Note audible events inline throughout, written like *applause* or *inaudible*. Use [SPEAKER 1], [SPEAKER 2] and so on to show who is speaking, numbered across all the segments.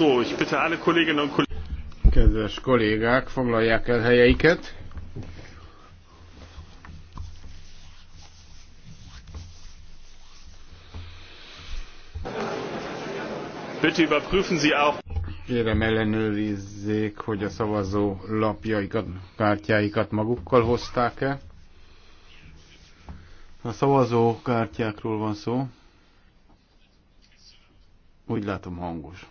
[SPEAKER 1] ich bitte alle Kolleginnen
[SPEAKER 2] und Kollegen. Kedves kollégák, foglalják el helyeiket.
[SPEAKER 1] Bitte überprüfen Sie auch.
[SPEAKER 2] Kérem ellenőrizzék, hogy a szavazó lapjaikat, kártyáikat magukkal hozták-e. A szavazó kártyákról van szó. Úgy látom hangos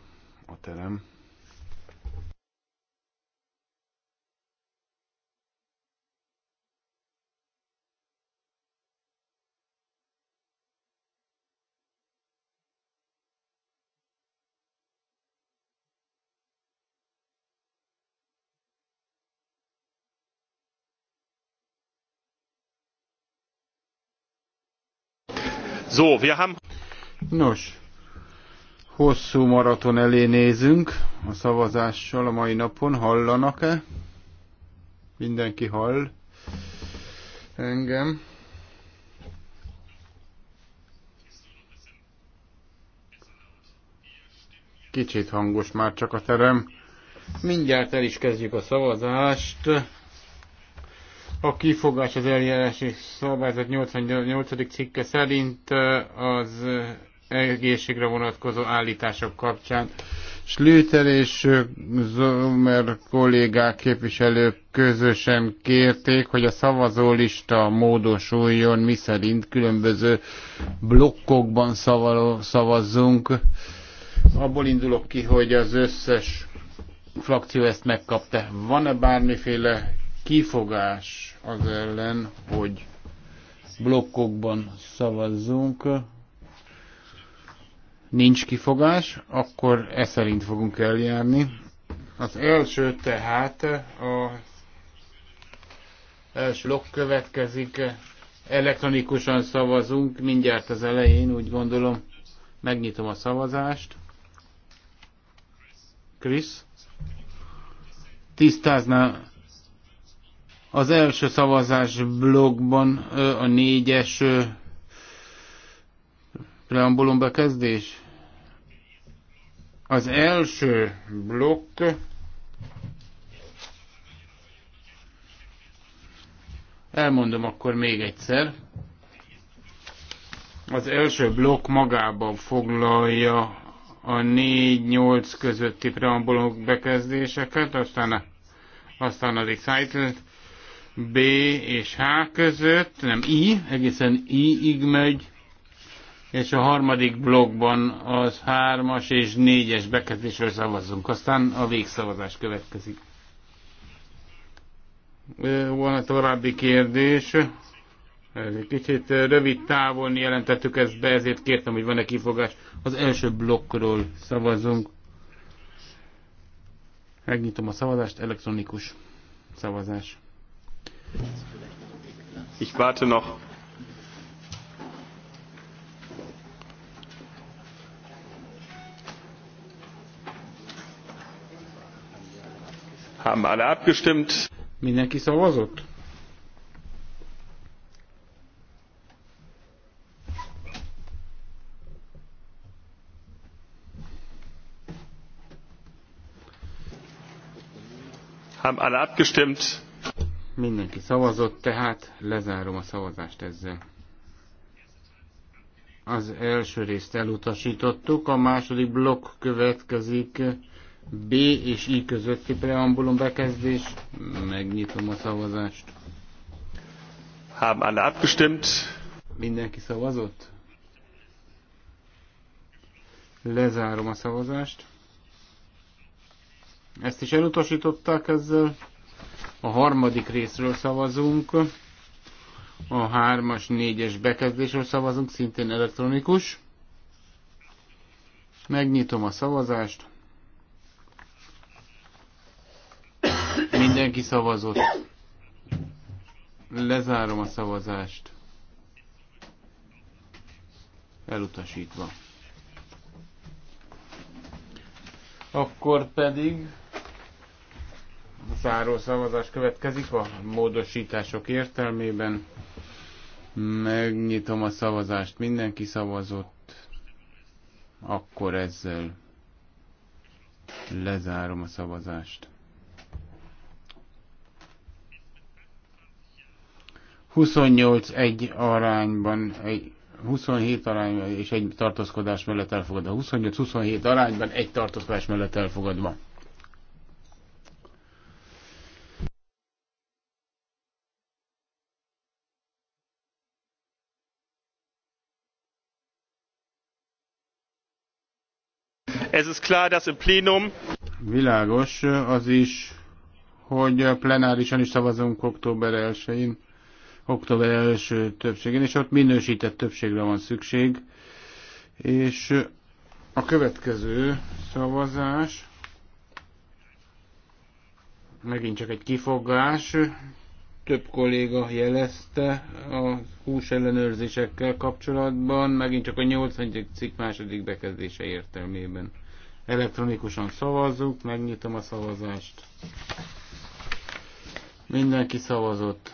[SPEAKER 2] a terem. So, wir haben... Nos, hosszú maraton elé nézünk a szavazással a mai napon. Hallanak-e? Mindenki hall engem. Kicsit hangos már csak a terem. Mindjárt el is kezdjük a szavazást. A kifogás az eljárási szabályzat 88. cikke szerint eh, az egészségre vonatkozó állítások kapcsán. Slüter és Zomer kollégák képviselők közösen kérték, hogy a szavazólista módosuljon, miszerint különböző blokkokban szavazzunk. Abból indulok ki, hogy az összes frakció ezt megkapta. Van-e bármiféle kifogás az ellen, hogy blokkokban szavazzunk? nincs kifogás, akkor e szerint fogunk eljárni. Az első tehát a első lok következik, elektronikusan szavazunk, mindjárt az elején úgy gondolom, megnyitom a szavazást. Krisz? Tisztázná az első szavazás blogban a négyes preambulum bekezdés. Az első blokk Elmondom akkor még egyszer. Az első blokk magában foglalja a 4-8 közötti preambulum bekezdéseket, aztán, a, aztán az excited B és H között, nem I, egészen I-ig megy, és a harmadik blokkban az hármas és négyes bekezdésről szavazzunk. Aztán a végszavazás következik. Van a további kérdés. Kicsit rövid távon jelentettük ezt be, ezért kértem, hogy van-e kifogás. Az első blokkról szavazunk. Megnyitom a szavazást, elektronikus szavazás.
[SPEAKER 3] Ich warte noch.
[SPEAKER 2] Haben alle abgestimmt? Mindenki szavazott? Haben alle abgestimmt? Mindenki szavazott, tehát lezárom a szavazást ezzel. Az első részt elutasítottuk, a második blokk következik. B és I közötti preambulum bekezdés. Megnyitom a szavazást. Haben alle abgestimmt. Mindenki szavazott? Lezárom a szavazást. Ezt is elutasították ezzel. A harmadik részről szavazunk. A hármas, négyes bekezdésről szavazunk, szintén elektronikus. Megnyitom a szavazást. Mindenki szavazott. Lezárom a szavazást. Elutasítva. Akkor pedig a záró szavazás következik a módosítások értelmében. Megnyitom a szavazást. Mindenki szavazott. Akkor ezzel lezárom a szavazást. 28 egy arányban, 27 arányban és egy tartózkodás mellett elfogadva. 28-27 arányban egy tartózkodás mellett elfogadva.
[SPEAKER 1] Es ist klar, dass im Plenum
[SPEAKER 2] Világos az is, hogy plenárisan is szavazunk október 1-én október első többségén, és ott minősített többségre van szükség. És a következő szavazás megint csak egy kifogás. Több kolléga jelezte a hús ellenőrzésekkel kapcsolatban, megint csak a 80. cikk második bekezdése értelmében. Elektronikusan szavazzuk, megnyitom a szavazást. Mindenki szavazott.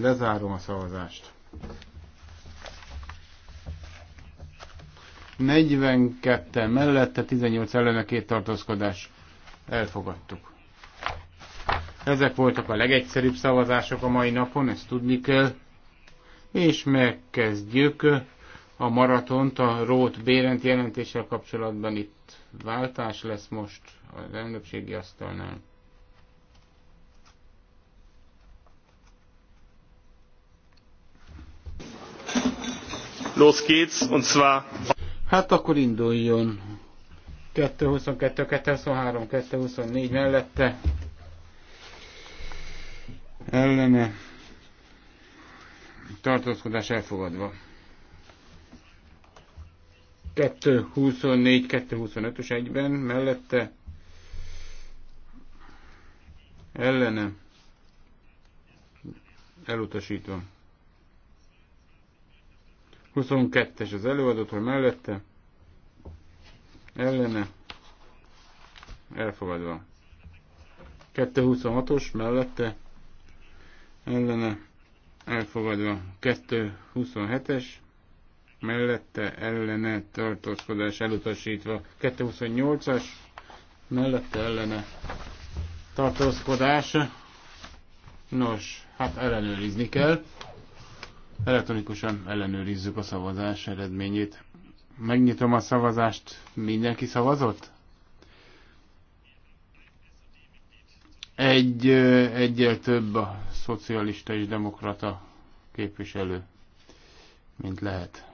[SPEAKER 2] Lezárom a szavazást. 42 mellette, 18 ellene két tartózkodás. Elfogadtuk. Ezek voltak a legegyszerűbb szavazások a mai napon, ezt tudni kell. És megkezdjük a maratont a Rót Bérent jelentéssel kapcsolatban. Itt váltás lesz most az elnökségi asztalnál.
[SPEAKER 1] Los geht's, und zwar...
[SPEAKER 2] Hát akkor induljon. 222, 223, 224 mellette. Ellene. Tartózkodás elfogadva. 224, 225-ös egyben mellette. Ellene. Elutasítva. 22-es az előadott, hogy mellette, ellene, elfogadva. 226-os mellette, ellene, elfogadva. 227-es mellette, ellene, tartózkodás elutasítva. 228-as mellette, ellene, tartózkodás. Nos, hát ellenőrizni kell. Elektronikusan ellenőrizzük a szavazás eredményét. Megnyitom a szavazást. Mindenki szavazott? Egy, egyel több a szocialista és demokrata képviselő, mint lehet.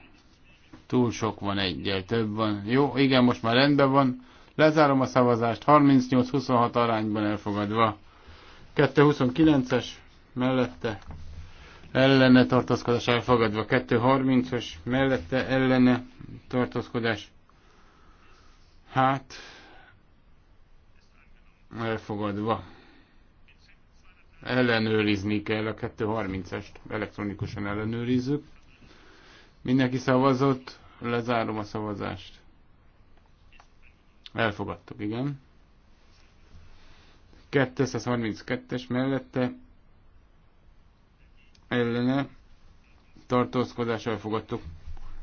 [SPEAKER 2] Túl sok van, egyel több van. Jó, igen, most már rendben van. Lezárom a szavazást, 38-26 arányban elfogadva. 2-29-es mellette ellene tartózkodás elfogadva, 230 os mellette ellene tartózkodás. Hát, elfogadva. Ellenőrizni kell a 230-est, elektronikusan ellenőrizzük. Mindenki szavazott, lezárom a szavazást. Elfogadtuk, igen. 232-es mellette ellene tartózkodással elfogadtuk.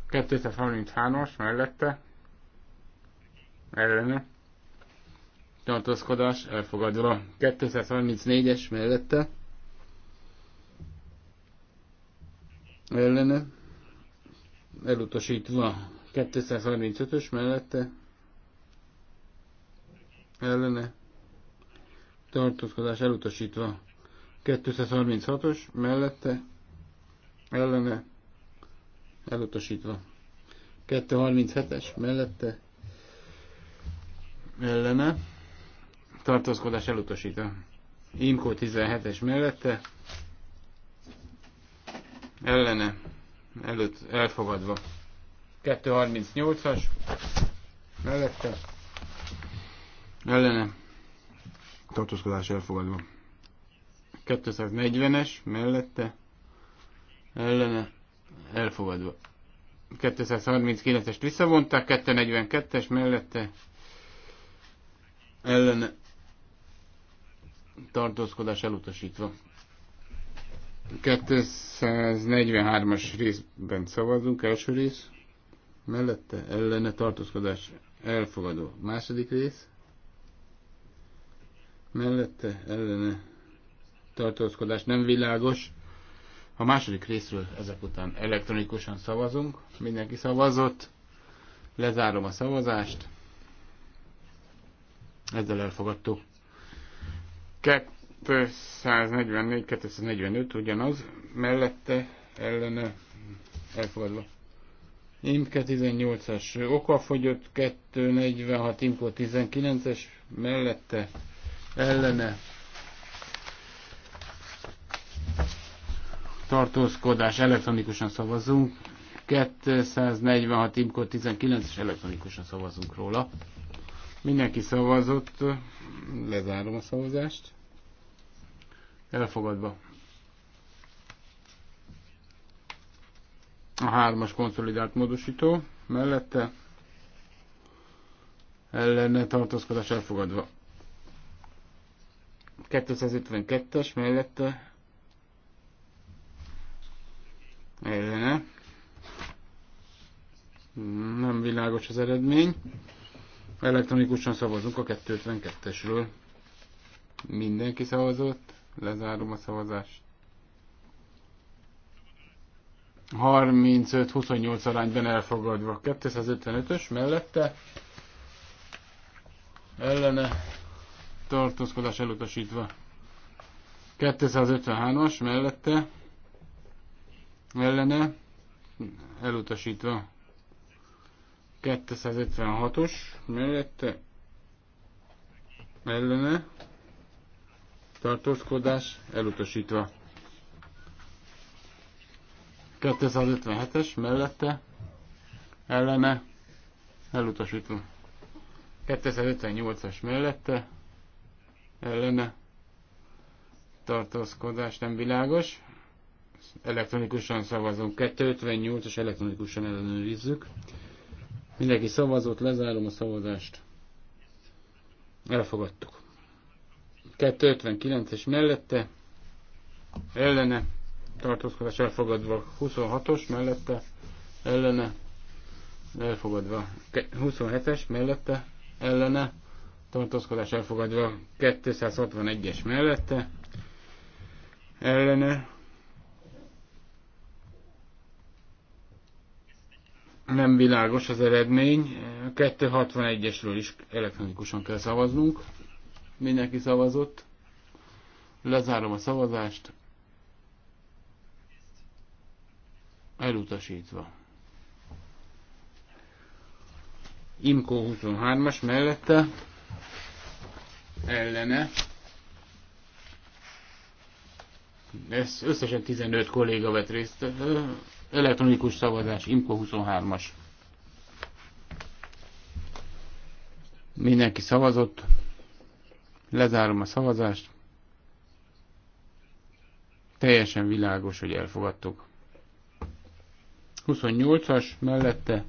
[SPEAKER 2] 233-as mellette ellene tartózkodás elfogadva. 234-es mellette ellene elutasítva. 235-ös mellette ellene tartózkodás elutasítva. 236-os mellette ellene elutasítva. 237-es mellette ellene tartózkodás elutasítva. Imkó 17-es mellette ellene előtt elfogadva. 238-as mellette ellene tartózkodás elfogadva. 240-es mellette ellene elfogadva. 239-est visszavonták, 242-es mellette ellene tartózkodás elutasítva. 243-as részben szavazunk, első rész, mellette ellene tartózkodás elfogadó. Második rész, mellette ellene tartózkodás nem világos. A második részről ezek után elektronikusan szavazunk. Mindenki szavazott. Lezárom a szavazást. Ezzel elfogadtuk. 244-245 ugyanaz, mellette ellene elfogadva. Imke 18-as fogyott 246, Imko 19-es, mellette ellene tartózkodás, elektronikusan szavazunk. 246 imkó 19 és elektronikusan szavazunk róla. Mindenki szavazott, lezárom a szavazást. Elfogadva. A hármas konszolidált módosító mellette ellene tartózkodás elfogadva. 252-es mellette ellene. Nem világos az eredmény. Elektronikusan szavazunk a 252-esről. Mindenki szavazott. Lezárom a szavazást. 35-28 arányban elfogadva. 255-ös mellette ellene tartózkodás elutasítva. 253-as mellette ellene elutasítva. 256-os mellette ellene tartózkodás elutasítva. 257-es mellette ellene elutasítva. 258-as mellette ellene tartózkodás nem világos elektronikusan szavazunk. 258 és elektronikusan ellenőrizzük. Mindenki szavazott, lezárom a szavazást. Elfogadtuk. 259-es mellette, ellene, tartózkodás elfogadva, 26-os mellette, ellene, elfogadva, 27-es mellette, ellene, tartózkodás elfogadva, 261-es mellette, ellene, Nem világos az eredmény. 261-esről is elektronikusan kell szavaznunk. Mindenki szavazott. Lezárom a szavazást. Elutasítva. Imko 23-as mellette ellene. Ez összesen 15 kolléga vett részt. Elektronikus szavazás, IMCO 23-as. Mindenki szavazott. Lezárom a szavazást. Teljesen világos, hogy elfogadtuk. 28-as mellette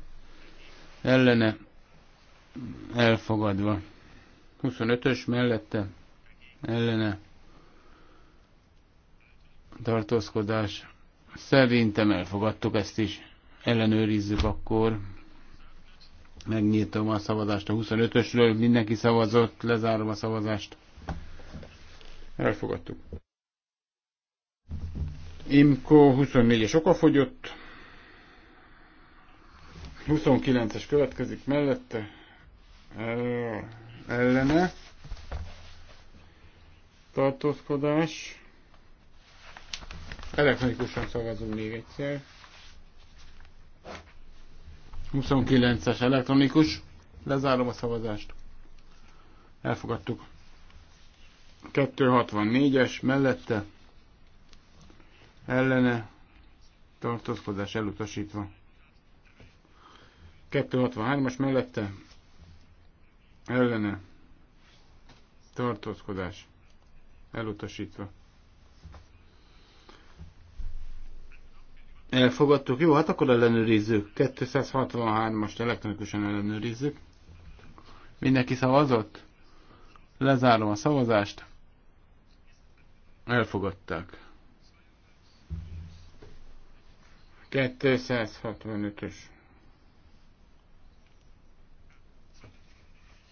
[SPEAKER 2] ellene elfogadva. 25-ös mellette ellene tartózkodás Szerintem elfogadtuk ezt is. Ellenőrizzük akkor. Megnyitom a szavazást a 25-ösről. Mindenki szavazott, lezárom a szavazást. Elfogadtuk. Imko 24-es okafogyott. 29-es következik mellette. Ellene. Tartózkodás. Elektronikusan szavazunk még egyszer. 29-es elektronikus. Lezárom a szavazást. Elfogadtuk. 264-es mellette ellene tartózkodás elutasítva. 263-as mellette ellene tartózkodás elutasítva. Elfogadtuk. Jó, hát akkor ellenőrizzük. 263 most elektronikusan ellenőrizzük. Mindenki szavazott? Lezárom a szavazást. Elfogadták. 265-ös.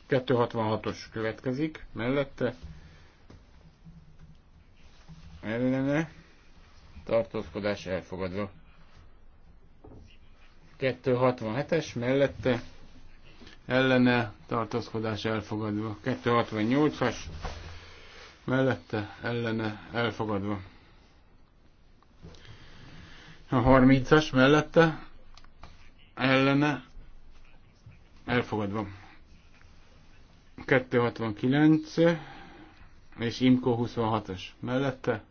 [SPEAKER 2] 266-os következik, mellette ellene tartózkodás elfogadva. 267-es mellette ellene tartózkodás elfogadva. 268-as mellette ellene elfogadva. A 30-as mellette ellene elfogadva. 269 és Imco 26-as mellette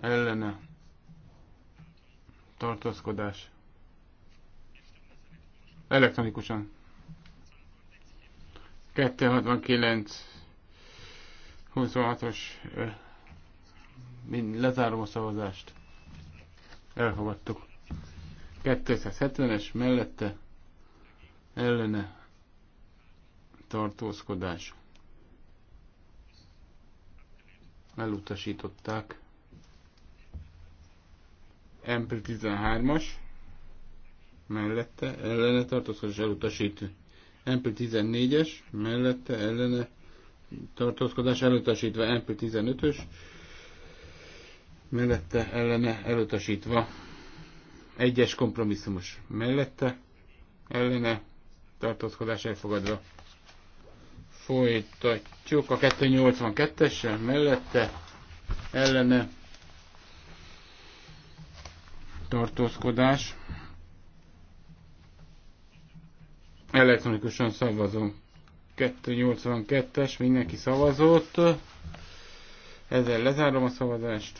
[SPEAKER 2] ellene tartózkodás Elektronikusan. 269 26-os mind lezárom a szavazást. Elfogadtuk. 270-es mellette ellene tartózkodás. Elutasították. MP13-as mellette ellene tartózkodás elutasít. mp 14-es mellette ellene tartózkodás elutasítva. mp 15-ös mellette ellene elutasítva. Egyes kompromisszumos mellette ellene tartózkodás elfogadva. Folytatjuk a 282-essel mellette ellene tartózkodás Elektronikusan szavazom. 282-es, mindenki szavazott. Ezzel lezárom a szavazást.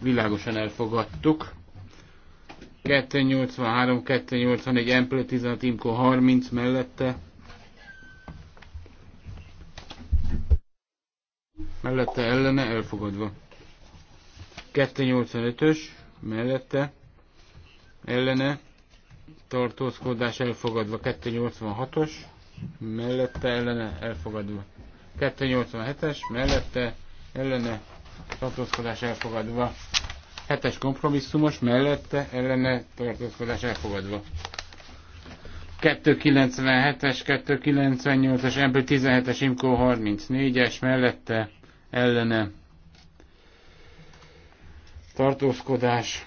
[SPEAKER 2] Világosan elfogadtuk. 283, 284, Emplő 15, Imco 30 mellette. Mellette ellene elfogadva. 285-ös mellette ellene tartózkodás elfogadva 286-os, mellette ellene elfogadva 287-es, mellette ellene tartózkodás elfogadva 7-es kompromisszumos, mellette ellene tartózkodás elfogadva. 297-es, 298-es, ebből 17-es, Imkó 34-es, mellette ellene tartózkodás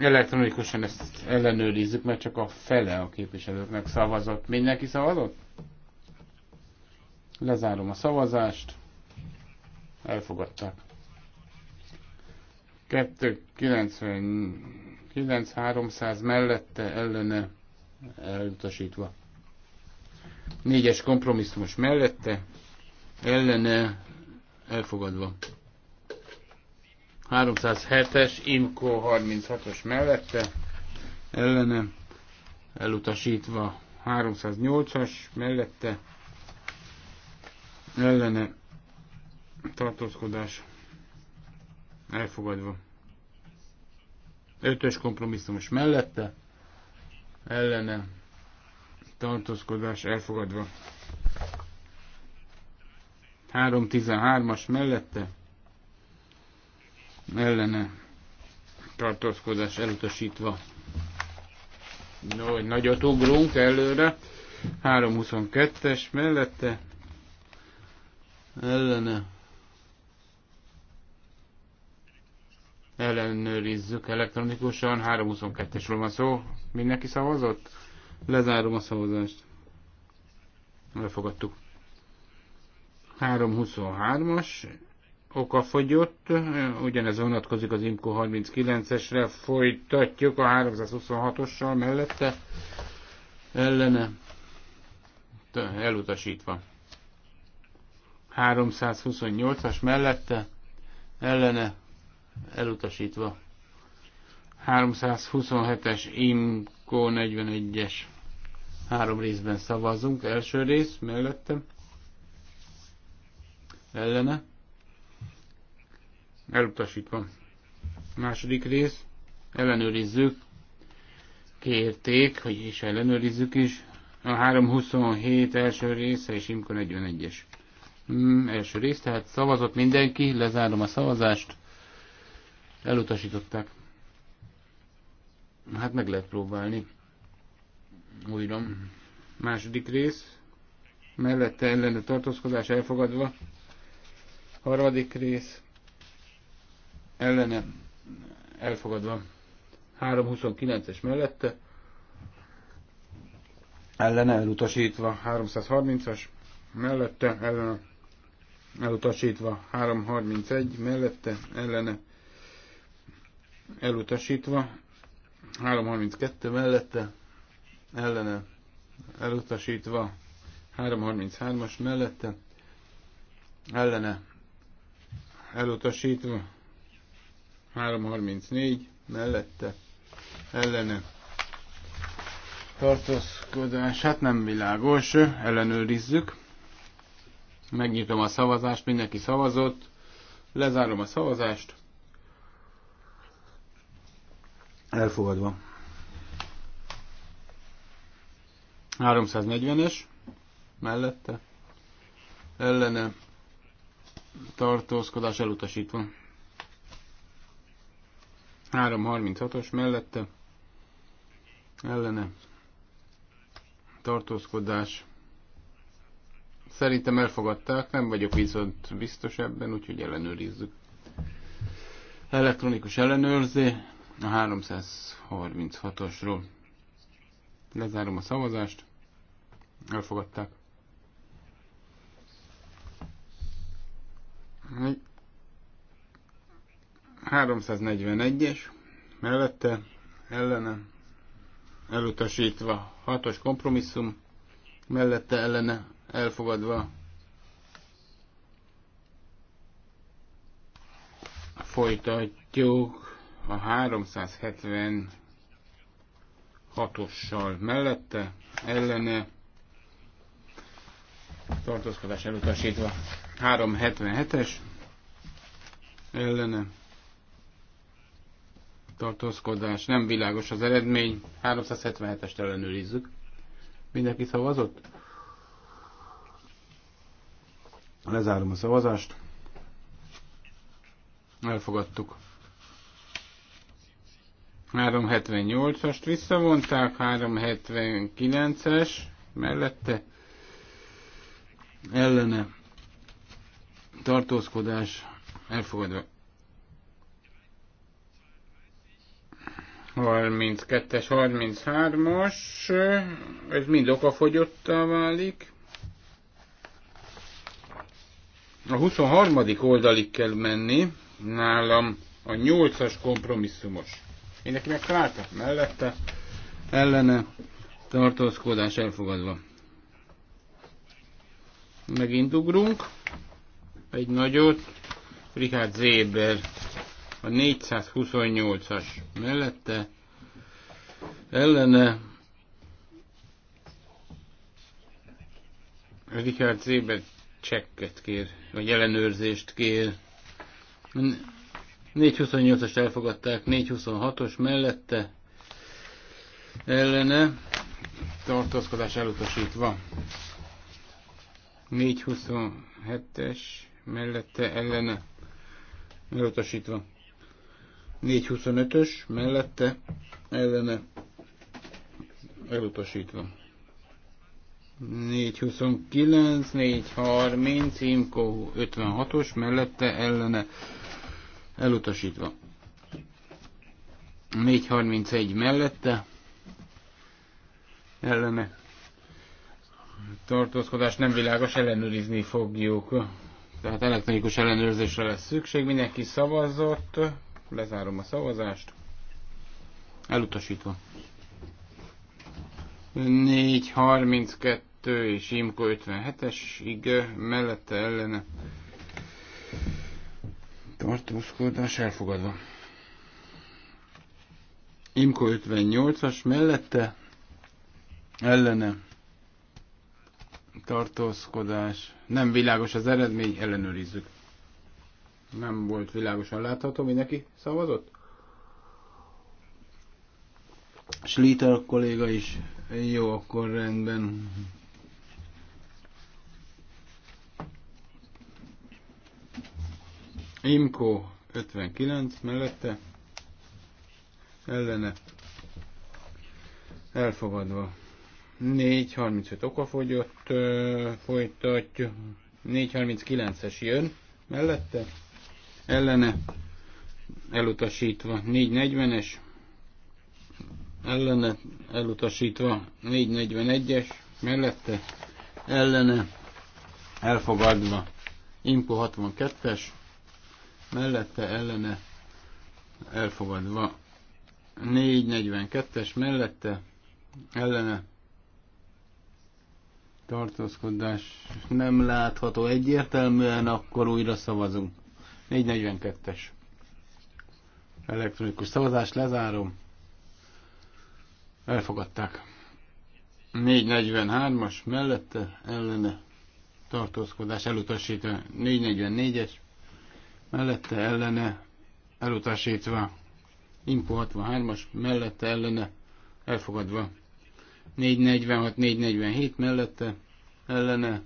[SPEAKER 2] elektronikusan ezt ellenőrizzük, mert csak a fele a képviselőknek szavazott. Mindenki szavazott? Lezárom a szavazást. Elfogadták. 290-300 mellette ellene elutasítva. Négyes kompromisszumos mellette ellene elfogadva. 307-es, Imco 36-os mellette, ellene, elutasítva 308-as mellette, ellene, tartózkodás, elfogadva. 5-ös kompromisszumos mellette, ellene, tartózkodás, elfogadva. 313-as mellette, ellene tartózkodás elutasítva. No, egy nagyot ugrunk előre. 322-es mellette ellene ellenőrizzük elektronikusan. 322-esről van szó. Mindenki szavazott? Lezárom a szavazást. Lefogadtuk. 323-as okafogyott, ugyanez vonatkozik az IMCO 39-esre, folytatjuk a 326-ossal mellette, ellene, elutasítva. 328-as mellette, ellene, elutasítva. 327-es IMCO 41-es. Három részben szavazunk. Első rész mellette. Ellene. Elutasítva. Második rész. Ellenőrizzük. Kérték, hogy és ellenőrizzük is. A 327 első része és Imkon 41-es. Mm, első rész, tehát szavazott mindenki, lezárom a szavazást. Elutasították. Hát meg lehet próbálni. Újra. Második rész. Mellette ellene tartózkodás elfogadva. Harmadik rész ellene elfogadva. 329-es mellette ellene elutasítva. 330-as mellette ellene elutasítva. 331 mellette ellene elutasítva. 332 mellette ellene elutasítva. 333-as mellette ellene elutasítva 334 mellette ellene tartózkodás, hát nem világos, ellenőrizzük. Megnyitom a szavazást, mindenki szavazott, lezárom a szavazást. Elfogadva. 340-es mellette ellene tartózkodás elutasítva. 336-os mellette ellene tartózkodás. Szerintem elfogadták, nem vagyok viszont biztos ebben, úgyhogy ellenőrizzük. Elektronikus ellenőrzé a 336-osról. Lezárom a szavazást. Elfogadták. Egy 341-es mellette ellene elutasítva, 6-os kompromisszum mellette ellene elfogadva, folytatjuk a 376-ossal mellette ellene tartózkodás elutasítva 377-es ellene tartózkodás, nem világos az eredmény, 377-est ellenőrizzük. Mindenki szavazott? Lezárom a szavazást. Elfogadtuk. 378-ast visszavonták, 379-es mellette ellene tartózkodás elfogadva. 32-es, 33-as, ez mind okafogyottá válik. A 23. oldalig kell menni, nálam a 8-as kompromisszumos. Én neki meg megtalálta? Mellette, ellene, tartózkodás elfogadva. Megint ugrunk. Egy nagyot. Richard Zéber a 428-as mellette ellene Richard Zébet csekket kér, vagy ellenőrzést kér. 428-as elfogadták, 426-os mellette ellene tartózkodás elutasítva. 427-es mellette ellene elutasítva. 425-ös mellette ellene elutasítva. 429, 430, Imco 56-os mellette ellene elutasítva. 431 mellette ellene tartózkodás nem világos, ellenőrizni fogjuk. Tehát elektronikus ellenőrzésre lesz szükség. Mindenki szavazott. Lezárom a szavazást. Elutasítva. 432 és Imko 57-esig es mellette ellene tartózkodás elfogadva. Imko 58-as mellette ellene tartózkodás. Nem világos az eredmény, ellenőrizzük. Nem volt világosan látható, mindenki szavazott? Sliter kolléga is. Jó, akkor rendben. Imko 59 mellette ellene elfogadva. 4.35 okafogyott, folytatjuk. 4.39-es jön mellette, ellene elutasítva 440-es, ellene elutasítva 441-es, mellette ellene elfogadva Impo 62-es, mellette ellene elfogadva 442-es, mellette ellene tartózkodás nem látható egyértelműen, akkor újra szavazunk. 442-es. Elektronikus szavazást lezárom. Elfogadták. 443-as mellette ellene tartózkodás elutasítva. 444-es mellette ellene elutasítva. Impo 63-as mellette ellene elfogadva. 446-447 mellette ellene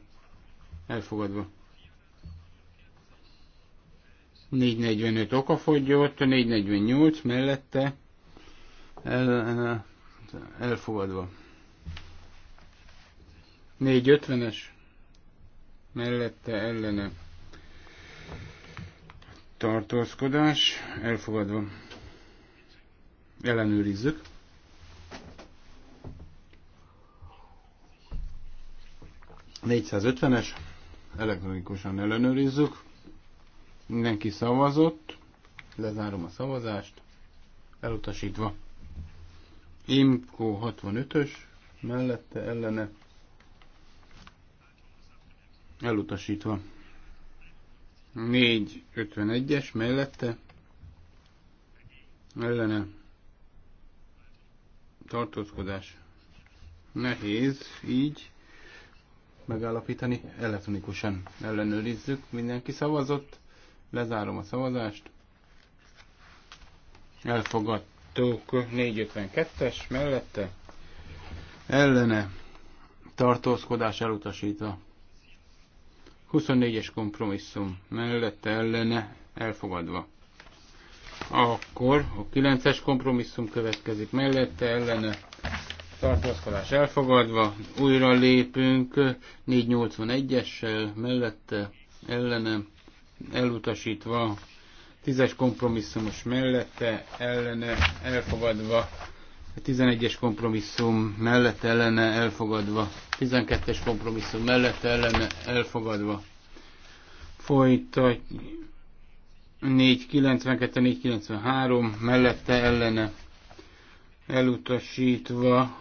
[SPEAKER 2] elfogadva. 445 okafogyott, 448 mellette el, elfogadva. 450-es mellette ellene tartózkodás elfogadva. Ellenőrizzük. Négyszázötvenes, elektronikusan ellenőrizzük. Mindenki szavazott. Lezárom a szavazást. Elutasítva. Imko 65-ös. Mellette ellene. Elutasítva. 451-es mellette. Ellene. Tartózkodás. Nehéz így megállapítani. Elektronikusan ellenőrizzük. Mindenki szavazott. Lezárom a szavazást. Elfogadtuk 452-es mellette. Ellene tartózkodás elutasítva. 24-es kompromisszum mellette ellene elfogadva. Akkor a 9-es kompromisszum következik mellette ellene tartózkodás elfogadva. Újra lépünk 481-essel mellette ellene elutasítva, tízes kompromisszumos mellette, ellene elfogadva, 11-es kompromisszum mellett ellene elfogadva, 12-es kompromisszum mellett ellene elfogadva. Folytat 492-493 mellette ellene elutasítva,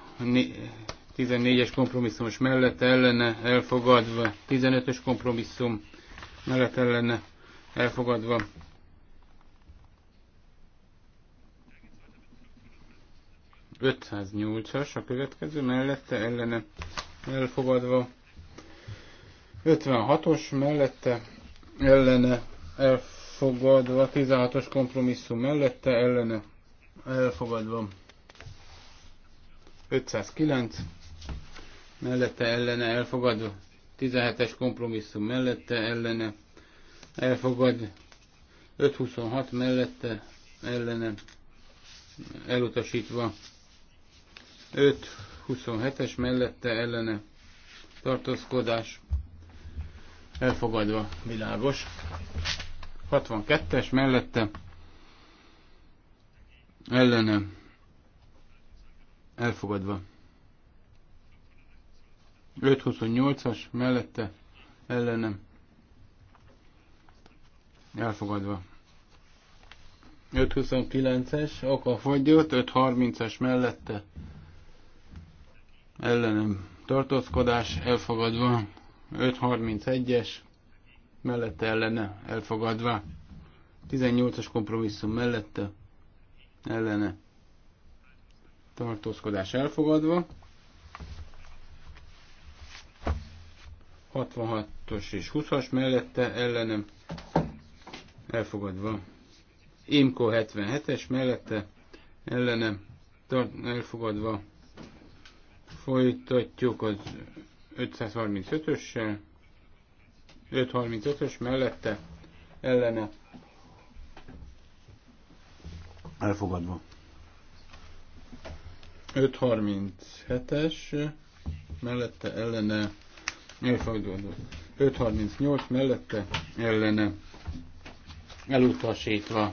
[SPEAKER 2] 14-es kompromisszumos mellette ellene elfogadva, 15-ös kompromisszum mellett ellene elfogadva. as a következő mellette ellene elfogadva. 56-os mellette ellene elfogadva, 16-os kompromisszum mellette ellene elfogadva. 509 mellette ellene elfogadva, 17-es kompromisszum mellette ellene elfogad 526 mellette ellene elutasítva 527-es mellette ellene tartózkodás elfogadva világos 62-es mellette ellene elfogadva 528-as mellette ellenem Elfogadva. 529-es, okafogyott, 530-es mellette. Ellenem tartózkodás, elfogadva. 531-es, mellette ellene, elfogadva. 18-as kompromisszum mellette, ellene. Tartózkodás elfogadva. 66-os és 20-as mellette ellenem elfogadva. Imko 77-es mellette ellene tart, elfogadva. Folytatjuk az 535-össel. 535-ös mellette ellene
[SPEAKER 1] elfogadva.
[SPEAKER 2] 537-es mellette ellene elfogadva. 538 mellette ellene elutasítva.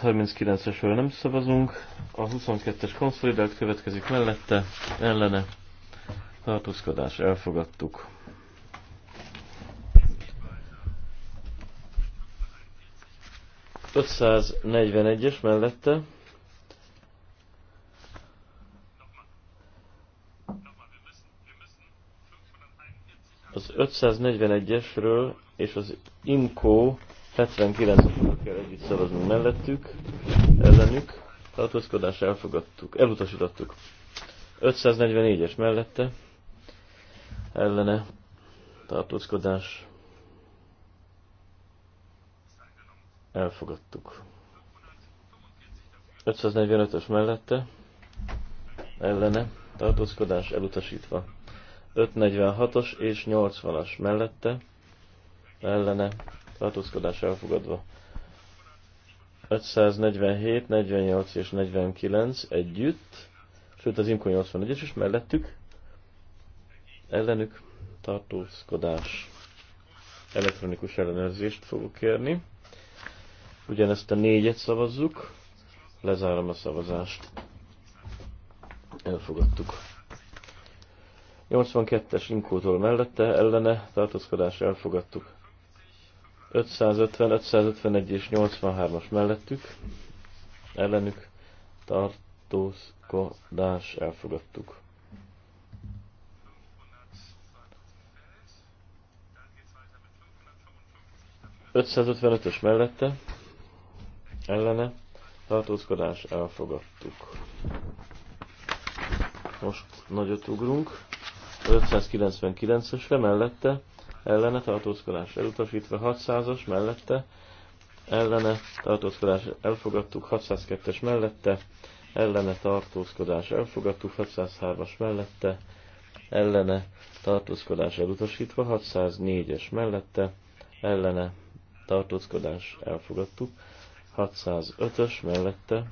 [SPEAKER 4] 39 esről nem szavazunk, a 22-es konszolidált következik mellette, ellene tartózkodás elfogadtuk. ...541-es mellette Az 541-esről és az IMCO 79-esről kell együtt szavaznunk mellettük, ellenük, tartózkodás elfogadtuk, elutasítottuk. 544-es mellette, ellene, tartózkodás, elfogadtuk. 545-ös mellette, ellene, tartózkodás elutasítva. 546-os és 80-as mellette ellene tartózkodás elfogadva. 547, 48 és 49 együtt, sőt az Imko 81-es is mellettük, ellenük tartózkodás elektronikus ellenőrzést fogok kérni. Ugyanezt a négyet szavazzuk, lezárom a szavazást. Elfogadtuk. 82-es inkótól mellette, ellene tartózkodás elfogadtuk. 550, 551 és 83-as mellettük, ellenük tartózkodás elfogadtuk. ös mellette, ellene tartózkodás elfogadtuk. Most nagyot ugrunk. 599-esre mellette ellene tartózkodás elutasítva, 600-as mellette ellene tartózkodás elfogadtuk, 602-es mellette ellene tartózkodás elfogadtuk, 603-as mellette ellene tartózkodás elutasítva, 604-es mellette ellene tartózkodás elfogadtuk, 605-ös mellette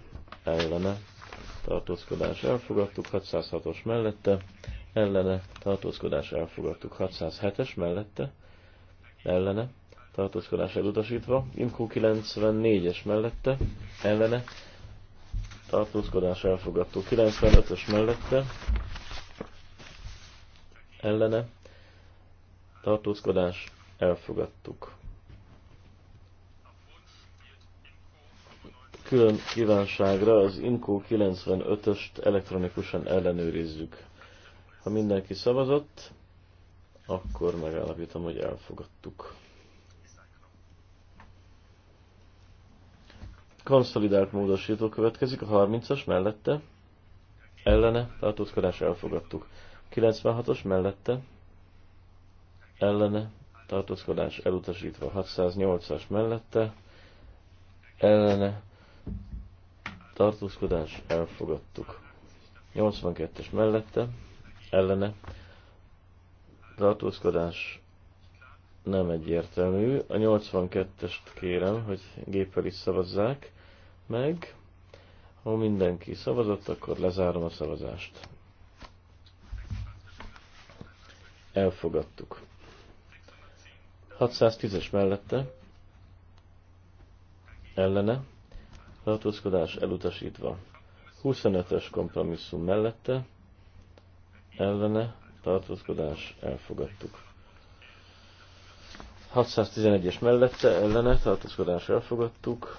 [SPEAKER 4] ellene tartózkodás elfogadtuk, 606-os mellette ellene tartózkodás elfogadtuk 607-es mellette, ellene tartózkodás elutasítva, Imkó 94-es mellette, ellene tartózkodás elfogadtuk 95-ös mellette, ellene tartózkodás elfogadtuk. Külön kívánságra az INCO 95-öst elektronikusan ellenőrizzük. Ha mindenki szavazott, akkor megállapítom, hogy elfogadtuk. Konszolidált módosító következik a 30-as mellette. Ellene tartózkodás elfogadtuk. 96-os mellette. Ellene tartózkodás elutasítva. 608-as mellette. Ellene tartózkodás elfogadtuk. 82-es mellette ellene tartózkodás nem egyértelmű. A 82-est kérem, hogy géppel is szavazzák meg. Ha mindenki szavazott, akkor lezárom a szavazást. Elfogadtuk. 610-es mellette ellene tartózkodás elutasítva. 25-ös kompromisszum mellette ellene tartózkodás elfogadtuk. 611-es mellette ellene tartózkodás elfogadtuk.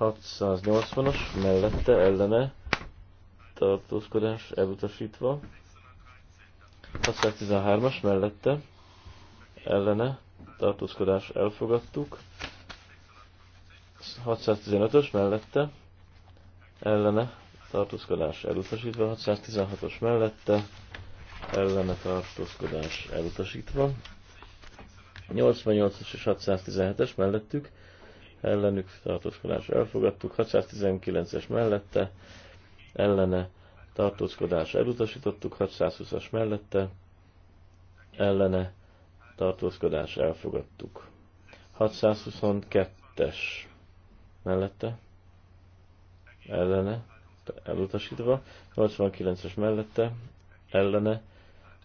[SPEAKER 4] 680-as mellette ellene tartózkodás elutasítva. 613-as mellette ellene tartózkodás elfogadtuk. 615-ös mellette ellene tartózkodás elutasítva, 616-os mellette, ellene tartózkodás elutasítva, 88-as és 617-es mellettük, ellenük tartózkodás elfogadtuk, 619-es mellette, ellene tartózkodás elutasítottuk, 620-as mellette, ellene tartózkodás elfogadtuk. 622-es mellette, ellene elutasítva, 89-es mellette, ellene,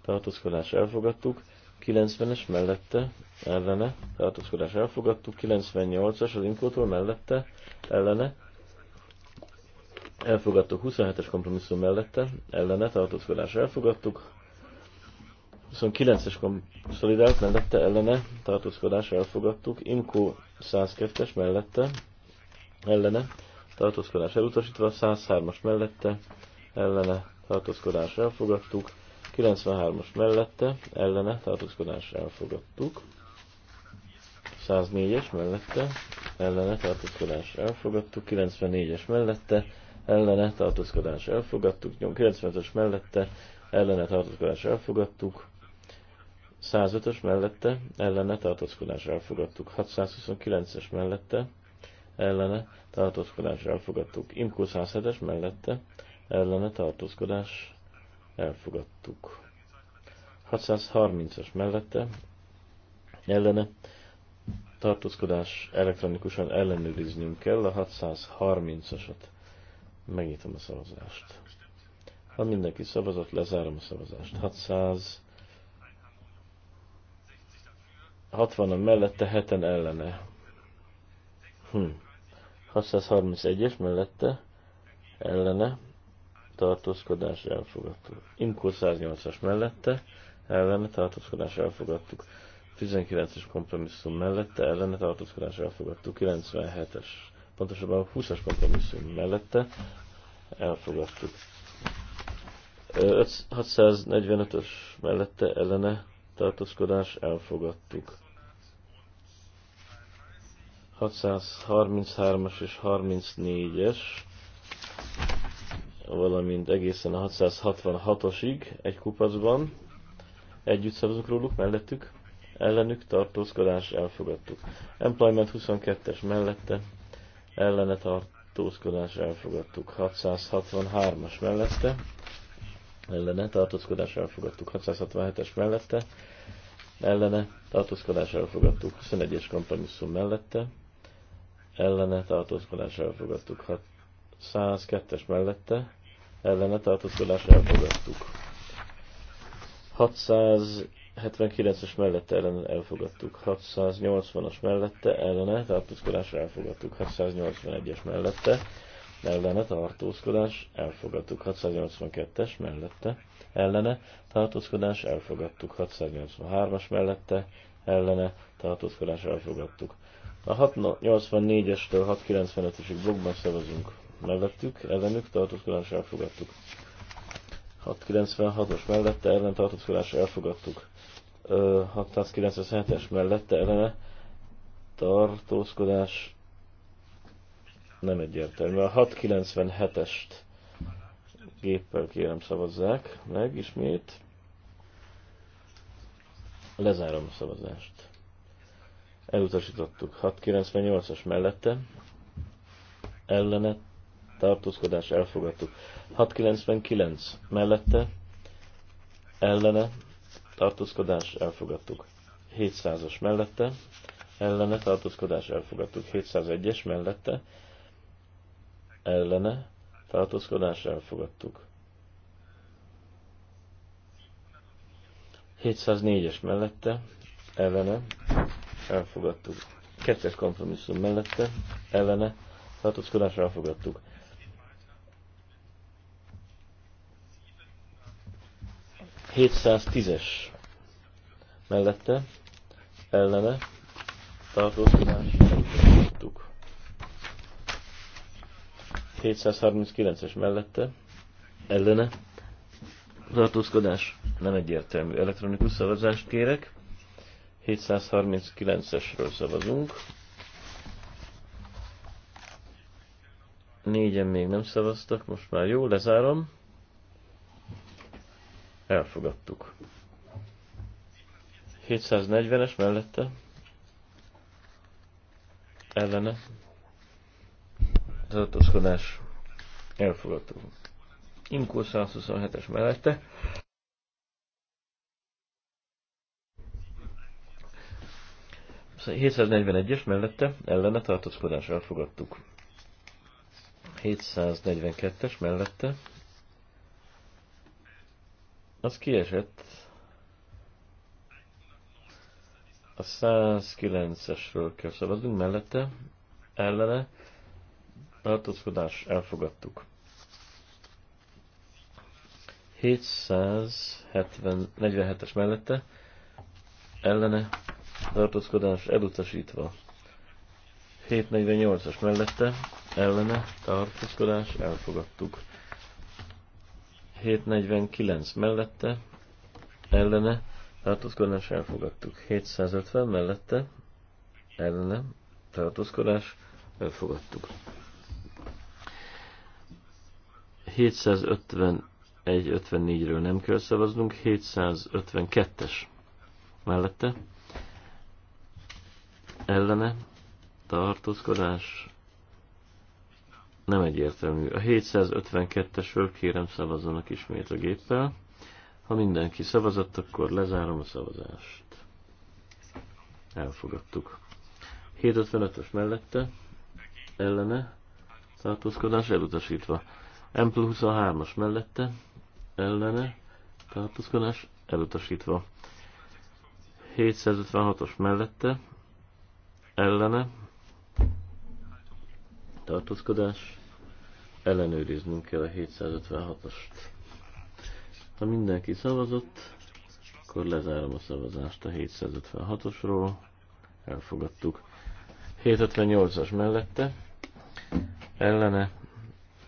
[SPEAKER 4] tartózkodás elfogadtuk, 90-es mellette, ellene, tartózkodás elfogadtuk, 98-as az inkótól mellette, ellene, elfogadtuk 27-es kompromisszum mellette, ellene, tartózkodás elfogadtuk, 29-es konszolidált mellette, ellene, tartózkodás elfogadtuk, Imco 102-es mellette, ellene, tartózkodás elutasítva, 103-as mellette, ellene tartózkodás elfogadtuk, 93-as mellette, ellene tartózkodás elfogadtuk, 104-es mellette, ellene tartózkodás elfogadtuk, 94-es mellette, ellene tartózkodás elfogadtuk, 95-ös mellette, ellene tartózkodás elfogadtuk, 105-ös mellette, ellene tartózkodás elfogadtuk, 629-es mellette, ellene tartózkodás elfogadtuk. Imkó 107-es mellette ellene tartózkodás elfogadtuk. 630-as mellette ellene tartózkodás elektronikusan ellenőriznünk kell a 630-asat. Megnyitom a szavazást. Ha mindenki szavazott, lezárom a szavazást. 600 60 mellette, heten ellene. Hm. 631-es mellette ellene tartózkodás elfogadtuk. Imkó 108-as mellette ellene tartózkodás elfogadtuk. 19-es kompromisszum mellette ellene tartózkodás elfogadtuk. 97-es, pontosabban 20-as kompromisszum mellette elfogadtuk. 645-ös mellette ellene tartózkodás elfogadtuk. 633-as és 34-es, valamint egészen a 666-osig egy kupacban. Együtt szavazunk róluk, mellettük, ellenük tartózkodás elfogadtuk. Employment 22-es mellette, ellene tartózkodás elfogadtuk. 663-as mellette, ellene tartózkodás elfogadtuk. 667-es mellette, ellene tartózkodás elfogadtuk. 21-es kompromisszum mellette, ellene tartózkodás elfogadtuk. 102-es mellette ellene tartózkodás elfogadtuk. 679-es mellette ellen elfogadtuk. 680-as mellette ellene tartózkodás elfogadtuk. 681-es mellette ellene tartózkodás elfogadtuk. 682-es mellette ellene tartózkodás elfogadtuk. 683-as mellette ellene tartózkodás elfogadtuk. A 684-estől 695-esig blogban szavazunk. Mellettük, ellenük tartózkodás elfogadtuk. 696-os mellette ellen tartózkodás elfogadtuk. 697-es mellette ellene tartózkodás nem egyértelmű. A 697-est géppel kérem szavazzák meg ismét. Lezárom a szavazást elutasítottuk. 698-as mellette, ellene, tartózkodás, elfogadtuk. 699 mellette, ellene, tartózkodás, elfogadtuk. 700-as mellette, ellene, tartózkodás, elfogadtuk. 701-es mellette, ellene, tartózkodás, elfogadtuk. 704-es mellette, ellene, elfogadtuk. Kettes kompromisszum mellette, ellene, tartózkodás elfogadtuk. es mellette, ellene, tartózkodásra elfogadtuk. 739-es mellette, ellene, tartózkodás nem egyértelmű. Elektronikus szavazást kérek. 739-esről szavazunk. Négyen még nem szavaztak, most már jó, lezárom. Elfogadtuk. 740-es mellette. Ellene. Tartózkodás. Elfogadtuk. Inkó 127-es mellette. 741-es mellette ellene tartózkodás elfogadtuk. 742-es mellette. Az kiesett. A 109-esről kell szavaznunk mellette. Ellene tartózkodás elfogadtuk. 747-es mellette ellene tartózkodás elutasítva. 748-as mellette, ellene, tartózkodás, elfogadtuk. 749 mellette, ellene, tartózkodás, elfogadtuk. 750 mellette, ellene, tartózkodás, elfogadtuk. 751-54-ről nem kell szavaznunk, 752-es mellette, ellene tartózkodás nem egyértelmű. A 752-esről kérem szavazzanak ismét a géppel. Ha mindenki szavazott, akkor lezárom a szavazást. Elfogadtuk. 755-ös mellette, ellene, tartózkodás elutasítva. M 23-as mellette, ellene, tartózkodás elutasítva. 756-os mellette, ellene tartózkodás, ellenőriznünk kell a 756-ost. Ha mindenki szavazott, akkor lezárom a szavazást a 756-osról, elfogadtuk. 758-as mellette, ellene,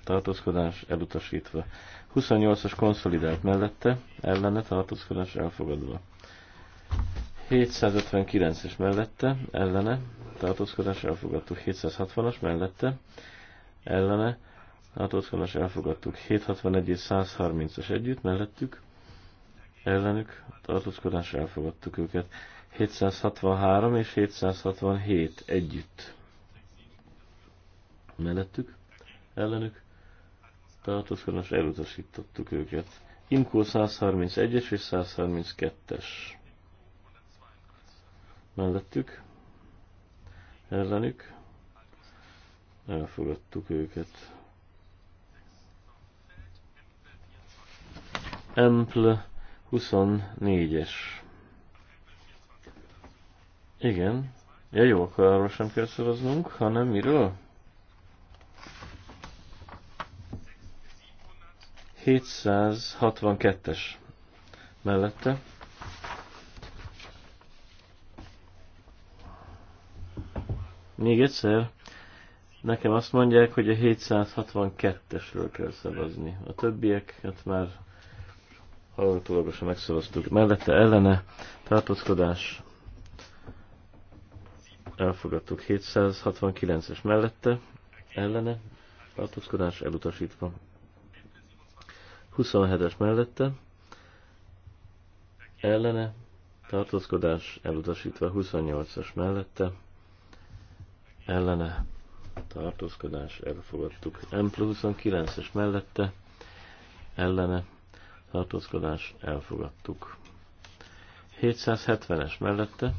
[SPEAKER 4] tartózkodás elutasítva. 28-as konszolidált mellette, ellene, tartózkodás elfogadva. 759-es mellette, ellene, tartózkodás elfogadtuk 760-as mellette, ellene tartózkodás elfogadtuk 761 és 130-as együtt mellettük, ellenük tartózkodás elfogadtuk őket 763 és 767 együtt mellettük, ellenük tartózkodás elutasítottuk őket. Imkó 131-es és 132-es mellettük, ellenük. Elfogadtuk őket. Empl 24-es. Igen. Ja jó, akkor arról sem kell szavaznunk, hanem miről? 762-es mellette Még egyszer, nekem azt mondják, hogy a 762-esről kell szavazni. A többieket már hallgatólagosan megszavaztuk. Mellette ellene tartózkodás elfogadtuk 769-es mellette, ellene tartózkodás elutasítva. 27-es mellette, ellene tartózkodás elutasítva, 28-as mellette, ellene tartózkodás elfogadtuk. plusz 29-es mellette ellene tartózkodás elfogadtuk. 770-es mellette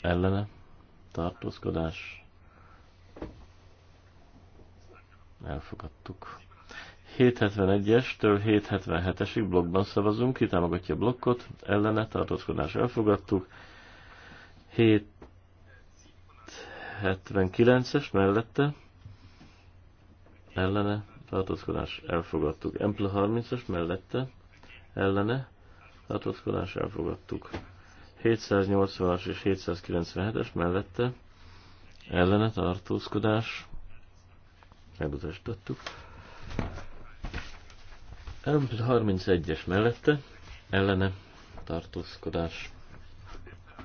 [SPEAKER 4] ellene tartózkodás elfogadtuk. 771-estől 777-esig blokkban szavazunk, ki támogatja a blokkot, ellene tartózkodás elfogadtuk. 7 79-es mellette ellene tartózkodás elfogadtuk. Empla 30-as mellette ellene tartózkodás elfogadtuk. 780-as és 797-es mellette ellene tartózkodás Megutasítottuk. Empla 31-es mellette ellene tartózkodás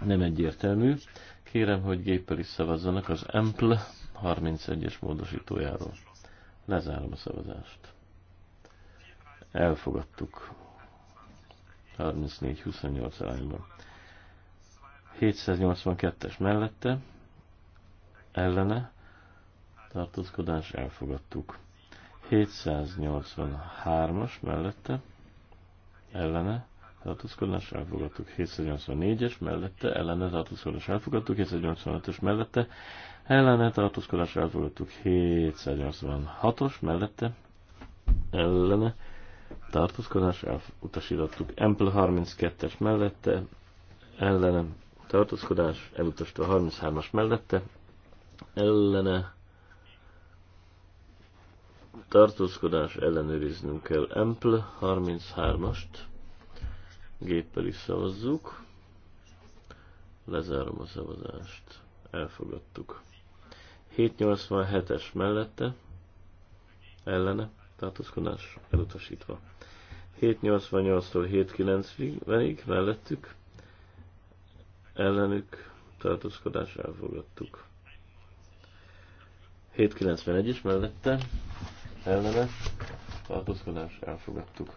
[SPEAKER 4] nem egyértelmű. Kérem, hogy géppel is szavazzanak az EMPL 31-es módosítójáról. Lezárom a szavazást. Elfogadtuk. 34-28 arányban. 782-es mellette, ellene, tartózkodás elfogadtuk. 783-as mellette, ellene, tartózkodás elfogadtuk 784-es mellette, ellene tartózkodás elfogadtuk 785-ös mellette, ellene tartózkodás elfogadtuk 786-os mellette, ellene tartózkodás elutasítottuk Ample 32-es mellette, ellene tartózkodás elutasítva 33-as mellette, ellene tartózkodás ellenőriznünk kell Ample 33-ast, Géppel is szavazzuk. Lezárom a szavazást. Elfogadtuk. 787-es mellette, ellene, tartózkodás elutasítva. 788-tól 790-ig mellettük, ellenük tartózkodás elfogadtuk. 791 is mellette, ellene tartózkodás elfogadtuk.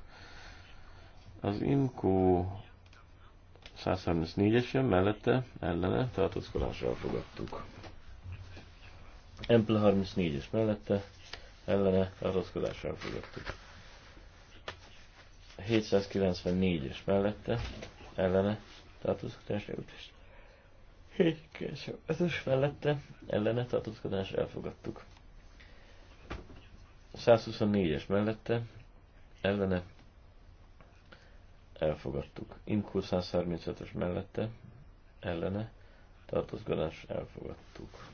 [SPEAKER 4] Az IMCO 134-es jön mellette, ellene, tartózkodásra fogadtuk. Emple 34-es mellette, ellene, tartózkodásra fogadtuk. 794-es mellette, ellene, tartózkodásra utasított. 795-ös mellette, ellene, tartózkodásra elfogadtuk. 124-es mellette, ellene elfogadtuk. Imkó 135-ös mellette, ellene, tartozgatás elfogadtuk.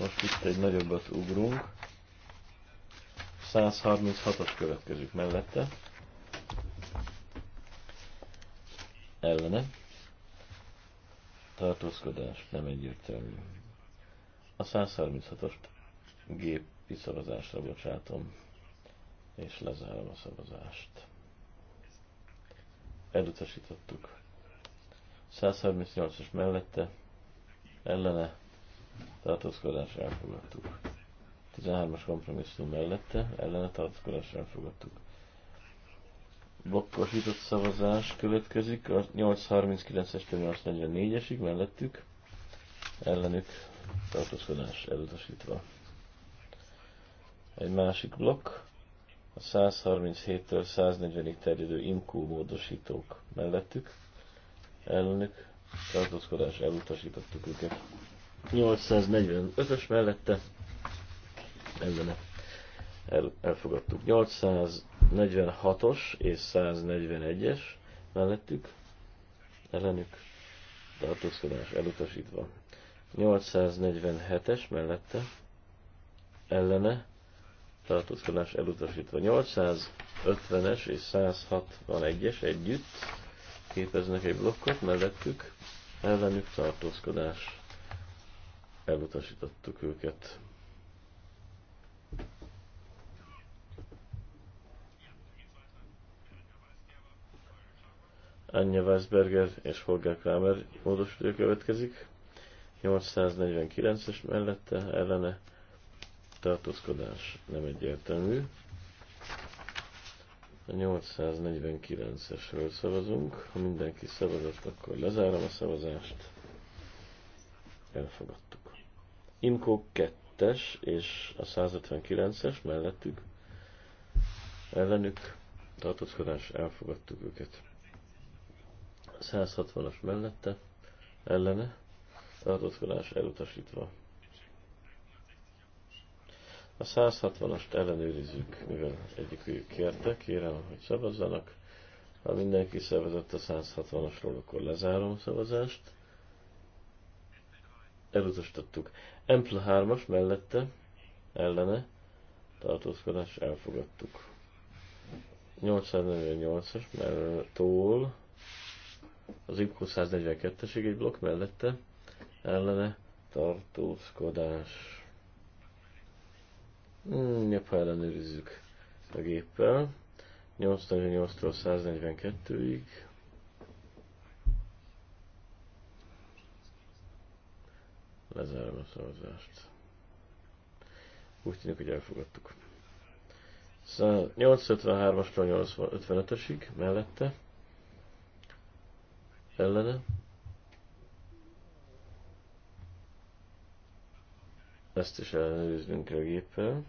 [SPEAKER 4] Most itt egy nagyobbat ugrunk. 136-os következik mellette. Ellene. Tartózkodás nem egyértelmű. A 136-ost gép szavazásra bocsátom, és lezárom a szavazást. Elutasítottuk. 138-as mellette, ellene, tartózkodás elfogadtuk. 13-as kompromisszum mellette, ellene tartózkodás elfogadtuk. Blokkosított szavazás következik a 839-es 844-esig mellettük, ellenük tartózkodás elutasítva. Egy másik blokk, a 137-től 140-ig terjedő imkó módosítók mellettük, ellenük tartózkodás elutasítottuk őket. 845-ös mellette ellene el, elfogadtuk. 846-os és 141-es mellettük ellenük tartózkodás elutasítva. 847-es mellette ellene tartózkodás elutasítva. 850-es és 161-es együtt képeznek egy blokkot, mellettük ellenük tartózkodás. Elutasítottuk őket. Anja Weisberger és Holger Kramer módosítő következik. 849-es mellette ellene tartózkodás nem egyértelmű. A 849-esről szavazunk. Ha mindenki szavazott, akkor lezárom a szavazást. Elfogadtuk. Imkó 2-es és a 159-es mellettük. Ellenük tartózkodás, elfogadtuk őket. A 160-as mellette, ellene tartózkodás elutasítva. A 160-ast ellenőrizzük, mivel egyikük kérte, kérem, hogy szavazzanak. Ha mindenki szavazott a 160-asról, akkor lezárom a szavazást. Elutasítottuk. Empl 3-as mellette, ellene, tartózkodás elfogadtuk. 848-as mellettől az IPCO 142 es egy blokk mellette, ellene tartózkodás. Hmm, jobb, ha ellenőrizzük a géppel. 88-tól 142-ig. Lezárom a szavazást. Úgy tűnik, hogy elfogadtuk. 853-astól 855-esig mellette. Ellene Ezt is ellenőriznünk kell géppel.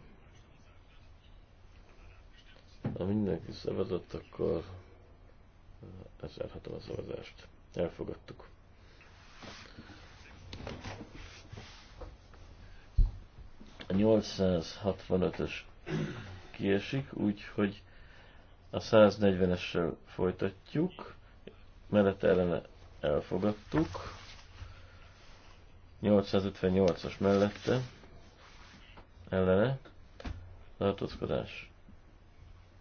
[SPEAKER 4] Ha mindenki szavazott, akkor lezárhatom a szavazást. Elfogadtuk. A 865-ös kiesik, úgyhogy a 140-essel folytatjuk, mellette ellene elfogadtuk, 858-as mellette ellene tartózkodás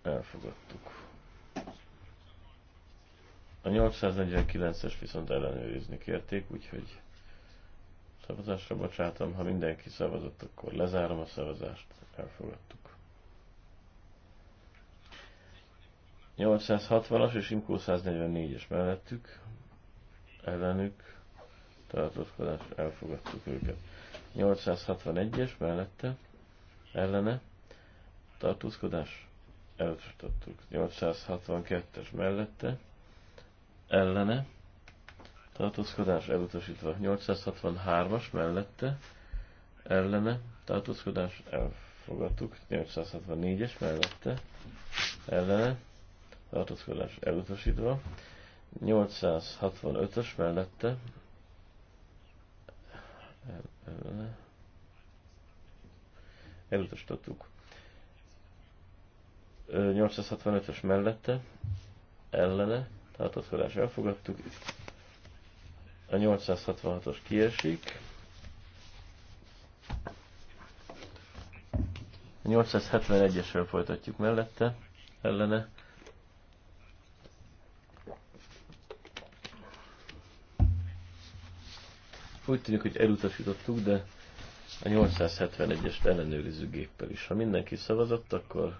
[SPEAKER 4] elfogadtuk. A 849-es viszont ellenőrizni kérték, úgyhogy szavazásra bocsátom. Ha mindenki szavazott, akkor lezárom a szavazást. Elfogadtuk. 860-as és Imkó 144-es mellettük, ellenük tartózkodás, elfogadtuk őket. 861-es mellette, ellene tartózkodás elutasítottuk. 862-es mellette ellene tartózkodás elutasítva. 863-as mellette ellene tartózkodás elfogadtuk. 864-es mellette ellene tartózkodás elutasítva. 865-ös mellette ellene elutasítottuk. 865-ös mellette, ellene, tartózkodás elfogadtuk. A 866-os kiesik. A 871-esről folytatjuk mellette, ellene. Úgy tűnik, hogy elutasítottuk, de a 871-est ellenőriző géppel is. Ha mindenki szavazott, akkor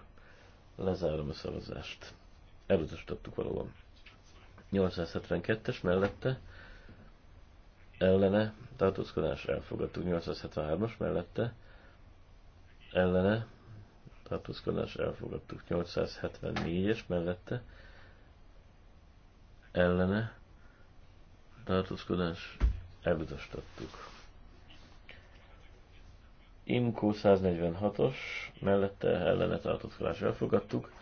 [SPEAKER 4] lezárom a szavazást. Elutasítottuk valóban. 872-es mellette ellene tartózkodás elfogadtuk. 873-as mellette ellene tartózkodás elfogadtuk. 874-es mellette ellene tartózkodás elutasítottuk. Imco 146-os, mellette ellene tartózkodás elfogadtuk.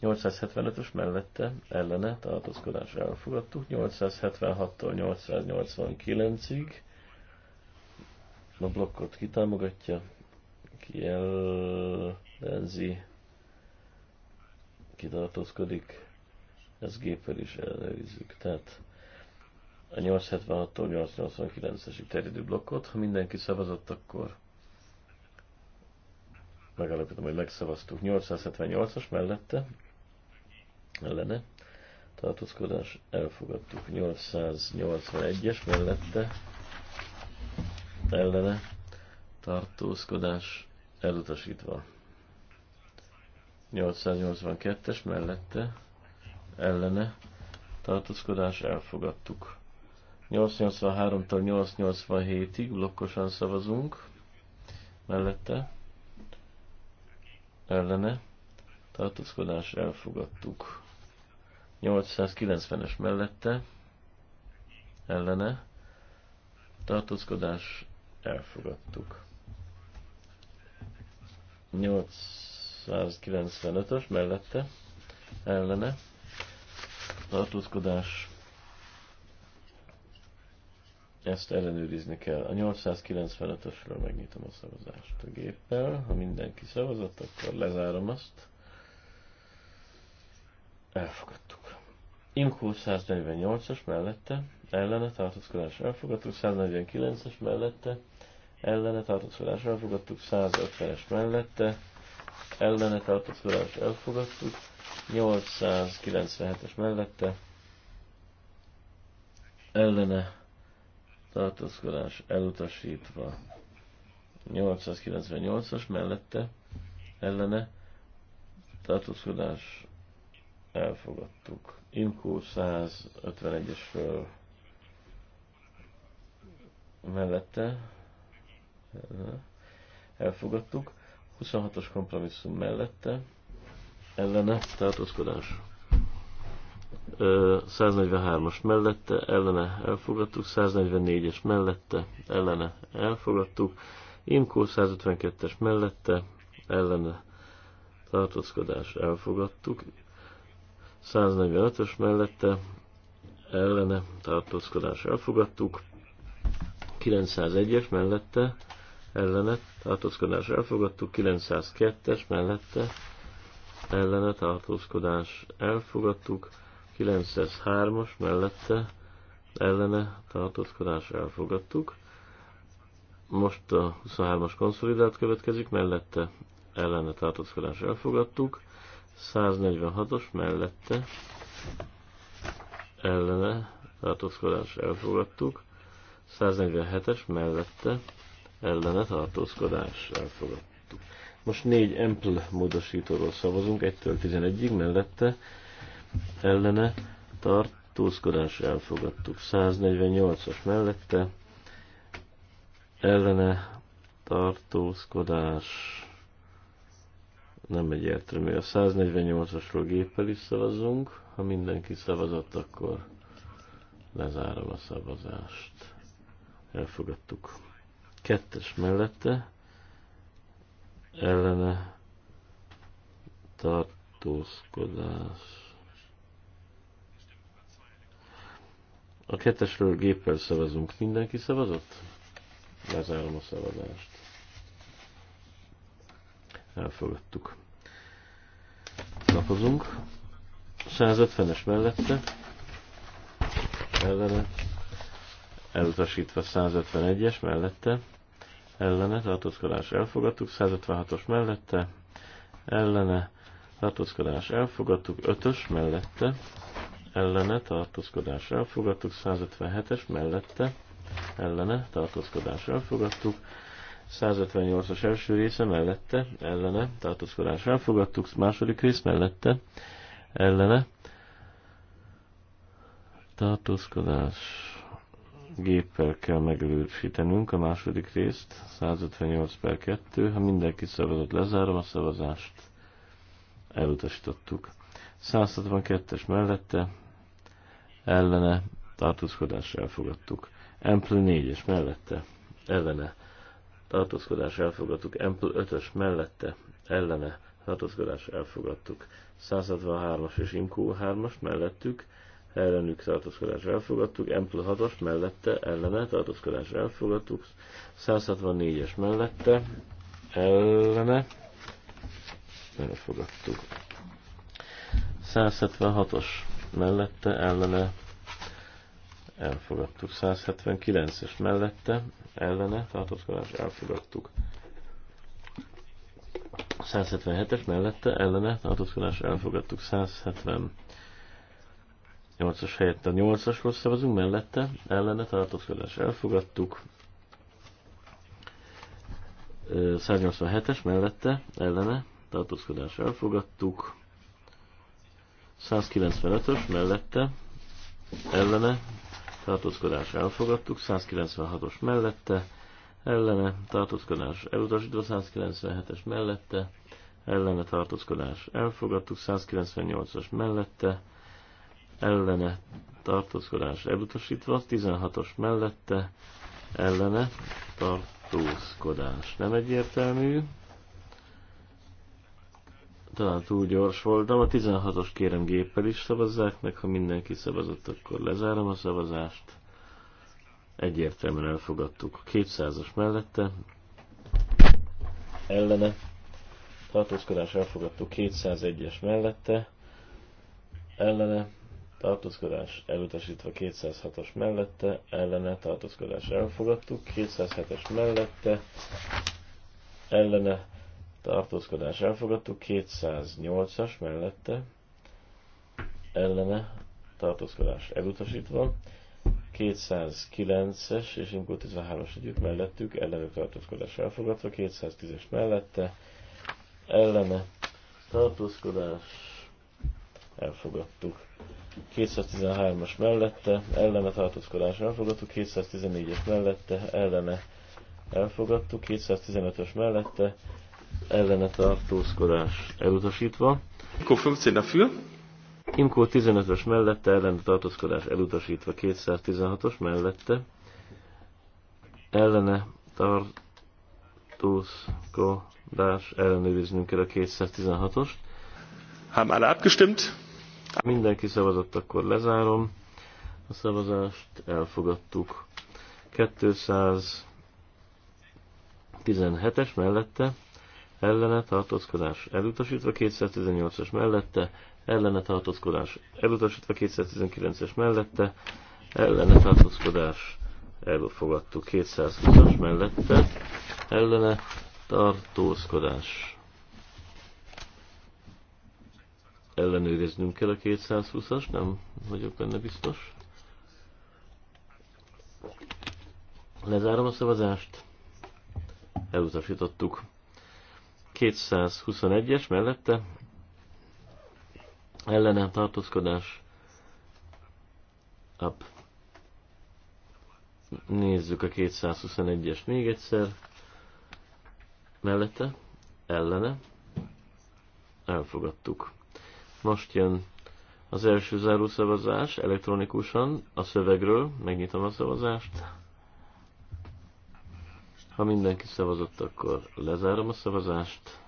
[SPEAKER 4] 875-ös mellette ellene tartózkodás elfogadtuk. 876-tól 889-ig a blokkot kitámogatja, kiellenzi, kitartózkodik, Ez géppel is ellenőrizzük. Tehát a 876-tól 889-esig terjedő blokkot, ha mindenki szavazott, akkor megállapítom, hogy megszavaztuk. 878-as mellette, ellene, tartózkodás, elfogadtuk. 881-es mellette, ellene, tartózkodás, elutasítva. 882-es mellette, ellene, tartózkodás, elfogadtuk. 883-tól 887-ig blokkosan szavazunk mellette ellene tartózkodás elfogadtuk. 890-es mellette ellene tartózkodás elfogadtuk. 895-ös mellette ellene tartózkodás ezt ellenőrizni kell. A 895-ösről megnyitom a szavazást a géppel. Ha mindenki szavazott, akkor lezárom azt. Elfogadtuk. Imkó 148-as mellette, ellene tartózkodás elfogadtuk, 149-es mellette, ellene tartózkodás elfogadtuk, 150-es mellette, ellene tartózkodás elfogadtuk, 897-es mellette, ellene tartózkodás elutasítva. 898-as mellette ellene tartózkodás elfogadtuk. Inkó 151 föl mellette elfogadtuk. 26-os kompromisszum mellette ellene tartózkodás 143-as mellette, ellene elfogadtuk, 144-es mellette, ellene elfogadtuk, Imkó 152-es mellette, ellene tartózkodás elfogadtuk, 145-ös mellette, ellene tartózkodás elfogadtuk, 901-es mellette, ellene tartózkodás elfogadtuk, 902-es mellette, ellene tartózkodás elfogadtuk, 903-as mellette ellene tartózkodás elfogadtuk. Most a 23-as konszolidált következik, mellette ellene tartózkodás elfogadtuk. 146-os mellette ellene tartózkodás elfogadtuk. 147-es mellette ellene tartózkodás elfogadtuk. Most négy Ample módosítóról szavazunk, 1-től 11-ig mellette ellene tartózkodás elfogadtuk. 148-as mellette ellene tartózkodás nem egyértelmű. A 148-asról géppel is szavazunk. Ha mindenki szavazott, akkor lezárom a szavazást. Elfogadtuk. Kettes mellette ellene tartózkodás A kettesről géppel szavazunk. Mindenki szavazott? Lezárom a szavazást. Elfogadtuk. Lapozunk. 150-es mellette. Ellene. Elutasítva 151-es mellette. Ellene. Tartózkodás elfogadtuk. 156-os mellette. Ellene. Tartózkodás elfogadtuk. 5-ös mellette ellene tartózkodás elfogadtuk, 157-es mellette ellene tartózkodás elfogadtuk, 158-as első része mellette ellene tartózkodás elfogadtuk, második rész mellette ellene tartózkodás géppel kell megerősítenünk a második részt, 158 per 2, ha mindenki szavazott, lezárom a szavazást, elutasítottuk. 162-es mellette, ellene tartózkodás elfogadtuk. Ample 4-es mellette ellene tartózkodás elfogadtuk. Ample 5-ös mellette ellene tartózkodás elfogadtuk. 163-as és Imkó 3-as mellettük ellenük tartózkodás elfogadtuk, Ample 6-as mellette ellene tartózkodás elfogadtuk, 164-es mellette ellene elfogadtuk. 176-os mellette ellene elfogadtuk. 179-es mellette ellene tartózkodás elfogadtuk. 177-es mellette ellene tartózkodás elfogadtuk. 178-as helyett a 8-asról szavazunk mellette ellene tartózkodás elfogadtuk. 187-es mellette ellene tartózkodás elfogadtuk. 195-ös mellette ellene tartózkodás elfogadtuk, 196-os mellette ellene tartózkodás elutasítva, 197-es mellette ellene tartózkodás elfogadtuk, 198-as mellette ellene tartózkodás elutasítva, 16-os mellette ellene tartózkodás nem egyértelmű, talán túl gyors voltam. A 16-os kérem géppel is szavazzák meg, ha mindenki szavazott, akkor lezárom a szavazást. Egyértelműen elfogadtuk. A 200-as mellette, ellene, tartózkodás elfogadtuk 201-es mellette, ellene, tartózkodás elutasítva 206-os mellette, ellene, tartózkodás elfogadtuk 207-es mellette, ellene, tartózkodás elfogadtuk, 208-as mellette, ellene tartózkodás elutasítva, 209-es és Inkó 13-as együtt mellettük, ellenük tartózkodás elfogadva, 210-es mellette, ellene tartózkodás elfogadtuk. 213-as mellette, ellene tartózkodás elfogadtuk, 214-es mellette, ellene elfogadtuk, 215-ös mellette, ellene tartózkodás elutasítva. Imkó 15 a fül. Imkó 15-ös mellette ellene tartózkodás elutasítva 216-os mellette. Ellene tartózkodás ellenőriznünk kell a 216-ost. Hám alle abgestimmt? Mindenki szavazott, akkor lezárom a szavazást, elfogadtuk. 217-es mellette ellene tartózkodás elutasítva 218-as mellette, ellene tartózkodás elutasítva 219-es mellette, ellene tartózkodás elfogadtuk 220-as mellette, ellene tartózkodás. Ellenőriznünk kell a 220-as, nem vagyok benne biztos. Lezárom a szavazást. Elutasítottuk. 221-es mellette ellene tartózkodás up. Nézzük a 221-es még egyszer. Mellette, ellene, elfogadtuk. Most jön az első zárószavazás elektronikusan a szövegről, megnyitom a szavazást. Ha mindenki szavazott, akkor lezárom a szavazást.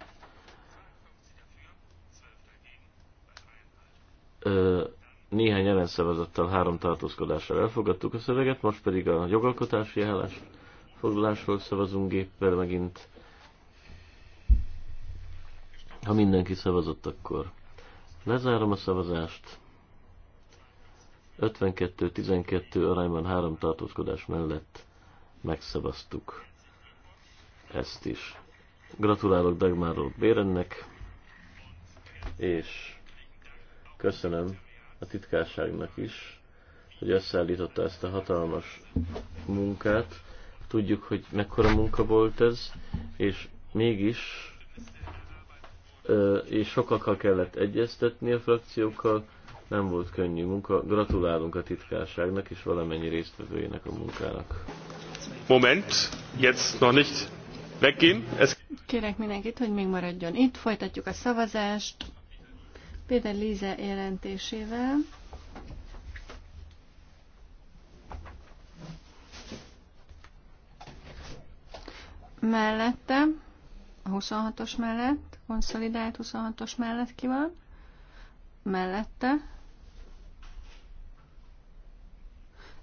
[SPEAKER 4] Néhány ellenszavazattal három tartózkodással elfogadtuk a szöveget, most pedig a jogalkotási állás foglalásról szavazunk géppel megint. Ha mindenki szavazott, akkor lezárom a szavazást. 52-12 arányban három tartózkodás mellett megszavaztuk ezt is. Gratulálok Dagmáról Bérennek, és köszönöm a titkárságnak is, hogy összeállította ezt a hatalmas munkát. Tudjuk, hogy mekkora munka volt ez, és mégis és sokakkal kellett egyeztetni a frakciókkal, nem volt könnyű munka. Gratulálunk a titkárságnak és valamennyi résztvevőjének a munkának.
[SPEAKER 3] Moment, jetzt noch nicht.
[SPEAKER 5] Kérek mindenkit, hogy még maradjon itt. Folytatjuk a szavazást. Péter Líze jelentésével. Mellette, a 26-os mellett, konszolidált 26-os mellett ki van. Mellette.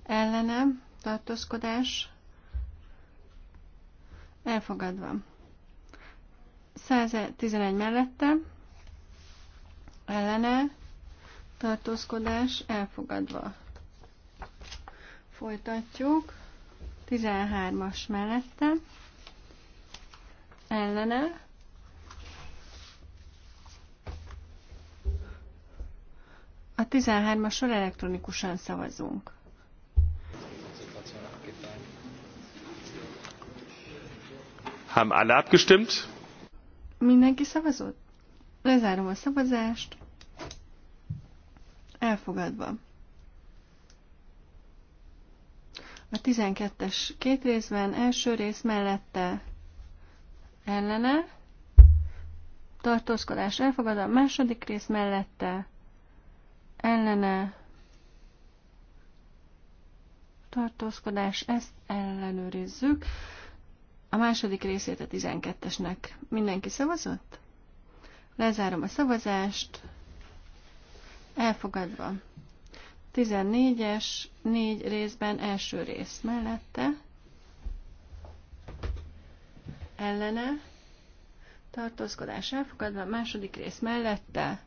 [SPEAKER 5] Ellenem, tartózkodás, Elfogadva. 111 mellette, ellene, tartózkodás, elfogadva. Folytatjuk. 13-as mellette, ellene, a 13-asról elektronikusan szavazunk.
[SPEAKER 1] Haben alle abgestimmt?
[SPEAKER 5] Mindenki szavazott? Lezárom a szavazást. Elfogadva. A 12-es két részben első rész mellette ellene, tartózkodás elfogadva, második rész mellette ellene, tartózkodás, ezt ellenőrizzük. A második részét a 12-esnek mindenki szavazott? Lezárom a szavazást. Elfogadva. 14-es, 4 részben első rész mellette. Ellene. Tartózkodás elfogadva. Második rész mellette.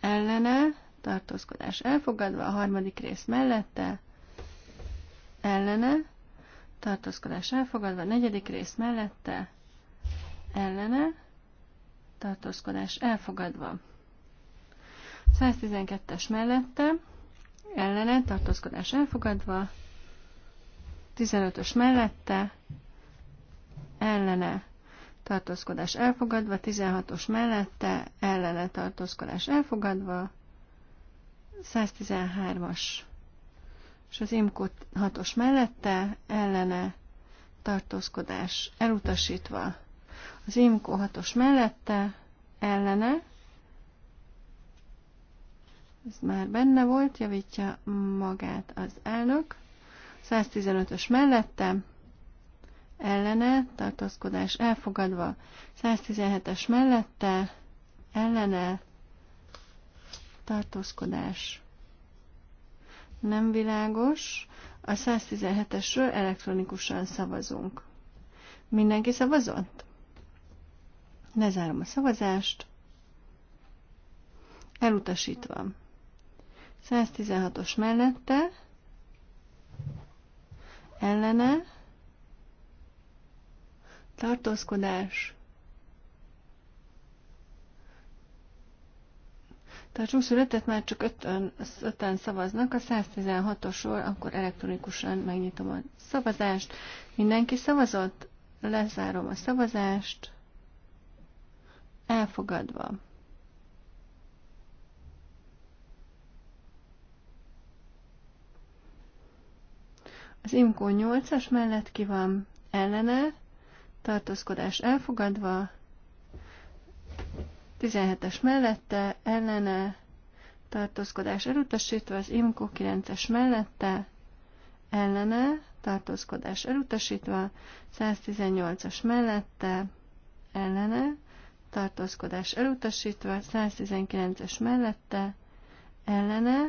[SPEAKER 5] Ellene. Tartózkodás elfogadva. A harmadik rész mellette. Ellene tartózkodás elfogadva, negyedik rész mellette, ellene, tartózkodás elfogadva. 112-es mellette, ellene, tartózkodás elfogadva, 15-ös mellette, ellene, tartózkodás elfogadva, 16-os mellette, ellene, tartózkodás elfogadva, 113-as és az imkó 6 mellette ellene tartózkodás elutasítva. Az imkó 6 mellette ellene, ez már benne volt, javítja magát az elnök. 115-ös mellette ellene tartózkodás elfogadva. 117-es mellette ellene tartózkodás nem világos. A 117-esről elektronikusan szavazunk. Mindenki szavazott? Lezárom a szavazást. Elutasítva. 116-os mellette. Ellene. Tartózkodás. Tehát sokszor már csak ötön, öten szavaznak, a 116-osról akkor elektronikusan megnyitom a szavazást. Mindenki szavazott? Lezárom a szavazást. Elfogadva. Az imkó 8-as mellett ki van ellene, tartózkodás elfogadva, 17-es mellette, ellene, tartózkodás elutasítva, az IMCO 9-es mellette, ellene, tartózkodás elutasítva, 118-as mellette, ellene, tartózkodás elutasítva, 119-es mellette, ellene,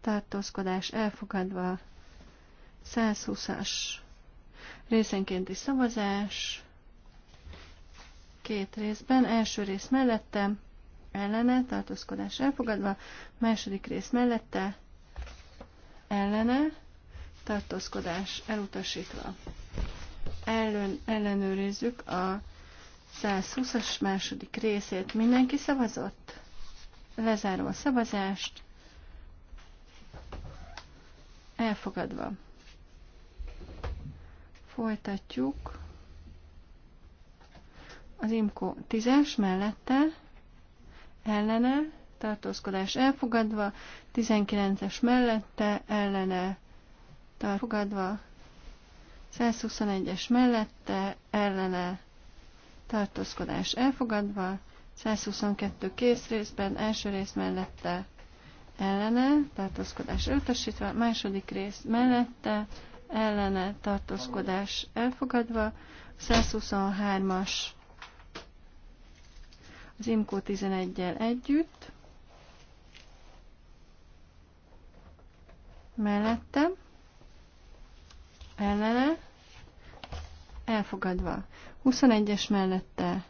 [SPEAKER 5] tartózkodás elfogadva, 120-as részenkénti szavazás, két részben. Első rész mellette, ellene, tartózkodás elfogadva. Második rész mellette, ellene, tartózkodás elutasítva. Ellen, ellenőrizzük a 120-as második részét. Mindenki szavazott? Lezárom a szavazást. Elfogadva. Folytatjuk. Az IMKO 10-es mellette ellene tartózkodás elfogadva, 19-es mellette ellene elfogadva, 121-es mellette ellene tartózkodás elfogadva, 122 kész részben, első rész mellette ellene, tartózkodás elutasítva, második rész mellette, ellene, tartózkodás elfogadva, 123-as az IMCO 11-jel együtt, mellette, ellene, elfogadva. 21-es mellette,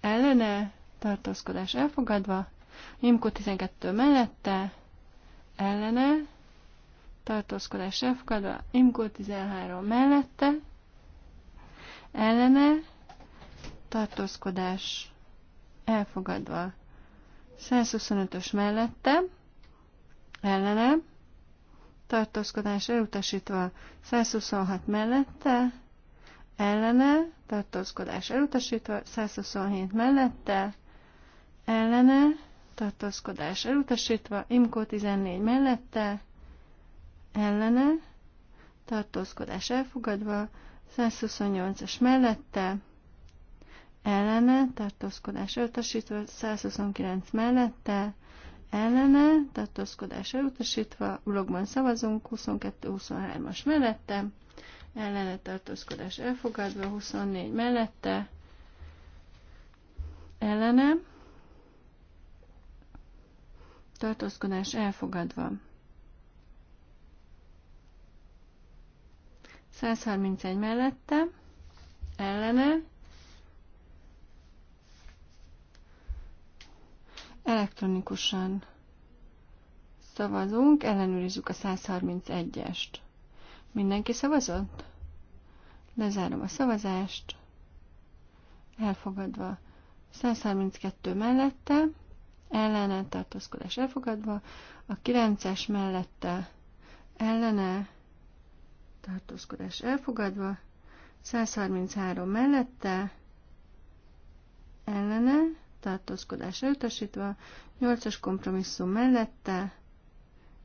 [SPEAKER 5] ellene, tartózkodás elfogadva. IMCO 12 mellette, ellene, tartózkodás elfogadva. IMCO 13 mellette, ellene, tartózkodás elfogadva elfogadva. 125-ös mellette, ellene, tartózkodás elutasítva. 126 mellette, ellene, tartózkodás elutasítva. 127 mellette, ellene, tartózkodás elutasítva. Imkó 14 mellette, ellene, tartózkodás elfogadva. 128-as mellette, ellene, tartózkodás elutasítva, 129 mellette, ellene, tartózkodás elutasítva, blogban szavazunk, 22-23-as mellette, ellene tartózkodás elfogadva, 24 mellette, ellene, tartózkodás elfogadva. 131 mellette, ellene, Elektronikusan szavazunk, ellenőrizzük a 131-est. Mindenki szavazott? Lezárom a szavazást. Elfogadva. 132 mellette, ellene tartózkodás elfogadva, a 9-es mellette ellene tartózkodás elfogadva, 133 mellette ellene tartózkodás elutasítva, 8-as kompromisszum mellette,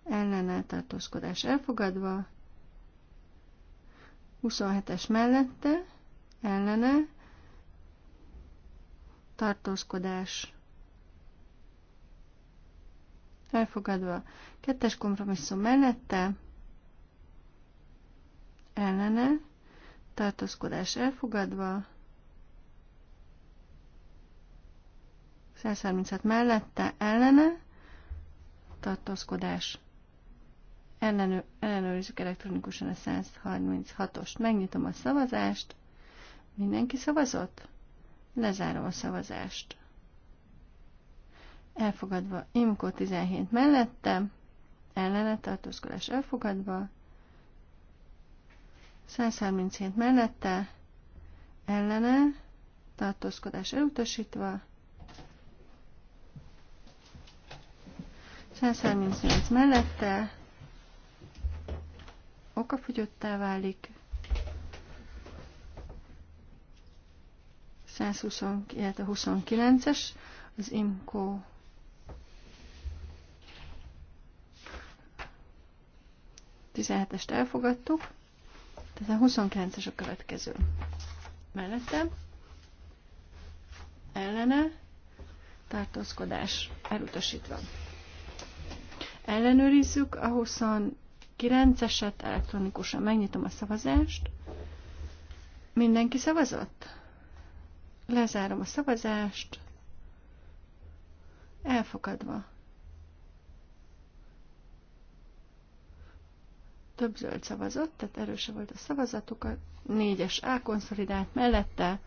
[SPEAKER 5] ellene tartózkodás elfogadva, 27-es mellette, ellene, tartózkodás elfogadva, 2-es kompromisszum mellette, ellene, tartózkodás elfogadva, 136 mellette ellene tartózkodás. Ellenő, ellenőrizzük elektronikusan a 136-ost. Megnyitom a szavazást. Mindenki szavazott? Lezárom a szavazást. Elfogadva Imko 17 mellette, ellene tartózkodás elfogadva, 137 mellette, ellene tartózkodás elutasítva, 138 mellette okafogyottá válik. 120, illetve 29-es, az imkó Tizenhetest elfogadtuk, tehát a 29-es a következő. Mellette ellene tartózkodás elutasítva. Ellenőrizzük a 29-eset elektronikusan. Megnyitom a szavazást. Mindenki szavazott? Lezárom a szavazást. Elfogadva. Több zöld szavazott, tehát erőse volt a szavazatuk. A 4-es A konszolidált mellette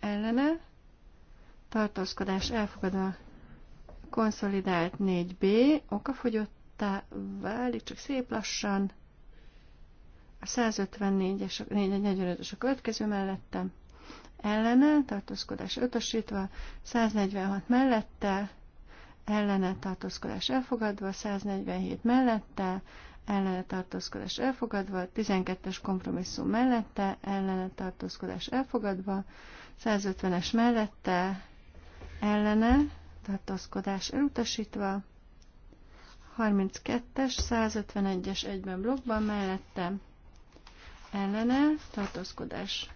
[SPEAKER 5] ellene tartózkodás elfogadva konszolidált 4B okafogyottá válik, csak szép lassan. A 154-es, 445 es a következő mellettem. Ellene, tartózkodás ötösítve, 146 mellette, ellene tartózkodás elfogadva, 147 mellette, ellene tartózkodás elfogadva, 12-es kompromisszum mellette, ellene tartózkodás elfogadva, 150-es mellette, ellene, tartózkodás elutasítva, 32-es, 151-es egyben blokkban mellette ellene tartózkodás.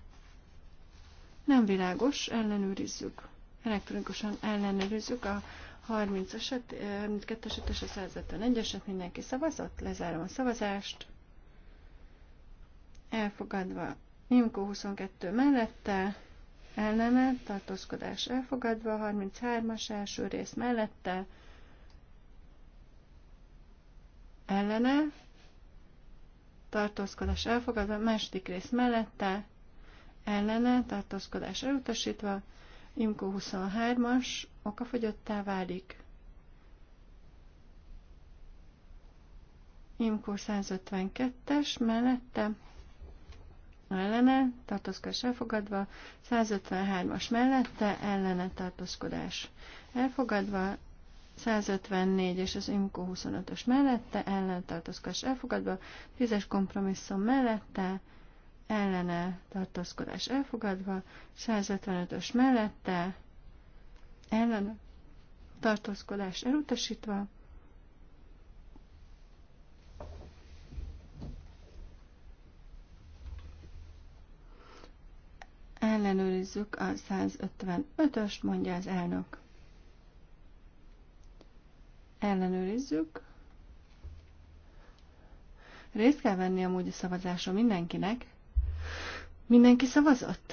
[SPEAKER 5] Nem világos, ellenőrizzük. Elektronikusan ellenőrizzük a 30 eset, 32 eset és a 151 eset mindenki szavazott, lezárom a szavazást. Elfogadva Imko 22 mellette, ellene, tartózkodás elfogadva, 33-as első rész mellette, ellene, tartózkodás elfogadva, második rész mellette, ellene, tartózkodás elutasítva, Imko 23-as, okafogyottá válik. Imko 152-es mellette, ellene, tartózkodás elfogadva, 153-as mellette, ellene tartózkodás elfogadva, 154 és az IMCO 25-ös mellette, ellen tartózkodás elfogadva, 10-es kompromisszum mellette, ellene tartózkodás elfogadva, 155-ös mellette, ellen tartózkodás elutasítva, Ellenőrizzük a 155-öst, mondja az elnök. Ellenőrizzük. Részt kell venni amúgy a szavazáson mindenkinek. Mindenki szavazott?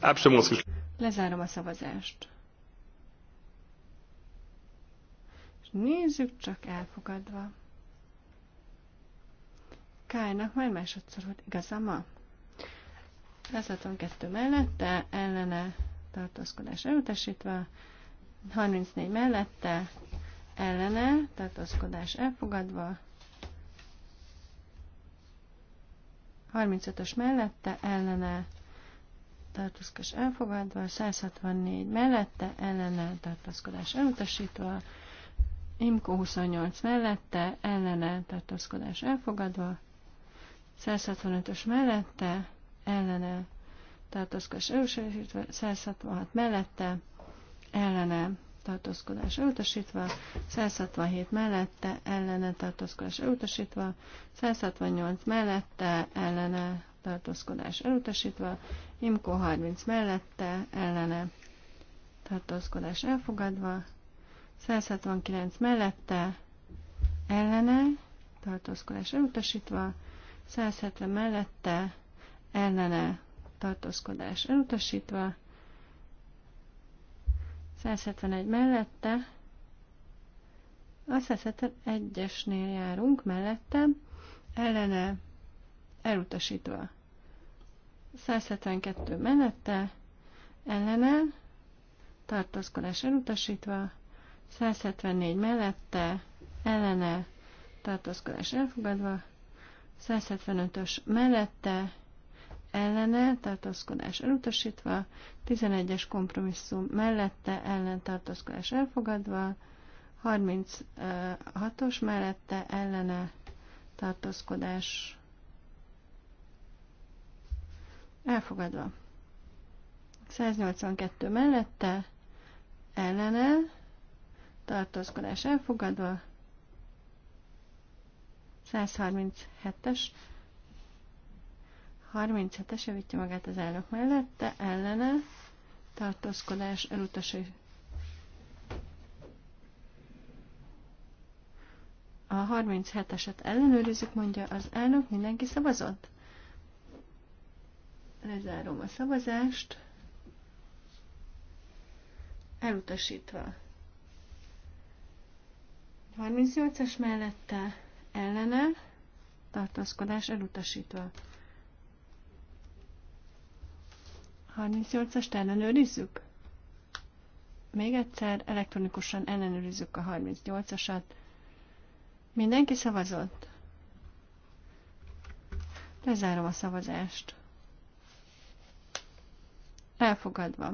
[SPEAKER 3] Abszolút.
[SPEAKER 5] Lezárom a szavazást. És nézzük csak elfogadva. Kájnak már másodszor volt igaza ma. 162 mellette, ellene tartózkodás elutasítva, 34 mellette, ellene tartózkodás elfogadva, 35-ös mellette, ellene tartózkodás elfogadva, 164 mellette, ellene tartózkodás elutasítva, Imko 28 mellette, ellene tartózkodás elfogadva, 165-ös mellette, ellene tartózkodás elutasítva, 166 mellette ellene tartózkodás elutasítva, 167 mellette ellene tartózkodás elutasítva, 168 mellette ellene tartózkodás elutasítva, IMKO 30 mellette ellene tartózkodás elfogadva, 169 mellette ellene tartózkodás elutasítva, 170 mellette ellene tartózkodás elutasítva, 171 mellette, a 171-esnél járunk mellette, ellene elutasítva. 172 mellette, ellene, tartózkodás elutasítva, 174 mellette, ellene, tartózkodás elfogadva, 175-ös mellette, ellene tartózkodás elutasítva, 11-es kompromisszum mellette ellen tartózkodás elfogadva, 36-os mellette ellene tartózkodás elfogadva. 182 mellette ellene tartózkodás elfogadva, 137-es 37-es javítja magát az elnök mellette, ellene, tartózkodás elutasítás. A 37-eset ellenőrizzük, mondja az elnök, mindenki szavazott? Lezárom a szavazást. Elutasítva. 38-as mellette ellene, tartózkodás elutasítva. 38-ast ellenőrizzük? Még egyszer elektronikusan ellenőrizzük a 38-asat. Mindenki szavazott? Lezárom a szavazást. Elfogadva.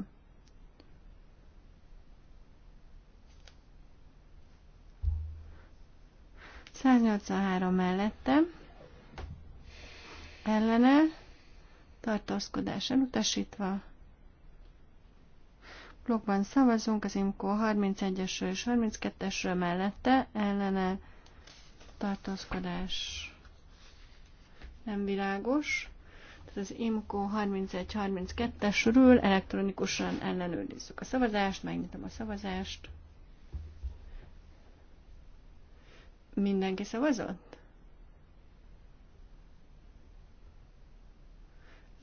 [SPEAKER 5] Száznyolcvanhárom mellettem. Ellene tartózkodás elutasítva. Blokkban szavazunk az IMCO 31-esről és 32-esről mellette, ellene tartózkodás nem világos. Tehát az IMCO 31-32-esről elektronikusan ellenőrizzük a szavazást, megnyitom a szavazást. Mindenki szavazott?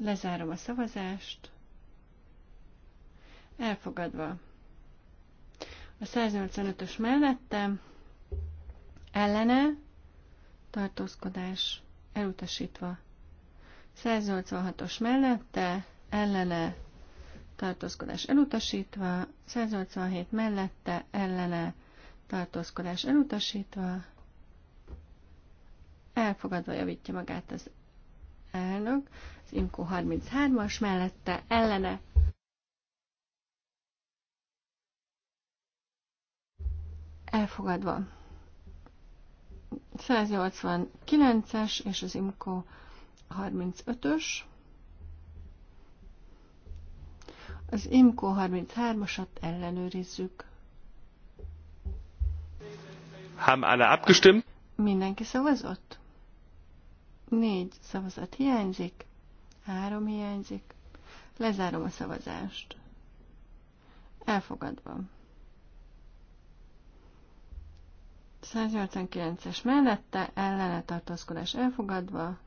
[SPEAKER 5] Lezárom a szavazást. Elfogadva. A 185-ös mellette ellene tartózkodás elutasítva. 186-os mellette ellene tartózkodás elutasítva, 187 mellette ellene tartózkodás elutasítva, elfogadva javítja magát az elnök, az Imko 33-as mellette ellene elfogadva. 189-es és az Imko 35-ös. Az Imko 33-asat ellenőrizzük.
[SPEAKER 1] Haben alle abgestimmt?
[SPEAKER 5] Mindenki szavazott? Négy szavazat hiányzik, három hiányzik. Lezárom a szavazást. Elfogadva. 189-es mellette, ellene tartózkodás elfogadva.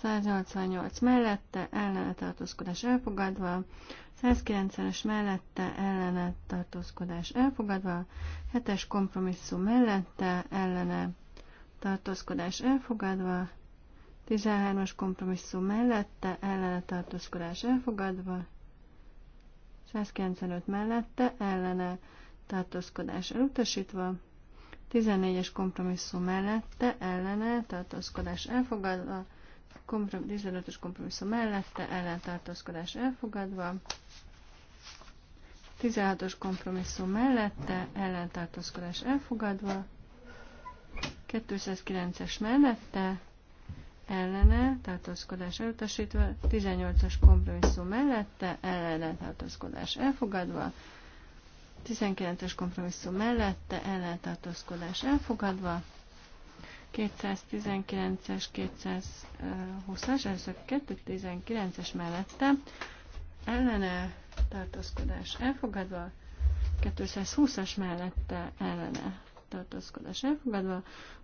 [SPEAKER 5] 188 mellette, ellene tartózkodás elfogadva. 190-es mellette, ellene tartózkodás elfogadva. 7-es kompromisszum mellette, ellene tartózkodás elfogadva, 13-as kompromisszum mellette, ellene tartózkodás elfogadva, 195 mellette, ellene tartózkodás elutasítva, 14-es kompromisszum mellette, ellene tartózkodás elfogadva, 15-ös kompromisszum mellette, ellene tartózkodás elfogadva, 16-os kompromisszum mellette, ellentartózkodás elfogadva, 209-es mellette ellene tartózkodás elutasítva, 18-as kompromisszum mellette ellene tartózkodás elfogadva, 19-es kompromisszum mellette ellene tartózkodás elfogadva, 219-es, 220-as, a 219-es mellette ellene tartózkodás elfogadva, 220-as mellette ellene tartózkodás elfogadva,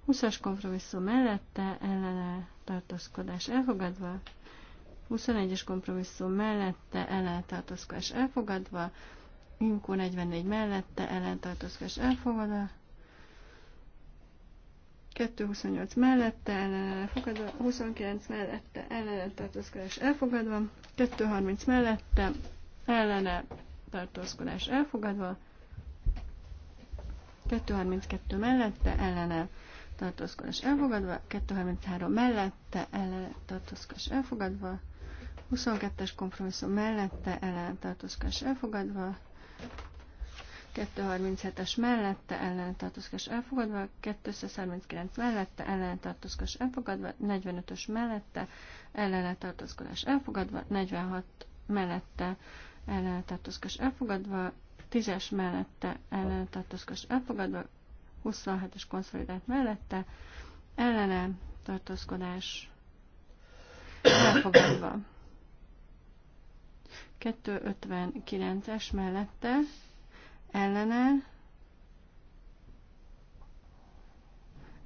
[SPEAKER 5] 20-as kompromisszum mellette ellene tartózkodás elfogadva, 21-es kompromisszum mellette ellen tartózkodás elfogadva, Inkó 44 mellette tartózkodás elfogadva, 228 mellette ellen elfogadva, 29 mellette ellen tartózkodás elfogadva, 230 mellette ellene tartózkodás elfogadva, 232 mellette ellene tartózkodás elfogadva, 233 mellette ellene tartózkodás elfogadva, 22-es kompromisszum mellette ellene tartózkodás elfogadva, 237-es mellette tartózkodás elfogadva, 239 mellette tartózkodás elfogadva, 45-ös mellette tartózkodás elfogadva, 46 mellette tartózkodás elfogadva, 10-es mellette ellene tartózkodás elfogadva, 27-es konszolidált mellette ellene tartózkodás elfogadva. 259-es mellette ellene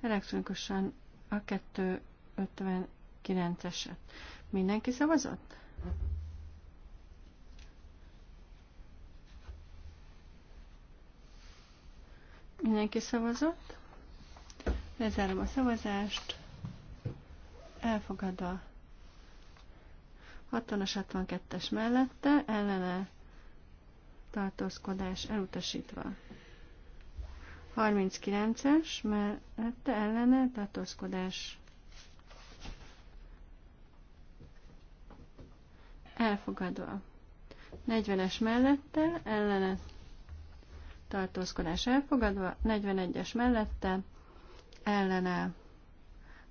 [SPEAKER 5] elektronikusan a 259-eset. Mindenki szavazott? Mindenki szavazott. Lezárom a szavazást. Elfogadva. 60-as 62-es mellette, ellene tartózkodás elutasítva. 39-es mellette, ellene tartózkodás elfogadva. 40-es mellette, ellene tartózkodás elfogadva, 41-es mellette ellene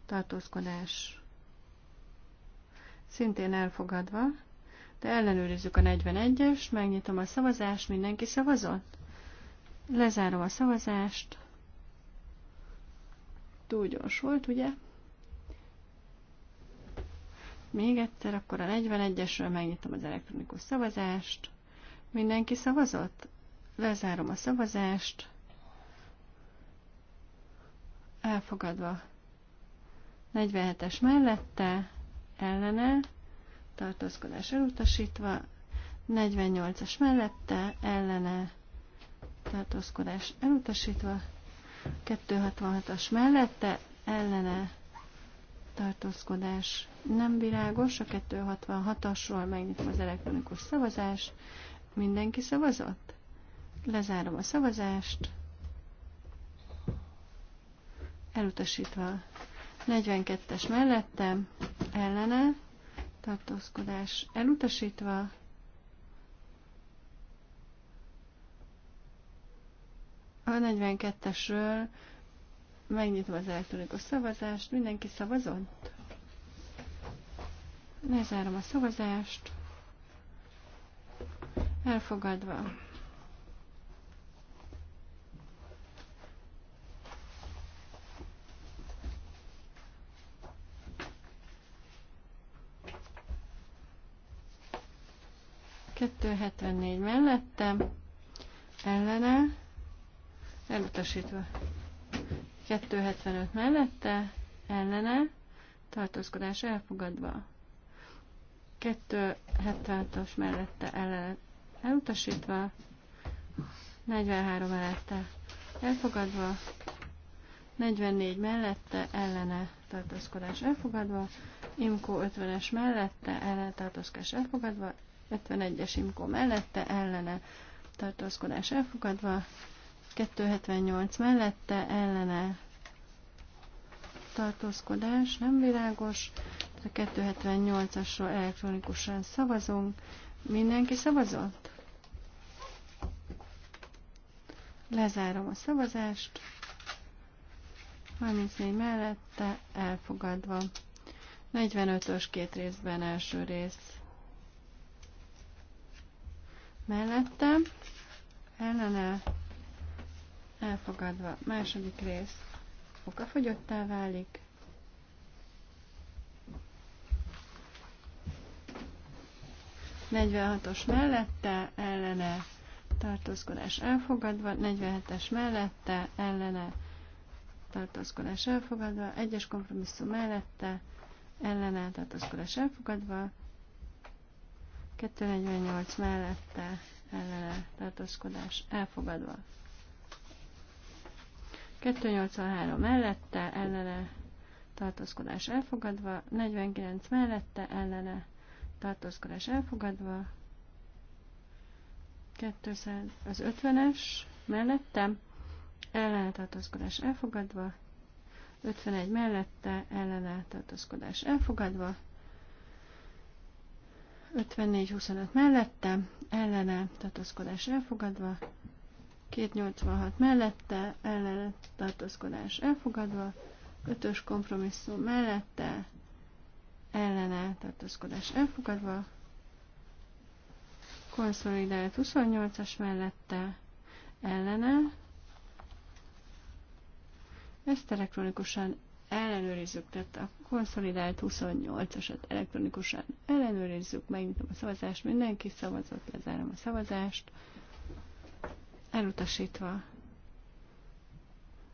[SPEAKER 5] tartózkodás szintén elfogadva, de ellenőrizzük a 41-est, megnyitom a szavazást, mindenki szavazott? Lezárom a szavazást. Túl gyors volt, ugye? Még egyszer, akkor a 41-esről megnyitom az elektronikus szavazást. Mindenki szavazott? Lezárom a szavazást. Elfogadva. 47-es mellette, ellene, tartózkodás elutasítva. 48-as mellette, ellene, tartózkodás elutasítva. 266-as mellette, ellene, tartózkodás nem világos. A 266-asról megnyitom az elektronikus szavazás, Mindenki szavazott? Lezárom a szavazást. Elutasítva 42-es mellettem, ellene, tartózkodás elutasítva, A 42-esről megnyitva az elektronikus szavazást. Mindenki szavazott? Lezárom a szavazást. Elfogadva. 274 mellette, ellene, elutasítva. 275 mellette, ellene, tartózkodás elfogadva. 276-os mellette ellene, elutasítva. 43 mellette elfogadva. 44 mellette ellene tartózkodás elfogadva, Imko 50-es mellette ellene tartózkodás elfogadva, 51-es imkó mellette, ellene tartózkodás elfogadva, 278 mellette, ellene tartózkodás, nem világos, a 278-asról elektronikusan szavazunk. Mindenki szavazott? Lezárom a szavazást. 34 mellette elfogadva. 45-ös két részben első rész mellette, ellene, elfogadva, második rész okafogyottá válik, os mellette, ellene, tartózkodás elfogadva, 47-es mellette, ellene, tartózkodás elfogadva, egyes kompromisszum mellette, ellene, tartózkodás elfogadva, 248 mellette ellene tartózkodás elfogadva. 283 mellette ellene tartózkodás elfogadva, 49 mellette ellene tartózkodás elfogadva, 200, az 50-es mellette ellene tartózkodás elfogadva, 51 mellette ellene tartózkodás elfogadva, 54-25 mellette, ellene tartózkodás elfogadva, 286 mellette, ellene tartózkodás elfogadva, 5-ös kompromisszum mellette, ellene tartózkodás elfogadva, konszolidált 28-as mellette, ellene, ezt elektronikusan ellenőrizzük, tehát a konszolidált 28-asat elektronikusan ellenőrizzük, megnyitom a szavazást, mindenki szavazott, lezárom a szavazást, elutasítva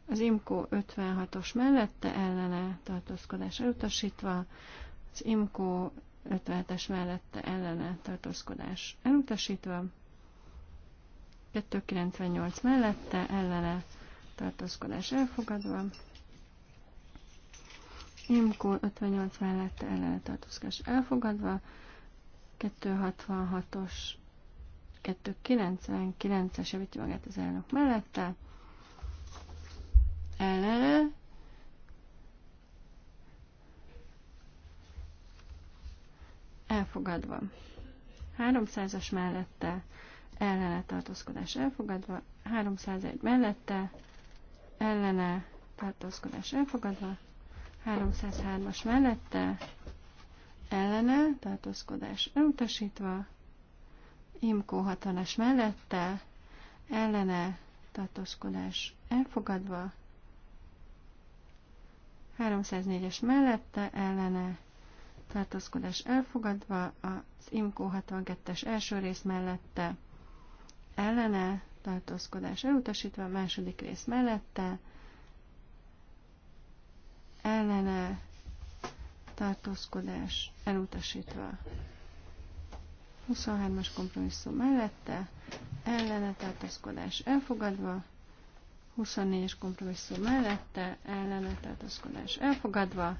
[SPEAKER 5] az IMCO 56-os mellette ellene tartózkodás elutasítva, az IMCO 57-es mellette ellene tartózkodás elutasítva, 298 mellette ellene tartózkodás elfogadva, Imkó 58 mellette ellene elfogadva, 266-os, 299-es javítja magát az elnök mellette, ellene, elfogadva. 300-as mellette ellene tartózkodás elfogadva, 301 mellette ellene tartózkodás elfogadva, 303-as mellette ellene, tartózkodás elutasítva, Imkó 60-as mellette ellene, tartózkodás elfogadva, 304-es mellette ellene, tartózkodás elfogadva, az Imkó 62-es első rész mellette ellene, tartózkodás elutasítva, második rész mellette, ellene tartózkodás elutasítva. 23-as kompromisszum mellette ellene tartózkodás elfogadva. 24-es kompromisszum mellette ellene tartózkodás elfogadva.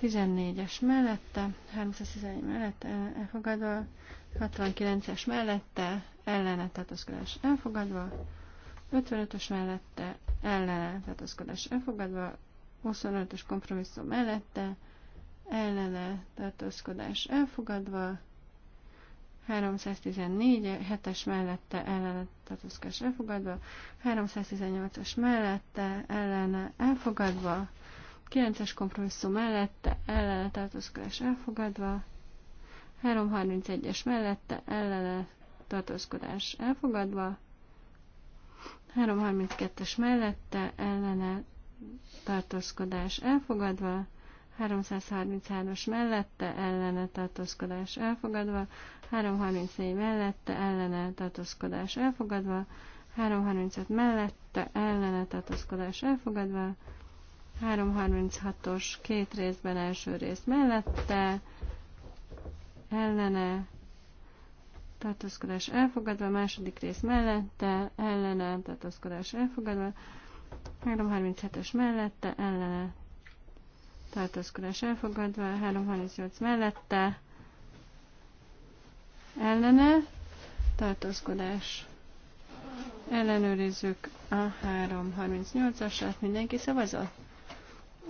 [SPEAKER 5] 14-es mellette, 311 mellette elfogadva, 69-es mellette ellene tartózkodás elfogadva, 55-ös mellette ellene tartózkodás elfogadva, 25-ös kompromisszum mellette, ellene tartózkodás elfogadva, 314 7-es mellette ellene tartózkodás elfogadva, 318-as mellette ellene elfogadva, 9-es kompromisszum mellette ellene tartózkodás elfogadva, 331-es mellette ellene tartózkodás elfogadva, 332-es mellette ellene tartózkodás elfogadva, 333-as mellette ellene tartózkodás elfogadva, 334 mellette ellene tartózkodás elfogadva, 335 mellette ellene tartózkodás elfogadva, 336-os két részben első rész mellette ellene tartózkodás elfogadva, második rész mellette ellene tartózkodás elfogadva, 337 ös mellette, ellene tartózkodás elfogadva, 338 mellette, ellene tartózkodás ellenőrizzük a 338-asát, mindenki szavazott?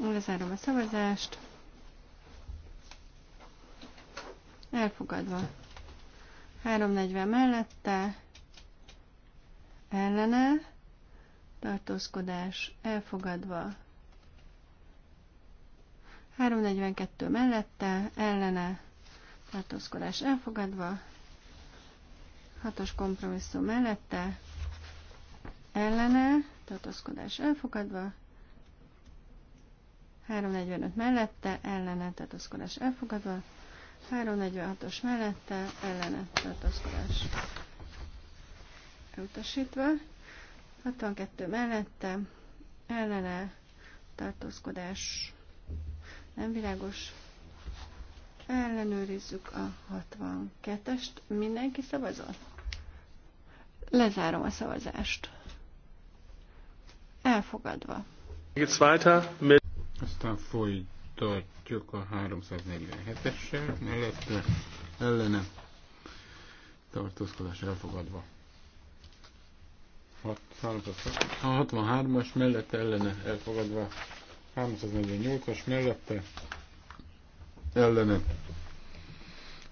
[SPEAKER 5] Lezárom a szavazást. Elfogadva. 340 mellette, ellene, tartózkodás elfogadva. 342 mellette, ellene, tartózkodás elfogadva. 6-os kompromisszum mellette, ellene, tartózkodás elfogadva. 345 mellette, ellene, tartózkodás elfogadva. 346-os mellette, ellene, tartózkodás elutasítva. 62 mellette, ellene, tartózkodás, nem világos, ellenőrizzük a 62-est, mindenki szavazott? Lezárom a szavazást. Elfogadva.
[SPEAKER 2] Aztán folytatjuk a 347-essel, mellette ellene tartózkodás elfogadva. 63 as mellette ellene elfogadva, 348-as mellette ellene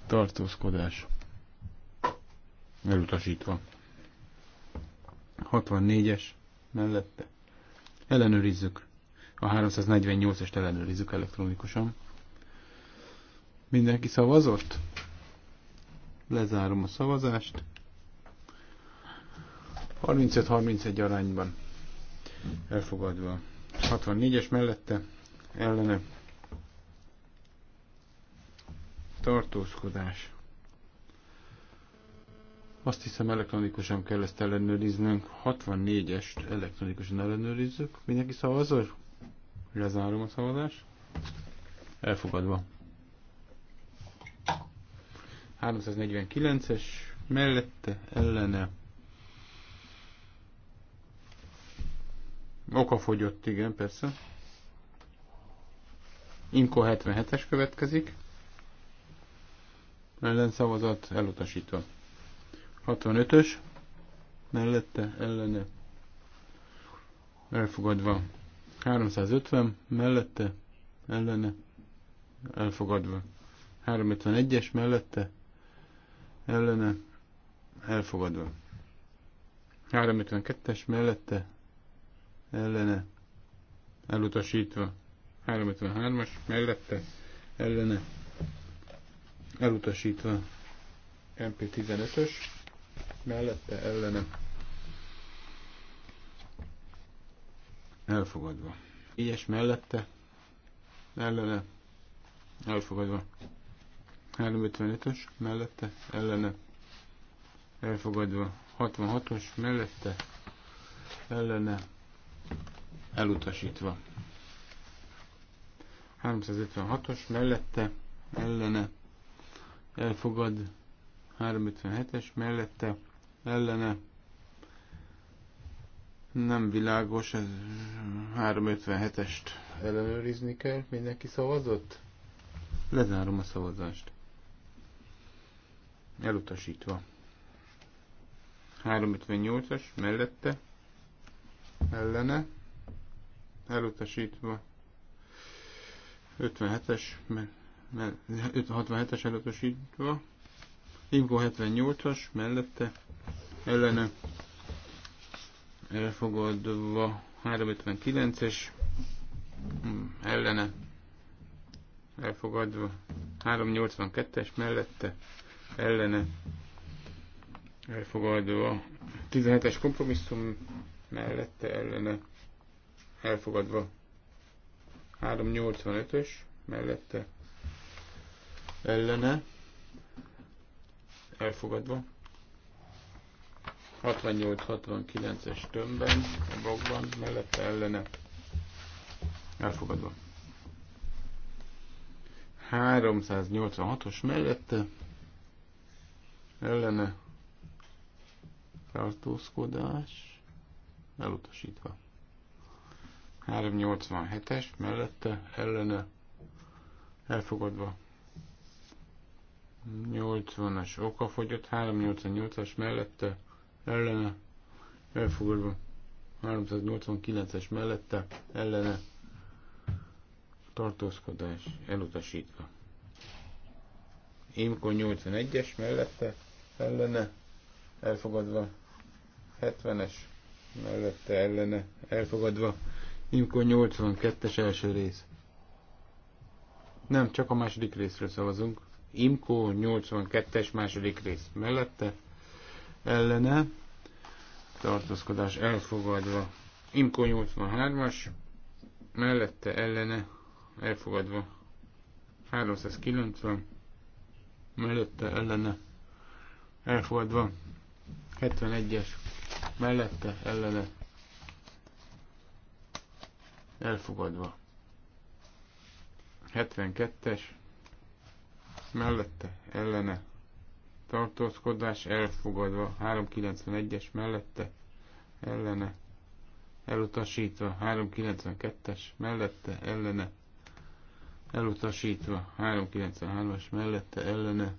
[SPEAKER 2] tartózkodás elutasítva. 64-es mellette ellenőrizzük. A 348-est ellenőrizzük elektronikusan. Mindenki szavazott? Lezárom a szavazást. 35-31 arányban elfogadva. 64-es mellette ellene tartózkodás. Azt hiszem elektronikusan kell ezt ellenőriznünk. 64-est elektronikusan ellenőrizzük. Mindenki szavazol? Lezárom a szavazást. Elfogadva. 349-es mellette ellene Okafogyott, igen, persze. Inko 77-es következik. Ellenszavazat elutasítva. 65-ös. Mellette, ellene. Elfogadva. 350. Mellette, ellene. Elfogadva. 351-es mellette, ellene, elfogadva. 352-es mellette, ellene elutasítva. 353-as mellette ellene elutasítva. MP15-ös mellette ellene elfogadva. Ilyes mellette ellene elfogadva. 355-ös mellette ellene elfogadva. 66-os mellette ellene elutasítva. 356-os mellette, ellene, elfogad, 357-es mellette, ellene, nem világos, ez 357-est ellenőrizni kell, mindenki szavazott? Lezárom a szavazást. Elutasítva. 358-as mellette, ellene, elutasítva. 57-es, 67-es elutasítva. Ingo 78-as mellette ellene elfogadva 359-es mm, ellene elfogadva 382-es mellette ellene elfogadva 17-es kompromisszum mellette ellene elfogadva 385-ös mellette ellene elfogadva 68-69-es tömbben a blogban mellette ellene elfogadva 386-os mellette ellene tartózkodás elutasítva 387-es mellette ellene elfogadva. 80-as fogyott. 388-as mellette ellene elfogadva. 389-es mellette ellene tartózkodás elutasítva. Imko 81-es mellette ellene elfogadva. 70-es mellette ellene elfogadva. Imko 82-es első rész. Nem, csak a második részről szavazunk. Imko 82-es második rész. Mellette ellene tartózkodás elfogadva. Imko 83-as mellette ellene elfogadva. 390 mellette ellene elfogadva. 71-es mellette ellene elfogadva. 72-es mellette ellene tartózkodás elfogadva 391-es mellette ellene elutasítva 392-es mellette ellene elutasítva 393-as mellette ellene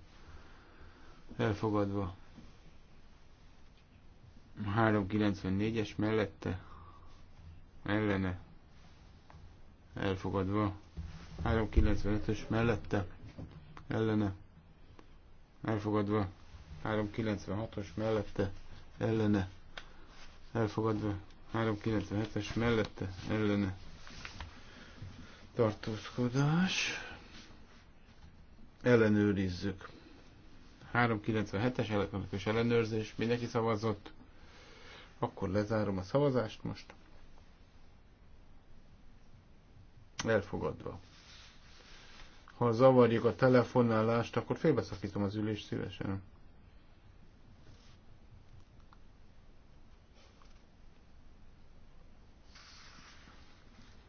[SPEAKER 2] elfogadva 394-es mellette ellene elfogadva. 395-ös mellette ellene elfogadva. 396-os mellette ellene elfogadva. 397-es mellette ellene tartózkodás ellenőrizzük 397-es elektronikus ellenőrzés mindenki szavazott akkor lezárom a szavazást most Elfogadva. Ha zavarjuk a telefonálást, akkor félbeszakítom az ülést szívesen.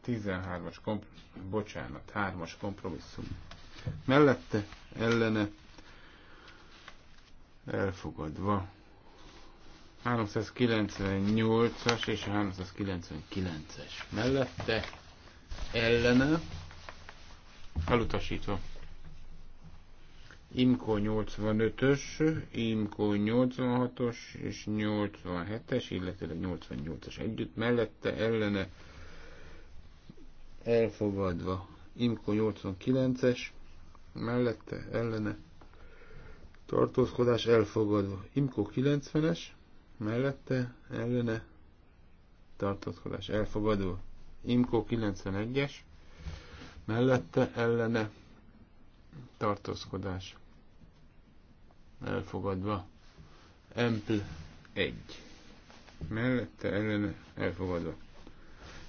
[SPEAKER 2] Tizenhármas komp... bocsánat, hármas kompromisszum. Mellette, ellene, elfogadva. 398-as és 399-es mellette ellene elutasítva. Imko 85-ös, Imko 86-os és 87-es, illetve 88-as együtt, mellette ellene elfogadva. Imko 89-es, mellette ellene tartózkodás elfogadva. Imko 90-es, mellette ellene tartózkodás elfogadva. Imko 91-es, mellette ellene tartózkodás elfogadva. Empl 1. Mellette ellene elfogadva.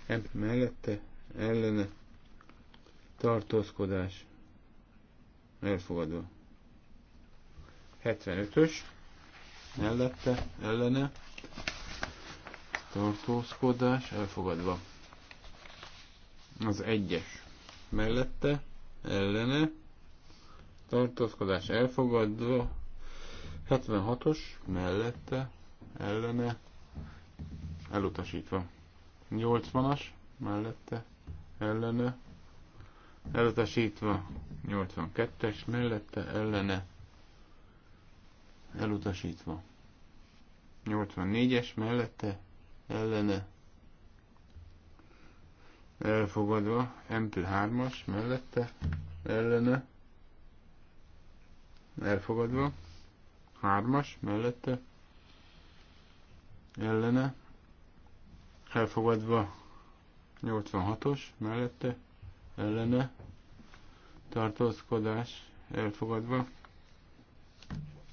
[SPEAKER 2] Empl mellette ellene tartózkodás elfogadva. 75-ös mellette ellene tartózkodás elfogadva. Az egyes mellette, ellene, tartózkodás elfogadva, 76-os mellette, ellene, elutasítva. 80-as mellette, ellene, elutasítva. 82-es mellette, ellene, elutasítva. 84-es mellette, ellene, elfogadva, MP3-as mellette, ellene, elfogadva, 3-as mellette, ellene, elfogadva, 86-os mellette, ellene, tartózkodás, elfogadva,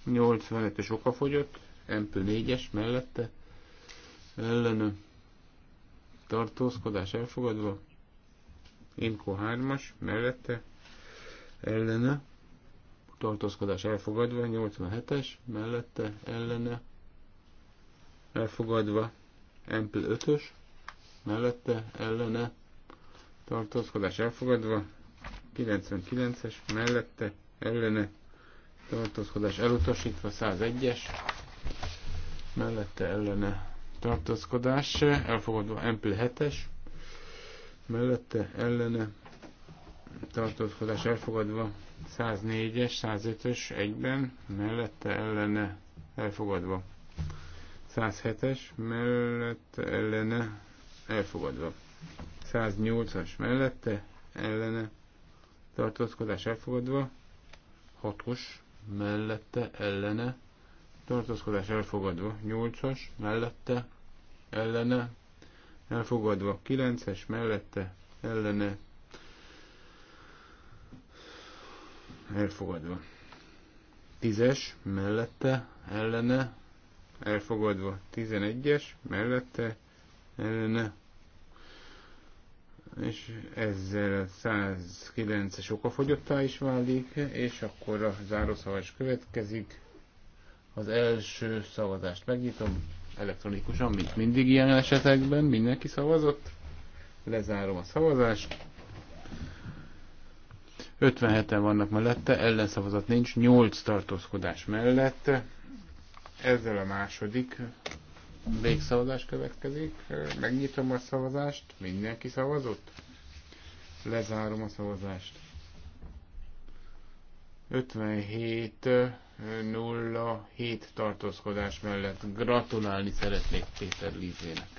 [SPEAKER 2] 85-ös okafogyott, MP4-es mellette, ellene, tartózkodás elfogadva. Imko 3-as mellette ellene tartózkodás elfogadva, 87-es mellette ellene elfogadva, Ample 5-ös mellette ellene tartózkodás elfogadva, 99-es mellette ellene tartózkodás elutasítva, 101-es mellette ellene tartózkodás, elfogadva mp 7-es, mellette ellene tartózkodás elfogadva 104-es, 105-ös egyben, mellette ellene elfogadva 107-es, mellette ellene elfogadva 108-as, mellette ellene tartózkodás elfogadva 6-os, mellette ellene tartózkodás elfogadva 8-as, mellette, ellene, elfogadva 9-es, mellette, ellene, elfogadva. 10-es, mellette, ellene, elfogadva. 11-es, mellette, ellene, és ezzel a 109-es okafogyottá is válik, és akkor a zárószavás következik. Az első szavazást megnyitom, elektronikusan, mint mindig ilyen esetekben, mindenki szavazott. Lezárom a szavazást. 57-en vannak mellette, ellenszavazat nincs, 8 tartózkodás mellett. Ezzel a második végszavazás következik. Megnyitom a szavazást, mindenki szavazott. Lezárom a szavazást. 57 07 tartózkodás mellett. Gratulálni szeretnék Péter Lízének.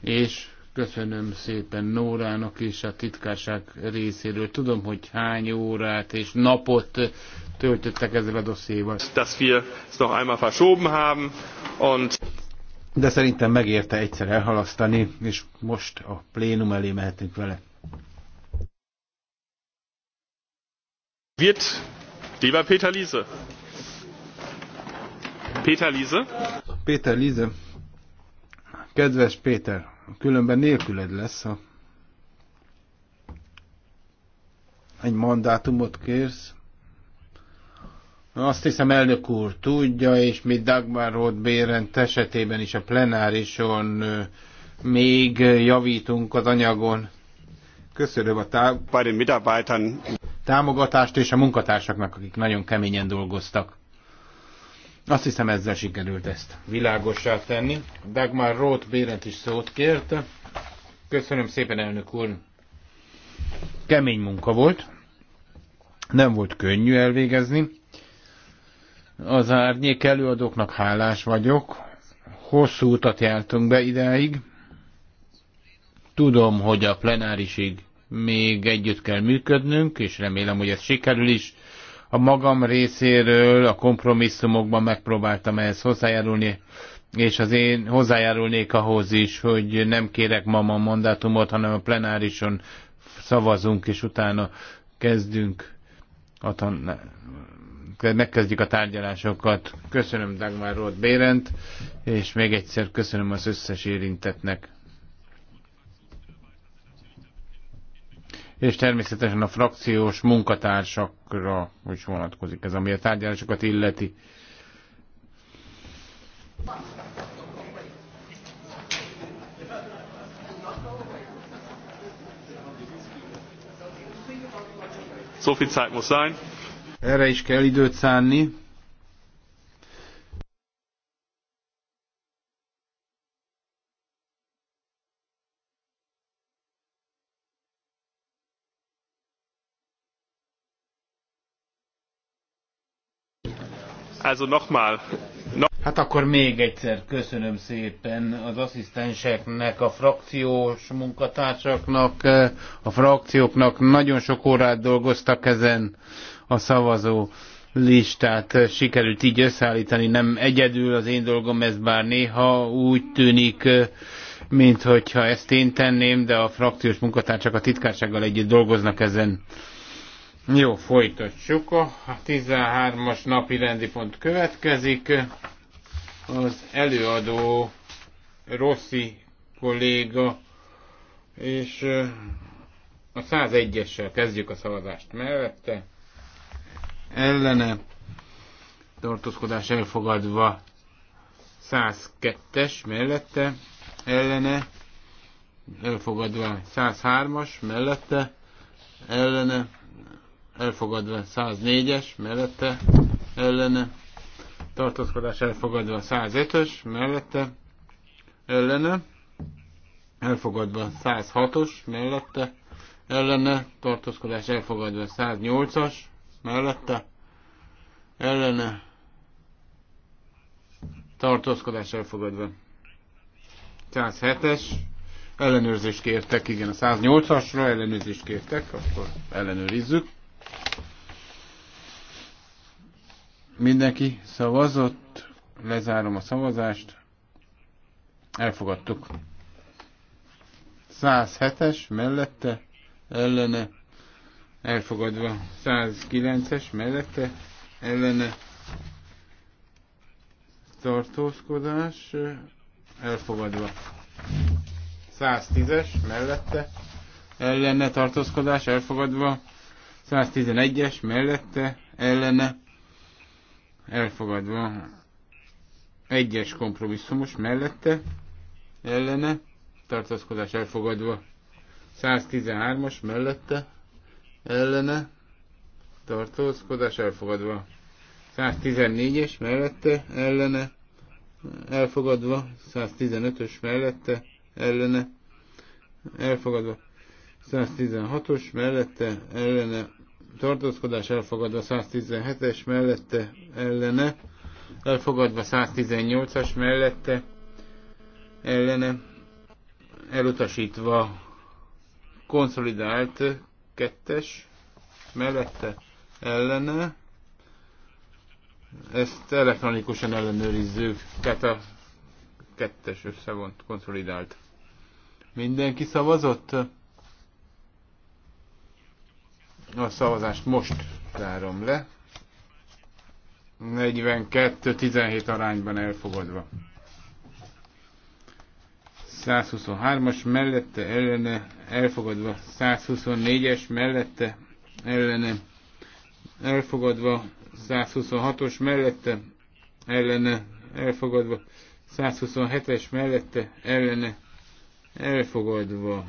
[SPEAKER 2] És köszönöm szépen Nórának és a titkárság részéről. Tudom, hogy hány órát és napot töltöttek ezzel a dosszéval. Dass wir es noch einmal verschoben haben und de szerintem megérte egyszer elhalasztani, és most a plénum elé mehetünk vele.
[SPEAKER 3] wird, lieber Peter Liese. Peter Liese?
[SPEAKER 2] Peter Liese. Kedves Péter, különben nélküled lesz, ha egy mandátumot kérsz. Azt hiszem, elnök úr tudja, és mi Dagmar Roth Bérent esetében is a plenárison még javítunk az anyagon. Köszönöm a tá... Bei den Mitarbeitern támogatást, és a munkatársaknak, akik nagyon keményen dolgoztak. Azt hiszem ezzel sikerült ezt világossá tenni. Dagmar Roth Bérent is szót kért. Köszönöm szépen, elnök úr. Kemény munka volt. Nem volt könnyű elvégezni. Az árnyék előadóknak hálás vagyok. Hosszú utat jártunk be ideig. Tudom, hogy a plenárisig még együtt kell működnünk, és remélem, hogy ez sikerül is. A magam részéről a kompromisszumokban megpróbáltam ehhez hozzájárulni, és az én hozzájárulnék ahhoz is, hogy nem kérek ma a mandátumot, hanem a plenárison szavazunk, és utána kezdünk a tan- megkezdjük a tárgyalásokat. Köszönöm Dagmar Roth Bérent, és még egyszer köszönöm az összes érintetnek. és természetesen a frakciós munkatársakra is vonatkozik ez, ami a tárgyalásokat illeti. Erre is kell időt szánni.
[SPEAKER 3] Also nochmal. No
[SPEAKER 2] hát akkor még egyszer köszönöm szépen az asszisztenseknek, a frakciós munkatársaknak, a frakcióknak. Nagyon sok órát dolgoztak ezen a szavazó listát sikerült így összeállítani. Nem egyedül az én dolgom ez, bár néha úgy tűnik, mint hogyha ezt én tenném, de a frakciós munkatársak a titkársággal együtt dolgoznak ezen. Jó, folytatjuk. A 13-as napi rendi pont következik. Az előadó Rossi kolléga, és a 101-essel kezdjük a szavazást mellette. Ellene tartózkodás elfogadva 102-es mellette, ellene elfogadva 103-as mellette, ellene elfogadva 104-es, mellette ellene, tartózkodás elfogadva 105-ös, mellette ellene, elfogadva 106-os, mellette ellene, tartózkodás elfogadva 108-as, mellette ellene, tartózkodás elfogadva 107-es, ellenőrzést kértek, igen, a 108-asra ellenőrzést kértek, akkor ellenőrizzük. Mindenki szavazott, lezárom a szavazást, elfogadtuk. 107-es mellette, ellene, elfogadva. 109-es mellette, ellene, tartózkodás, elfogadva. 110-es mellette, ellene tartózkodás, elfogadva. 111-es mellette ellene elfogadva. Egyes kompromisszumos mellette ellene tartózkodás elfogadva. 113-as mellette ellene tartózkodás elfogadva. 114-es mellette ellene elfogadva, 115-ös mellette ellene elfogadva, 116-os mellette ellene tartózkodás elfogadva 117-es mellette ellene, elfogadva 118-as mellette ellene, elutasítva konszolidált kettes mellette ellene, ezt elektronikusan ellenőrizzük, tehát a kettes összevont konszolidált. Mindenki szavazott? A szavazást most zárom le. 42-17 arányban elfogadva. 123-as mellette ellene elfogadva, 124-es mellette ellene elfogadva, 126-os mellette ellene elfogadva, 127-es mellette ellene elfogadva,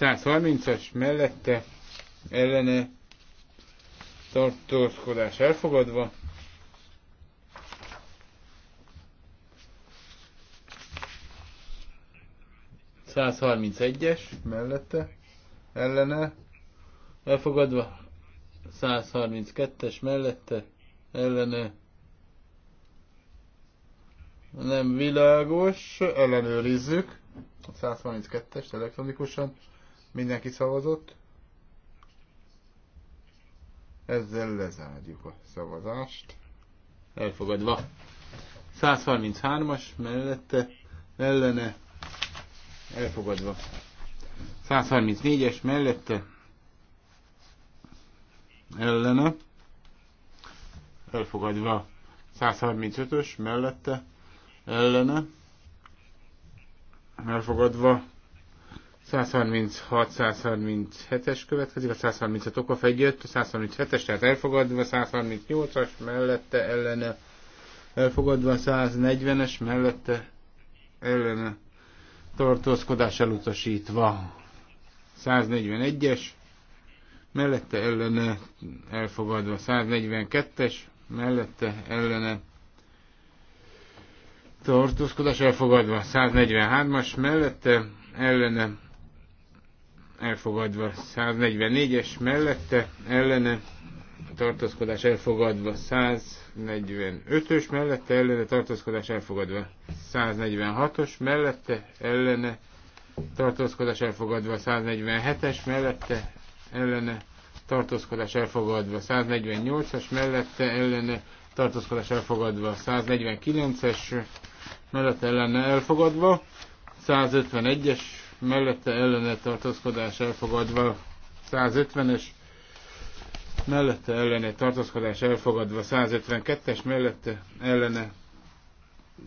[SPEAKER 2] 130-as mellette ellene tartózkodás elfogadva. es mellette ellene elfogadva 132-es mellette ellene nem világos, ellenőrizzük a 132-est elektronikusan mindenki szavazott ezzel lezárjuk a szavazást. Elfogadva. 133-as mellette ellene elfogadva. 134-es mellette ellene elfogadva. 135-ös mellette ellene elfogadva. 136-137-es következik, a 135 okafegy jött, a 137-es, tehát elfogadva, 138-as mellette ellene, elfogadva, 140-es mellette ellene, tartózkodás elutasítva, 141-es, mellette ellene, elfogadva, 142-es, mellette ellene, tartózkodás elfogadva, 143-as, mellette ellene, elfogadva 144-es mellette, ellene tartózkodás elfogadva 145-ös mellette, ellene tartózkodás elfogadva 146-os mellette, ellene tartózkodás elfogadva 147-es mellette, ellene tartózkodás elfogadva 148-as mellette, ellene tartózkodás elfogadva 149-es mellette, ellene elfogadva 151-es mellette ellene tartózkodás elfogadva 150-es, mellette ellene tartózkodás elfogadva 152-es, mellette ellene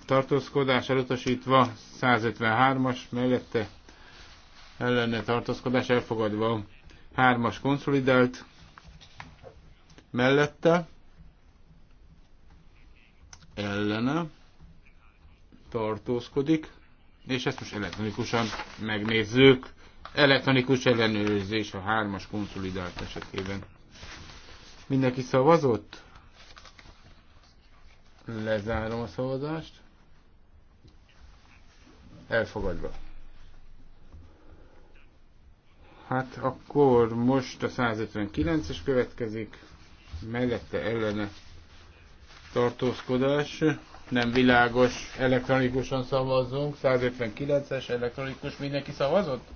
[SPEAKER 2] tartózkodás elutasítva 153-as, mellette ellene tartózkodás elfogadva 3-as konszolidált, mellette ellene tartózkodik, és ezt most elektronikusan megnézzük. Elektronikus ellenőrzés a hármas konszolidált esetében. Mindenki szavazott? Lezárom a szavazást. Elfogadva. Hát akkor most a 159-es következik, mellette ellene tartózkodás nem világos, elektronikusan szavazzunk. 159-es elektronikus, mindenki szavazott?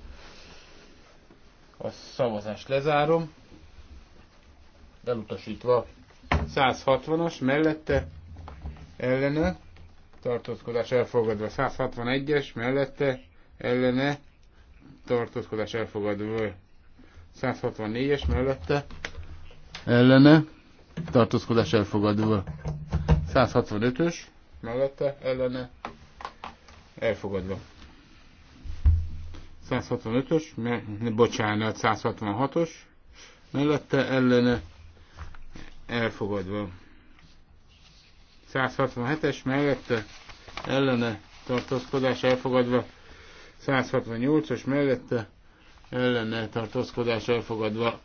[SPEAKER 2] A szavazást lezárom. Elutasítva. 160-as mellette, ellene, tartózkodás elfogadva. 161-es mellette, ellene, tartózkodás elfogadva. 164-es mellette, ellene, tartózkodás elfogadva. 165-ös mellette ellene elfogadva. 165-ös, bocsánat, 166-os, mellette ellene elfogadva. 167-es mellette ellene tartózkodás elfogadva. 168-os mellette ellene tartózkodás elfogadva.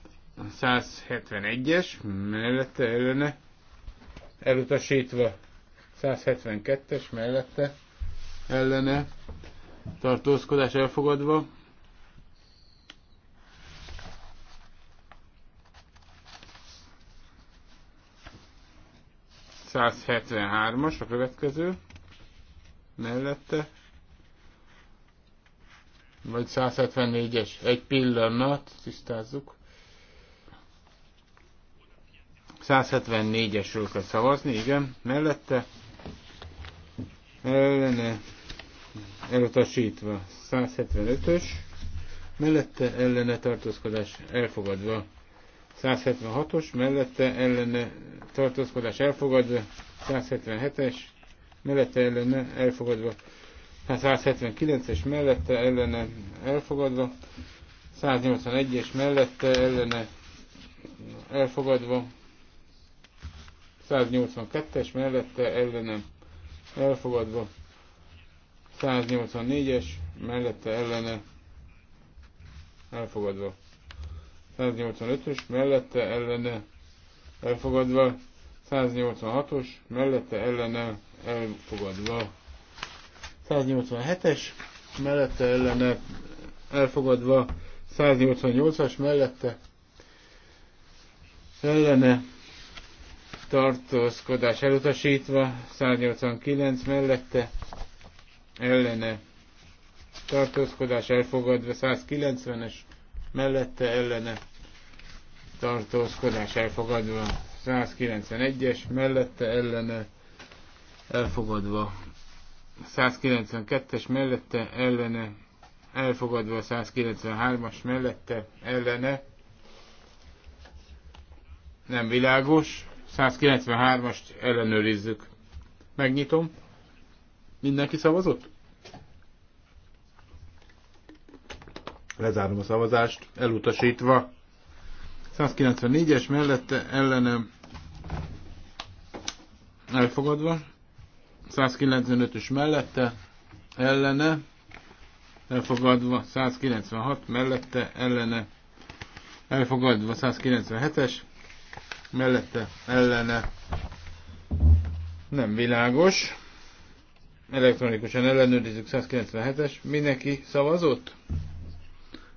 [SPEAKER 2] 171-es mellette ellene elutasítva. 172-es mellette ellene tartózkodás elfogadva. as a következő mellette vagy 174-es egy pillanat tisztázzuk 174-esről kell szavazni igen mellette ellene elutasítva 175-ös, mellette ellene tartózkodás elfogadva 176-os, mellette ellene tartózkodás elfogadva 177-es, mellette ellene elfogadva 179-es, hát mellette ellene elfogadva 181-es, mellette ellene elfogadva 182-es, mellette ellene elfogadva. 184-es, mellette ellene elfogadva. 185-ös, mellette ellene elfogadva. 186-os, mellette ellene elfogadva. 187-es, mellette ellene elfogadva. 188-as, mellette ellene tartózkodás elutasítva, 189 mellette, ellene tartózkodás elfogadva, 190-es mellette, ellene tartózkodás elfogadva, 191-es mellette, ellene elfogadva, 192-es mellette, ellene elfogadva, 193-as mellette, ellene nem világos, 193-ast ellenőrizzük. Megnyitom. Mindenki szavazott? Lezárom a szavazást, elutasítva. 194-es mellette ellenem elfogadva. 195-ös mellette ellene elfogadva. 196 mellette ellene elfogadva. 197-es mellette ellene nem világos. Elektronikusan ellenőrizzük 197-es. Mindenki szavazott?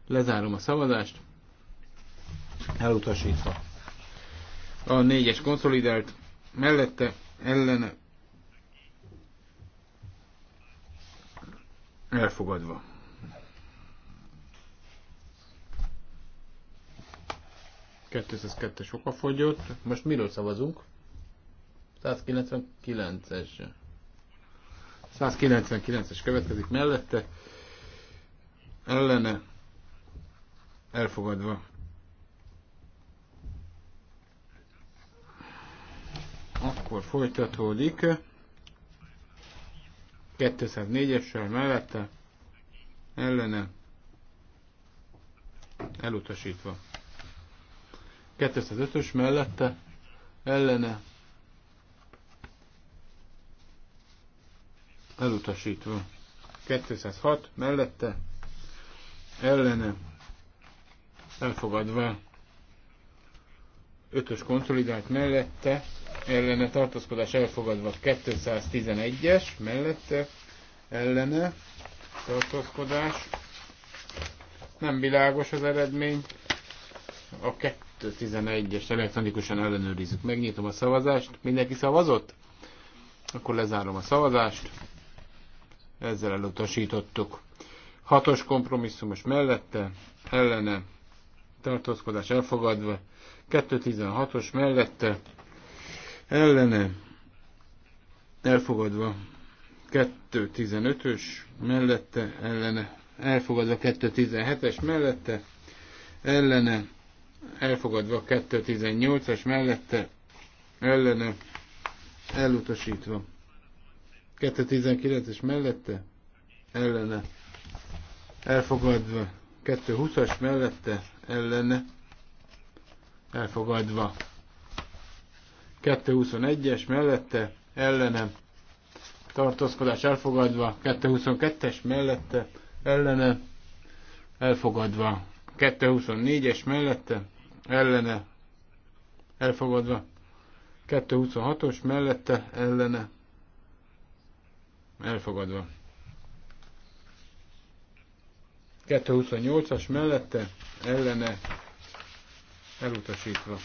[SPEAKER 2] Lezárom a szavazást.
[SPEAKER 1] Elutasítva.
[SPEAKER 2] A 4-es konszolidált mellette ellene elfogadva. 202-es okafogyott. Most miről szavazunk? 199-es. 199-es következik mellette. Ellene elfogadva. Akkor folytatódik. 204-essel mellette. Ellene elutasítva. 205-ös mellette ellene elutasítva. 206 mellette ellene elfogadva. 5-ös konszolidált mellette ellene tartózkodás elfogadva. 211-es mellette ellene tartózkodás. Nem világos az eredmény. A 2011 es elektronikusan ellenőrizzük. Megnyitom a szavazást. Mindenki szavazott? Akkor lezárom a szavazást. Ezzel elutasítottuk. Hatos kompromisszumos mellette, ellene, tartózkodás elfogadva. 216-os mellette, ellene, elfogadva. 215-ös mellette, ellene, elfogadva. 217-es mellette, ellene, elfogadva 218-as mellette ellene elutasítva. 219-es mellette ellene elfogadva. 220-as mellette ellene elfogadva. 221-es mellette ellene tartózkodás elfogadva. 222-es mellette ellene elfogadva. 224-es mellette ellene elfogadva. 226-os mellette ellene elfogadva. 228-as mellette ellene elutasítva.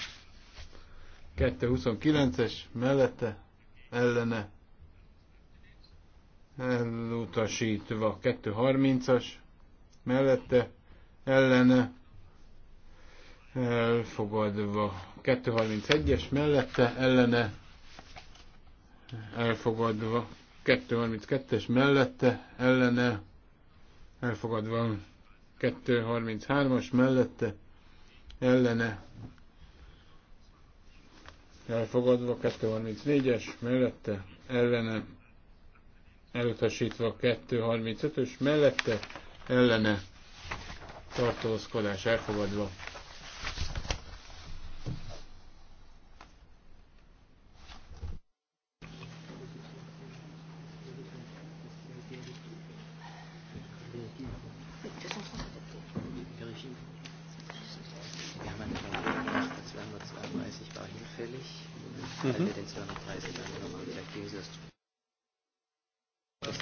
[SPEAKER 2] 229-es mellette ellene elutasítva. 230-as mellette ellene elfogadva. 231-es mellette ellene elfogadva. 232-es mellette ellene elfogadva. 233-as mellette ellene elfogadva. 234-es mellette ellene elutasítva. 235-ös mellette ellene tartózkodás
[SPEAKER 4] elfogadva.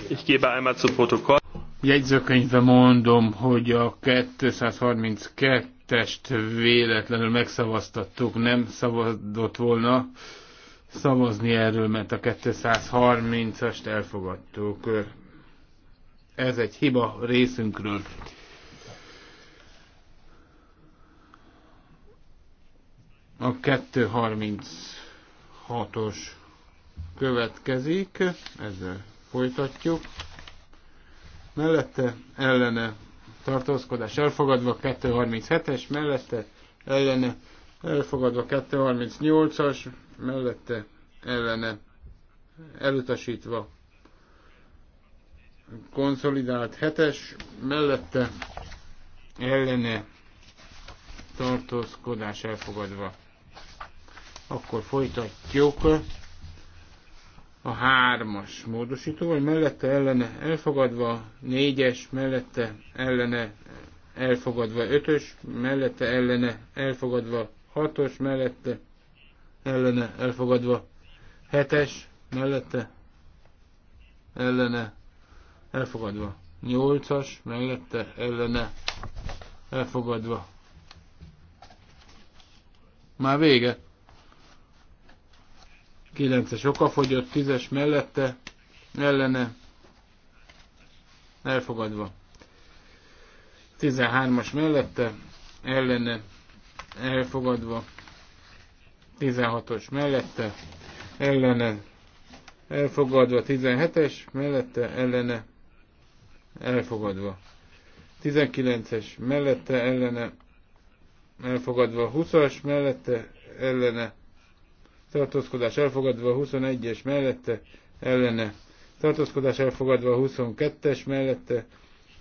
[SPEAKER 2] Ich gebe einmal zu Protokoll jegyzőkönyvbe mondom, hogy a 232-est véletlenül megszavaztattuk, nem szavazott volna szavazni erről, mert a 230-ast elfogadtuk. Ez egy hiba részünkről. A 236-os következik, ezzel folytatjuk mellette ellene tartózkodás elfogadva, 237-es mellette ellene elfogadva, 238-as mellette ellene elutasítva, konszolidált 7-es mellette ellene tartózkodás elfogadva. Akkor folytatjuk a hármas módosítóval, mellette ellene elfogadva, négyes, mellette ellene elfogadva, ötös, mellette ellene elfogadva, hatos, mellette ellene elfogadva, hetes, mellette ellene elfogadva, nyolcas, mellette ellene elfogadva. Már vége. 9-es okafogyott, 10-es mellette, ellene, elfogadva. 13-as mellette, ellene, elfogadva. 16-os mellette, ellene, elfogadva. 17-es mellette, ellene, elfogadva. 19-es mellette, ellene, elfogadva. 20-as mellette, ellene, elfogadva tartózkodás elfogadva 21-es mellette ellene, tartózkodás elfogadva 22-es mellette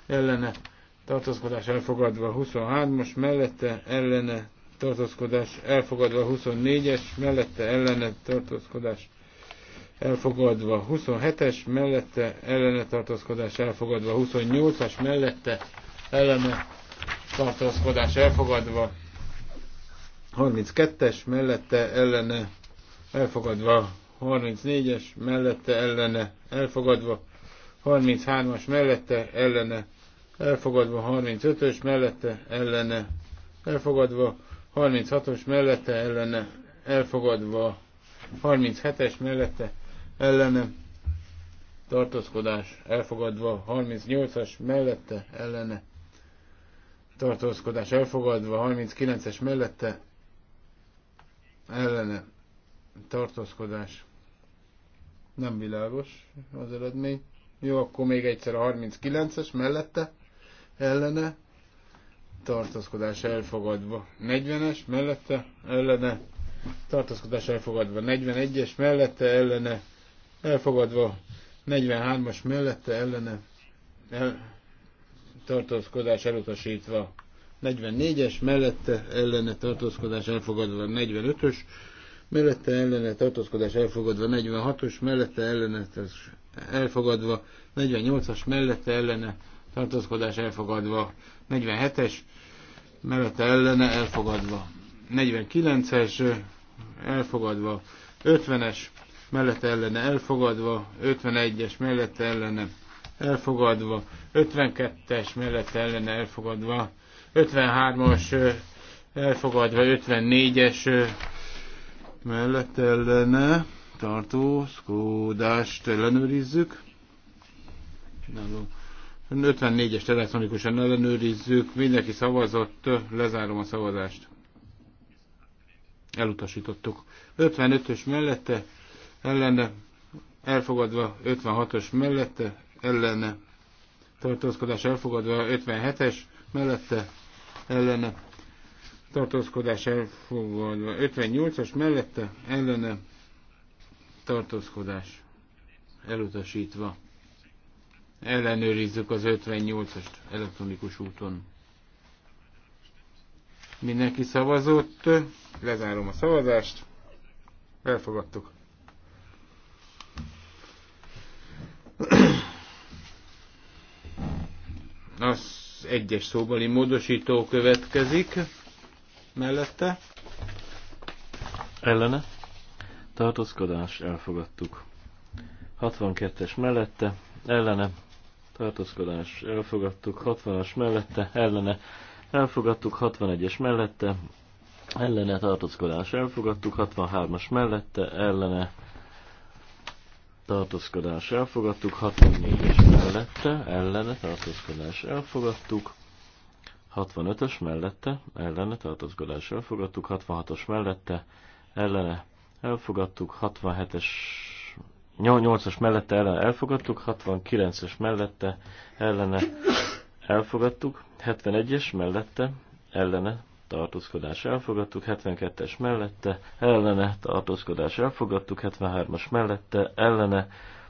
[SPEAKER 2] ellene, tartózkodás elfogadva 23-as mellette ellene, tartózkodás elfogadva 24-es mellette ellene, tartózkodás elfogadva 27-es mellette ellene, tartózkodás elfogadva 28-as mellette ellene, tartózkodás elfogadva 32-es mellette ellene elfogadva 34-es mellette ellene elfogadva 33-as mellette ellene elfogadva 35-ös mellette ellene elfogadva 36-os mellette ellene elfogadva 37-es mellette ellene tartózkodás elfogadva 38-as mellette ellene tartózkodás elfogadva 39-es mellette ellene tartózkodás. Nem világos az eredmény. Jó, akkor még egyszer a 39-es mellette, ellene, tartózkodás elfogadva. 40-es mellette, ellene, tartózkodás elfogadva. 41-es mellette, ellene, elfogadva. 43-as mellette, ellene, el, tartózkodás elutasítva. 44-es mellette, ellene, tartózkodás elfogadva. 45-ös mellette ellene tartózkodás elfogadva 46-os, mellette ellene elfogadva 48-as, mellette ellene tartózkodás elfogadva 47-es, mellette ellene elfogadva 49-es, elfogadva 50-es, mellette ellene elfogadva 51-es, mellette ellene elfogadva 52-es, mellette ellene elfogadva 53-as, elfogadva 54-es, mellett ellene tartózkodást ellenőrizzük. 54 es telefonikusan ellenőrizzük, mindenki szavazott, lezárom a szavazást. Elutasítottuk. 55-ös mellette, ellene, elfogadva, 56-ös mellette, ellene, tartózkodás elfogadva, 57-es mellette, ellene, tartózkodás elfogadva. 58-as mellette ellene tartózkodás elutasítva. Ellenőrizzük az 58-ast elektronikus úton. Mindenki szavazott. Lezárom a szavazást. Elfogadtuk. Az egyes szóbeli módosító következik
[SPEAKER 4] mellette. Ellene. Tartózkodás elfogadtuk. 62-es mellette. Ellene. Tartózkodás elfogadtuk. 60-as mellette. Ellene. Elfogadtuk 61-es mellette. Ellene tartózkodás elfogadtuk. 63-as mellette. Ellene tartózkodás elfogadtuk, 64-es mellette, ellene tartózkodás elfogadtuk, 65-ös mellette, ellene tartózkodás elfogadtuk, 66-os mellette, ellene elfogadtuk, 67-es 8-as mellette ellen elfogadtuk, 69-es mellette ellene elfogadtuk, 71-es mellette ellene tartózkodás elfogadtuk, 72-es mellette ellene tartózkodás elfogadtuk, 73-as mellette ellene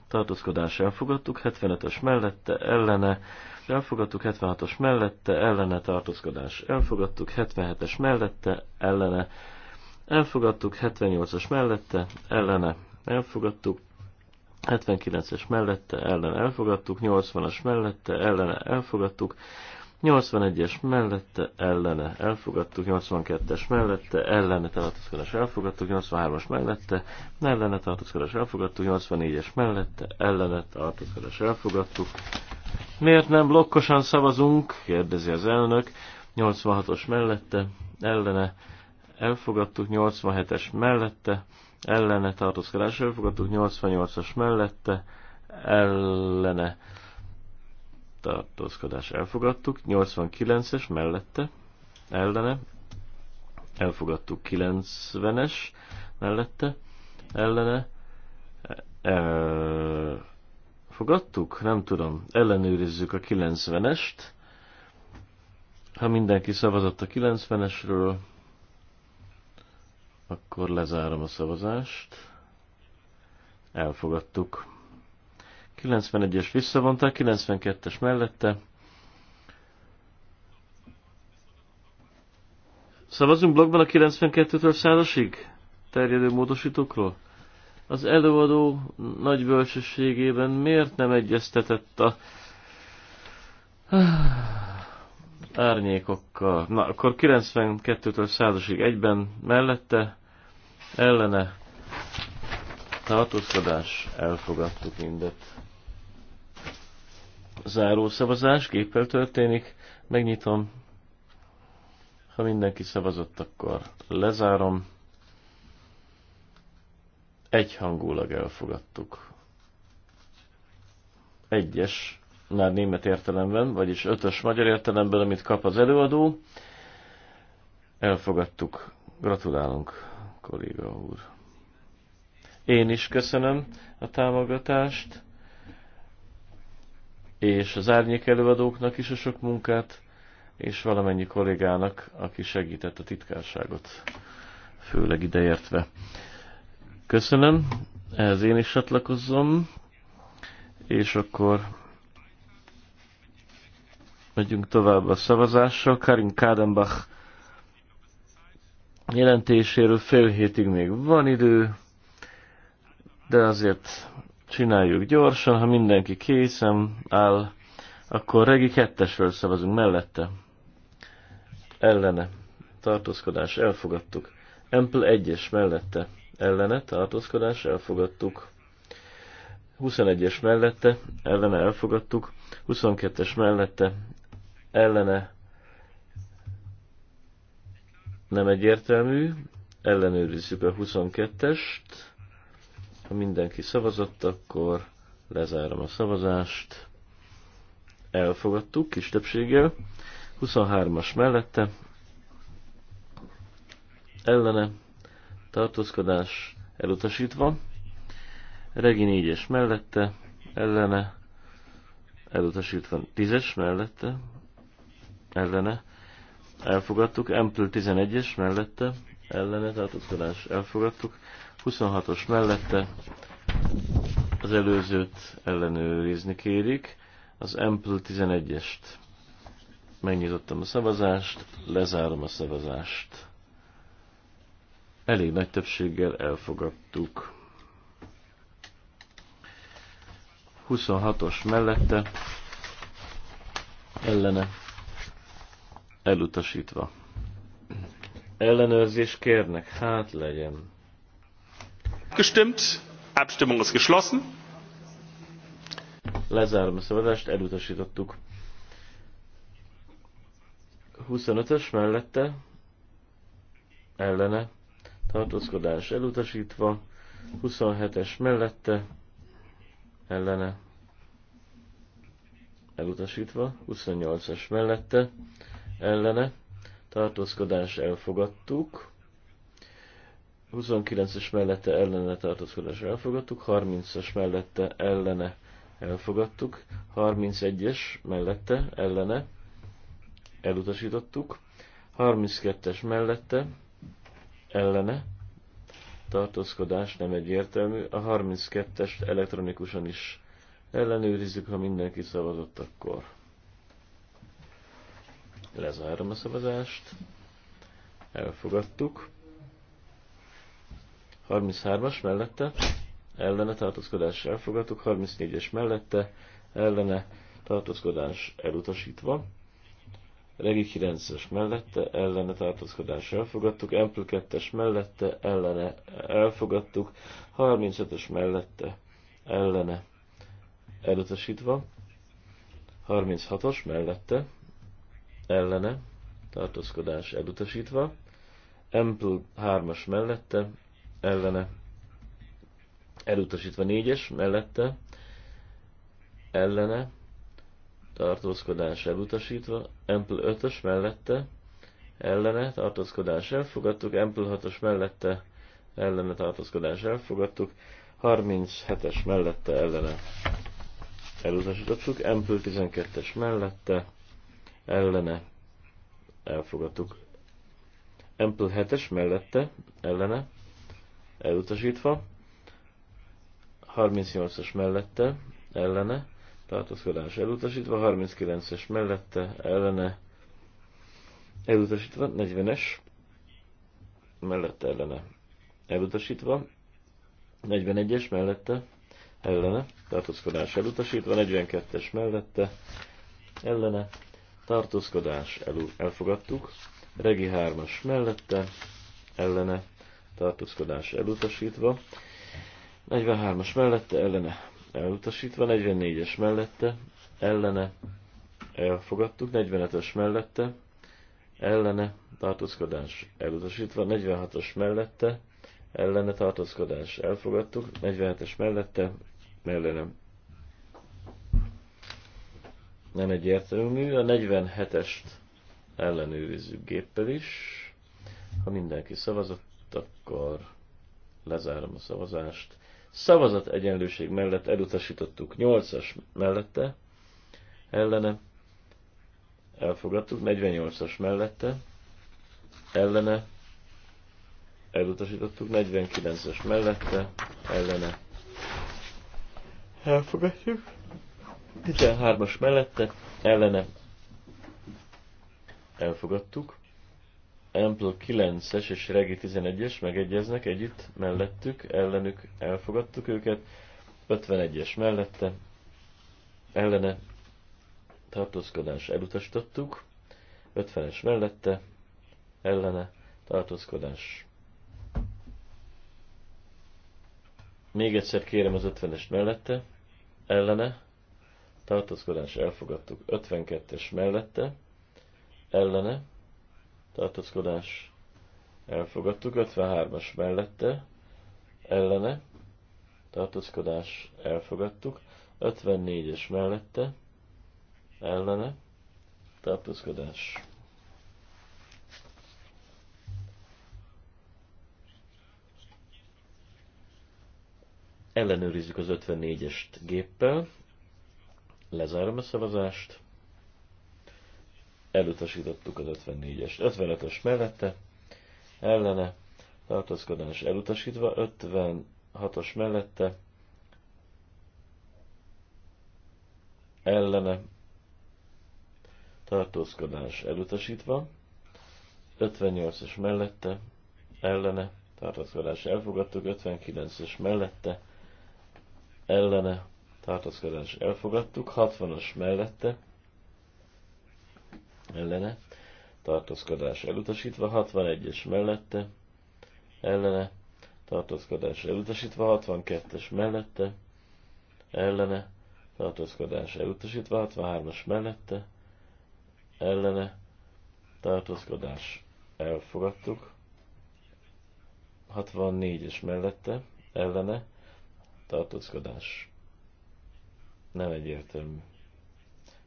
[SPEAKER 4] tartózkodás elfogadtuk, 75-ös mellette ellene elfogadtuk 76-os mellette, ellene tartózkodás, elfogadtuk 77-es mellette, ellene, elfogadtuk 78-as mellette, ellene, elfogadtuk 79-es mellette, ellene, elfogadtuk, 80-as mellette, ellene elfogadtuk, 81-es mellette, ellene elfogadtuk, 82-es mellette, ellene tartózkodás elfogadtuk, 83-as mellette, ellene tartózkodás elfogadtuk, 84-es mellette, ellene tartózkodás elfogadtuk, Miért nem blokkosan szavazunk? kérdezi az elnök. 86-os mellette, ellene elfogadtuk, 87-es mellette, ellene tartózkodás elfogadtuk, 88-as mellette, ellene tartózkodás elfogadtuk, 89-es mellette, ellene, elfogadtuk 90-es mellette, ellene, Fogadtuk? Nem tudom. Ellenőrizzük a 90-est. Ha mindenki szavazott a 90-esről, akkor lezárom a szavazást. Elfogadtuk. 91-es visszavonta, 92-es mellette. Szavazunk blogban a 92-től százasig? terjedő módosítókról? az előadó nagy bölcsességében miért nem egyeztetett a árnyékokkal. Na, akkor 92-től 100-ig egyben mellette, ellene tartózkodás, elfogadtuk mindet. Záró szavazás képpel történik, megnyitom. Ha mindenki szavazott, akkor lezárom egyhangulag elfogadtuk. Egyes, már német értelemben, vagyis ötös magyar értelemben, amit kap az előadó. Elfogadtuk. Gratulálunk, kolléga úr. Én is köszönöm a támogatást, és az árnyék előadóknak is a sok munkát, és valamennyi kollégának, aki segített a titkárságot, főleg ideértve. Köszönöm, ehhez én is csatlakozom, és akkor megyünk tovább a szavazással. Karin Kádenbach jelentéséről fél hétig még van idő, de azért csináljuk gyorsan, ha mindenki készen áll, akkor regi kettesről szavazunk mellette. Ellene. Tartózkodás. Elfogadtuk. Ample egyes mellette ellene tartózkodás elfogadtuk. 21-es mellette ellene elfogadtuk. 22-es mellette ellene nem egyértelmű. Ellenőrizzük a 22-est. Ha mindenki szavazott, akkor lezárom a szavazást. Elfogadtuk kis többséggel. 23-as mellette ellene tartózkodás elutasítva. Regi 4-es mellette, ellene, elutasítva 10-es mellette, ellene, elfogadtuk. Ample 11-es mellette, ellene, tartózkodás elfogadtuk. 26-os mellette, az előzőt ellenőrizni kérik, az Ample 11-est. Megnyitottam a szavazást, lezárom a szavazást elég nagy többséggel elfogadtuk. 26-os mellette ellene elutasítva. Ellenőrzés kérnek, hát legyen. Gestimmt, Abstimmung ist geschlossen. Lezárom a szavazást, elutasítottuk. 25-ös mellette ellene tartózkodás elutasítva, 27-es mellette, ellene elutasítva, 28-as mellette, ellene, tartózkodás elfogadtuk, 29-es mellette ellene tartózkodás elfogadtuk, 30-as mellette ellene elfogadtuk, 31-es mellette ellene elutasítottuk, 32-es mellette ellene tartózkodás nem egyértelmű. A 32-est elektronikusan is ellenőrizzük, ha mindenki szavazott, akkor lezárom a szavazást. Elfogadtuk. 33-as mellette ellene tartózkodás elfogadtuk, 34-es mellette ellene tartózkodás elutasítva. Regi 9-es mellette ellene tartózkodás elfogadtuk, Ample 2-es mellette ellene elfogadtuk, 35-ös mellette ellene elutasítva, 36-os mellette ellene tartózkodás elutasítva, Ample 3-as mellette ellene elutasítva 4-es mellette ellene tartózkodás elutasítva, Ample 5-ös mellette, ellene tartózkodás elfogadtuk, Ample 6-os mellette, ellene tartózkodás elfogadtuk, 37-es mellette ellene elutasítottuk, Ample 12-es mellette, ellene elfogadtuk. Ample 7-es mellette, ellene, elutasítva, 38-as mellette, ellene, tartózkodás elutasítva, 39-es mellette ellene elutasítva, 40-es mellette ellene elutasítva, 41-es mellette ellene tartózkodás elutasítva, 42-es mellette ellene tartózkodás elu- elfogadtuk, regi 3-as mellette ellene tartózkodás elutasítva, 43-as mellette ellene elutasítva, 44-es mellette, ellene elfogadtuk, 45-ös mellette, ellene tartózkodás elutasítva, 46-os mellette, ellene tartózkodás elfogadtuk, 47-es mellette, ellene nem egyértelmű, a 47-est ellenőrizzük géppel is. Ha mindenki szavazott, akkor lezárom a szavazást szavazat egyenlőség mellett elutasítottuk. 8-as mellette, ellene, elfogadtuk. 48-as mellette, ellene, elutasítottuk. 49-es mellette, ellene,
[SPEAKER 2] elfogadjuk.
[SPEAKER 4] 13-as mellette, ellene, elfogadtuk. Ample 9-es és Regi 11-es megegyeznek együtt, mellettük, ellenük elfogadtuk őket, 51-es mellette, ellene tartózkodás elutasítottuk, 50-es mellette, ellene tartózkodás. Még egyszer kérem az 50-es mellette, ellene tartózkodás elfogadtuk, 52-es mellette, ellene tartózkodás elfogadtuk, 53-as mellette, ellene, tartózkodás elfogadtuk, 54-es mellette, ellene, tartózkodás. Ellenőrizzük az 54-est géppel, lezárom a szavazást, elutasítottuk az 54-es. 55-ös mellette, ellene, tartózkodás elutasítva, 56-os mellette, ellene, tartózkodás elutasítva, 58 es mellette, ellene, tartózkodás elfogadtuk, 59-es mellette, ellene, tartózkodás elfogadtuk, 60-as mellette, ellene, tartózkodás elutasítva, 61-es mellette, ellene, tartózkodás elutasítva, 62-es mellette, ellene, tartózkodás elutasítva, 63-as mellette, ellene, tartózkodás elfogadtuk, 64-es mellette, ellene, tartózkodás nem egyértelmű.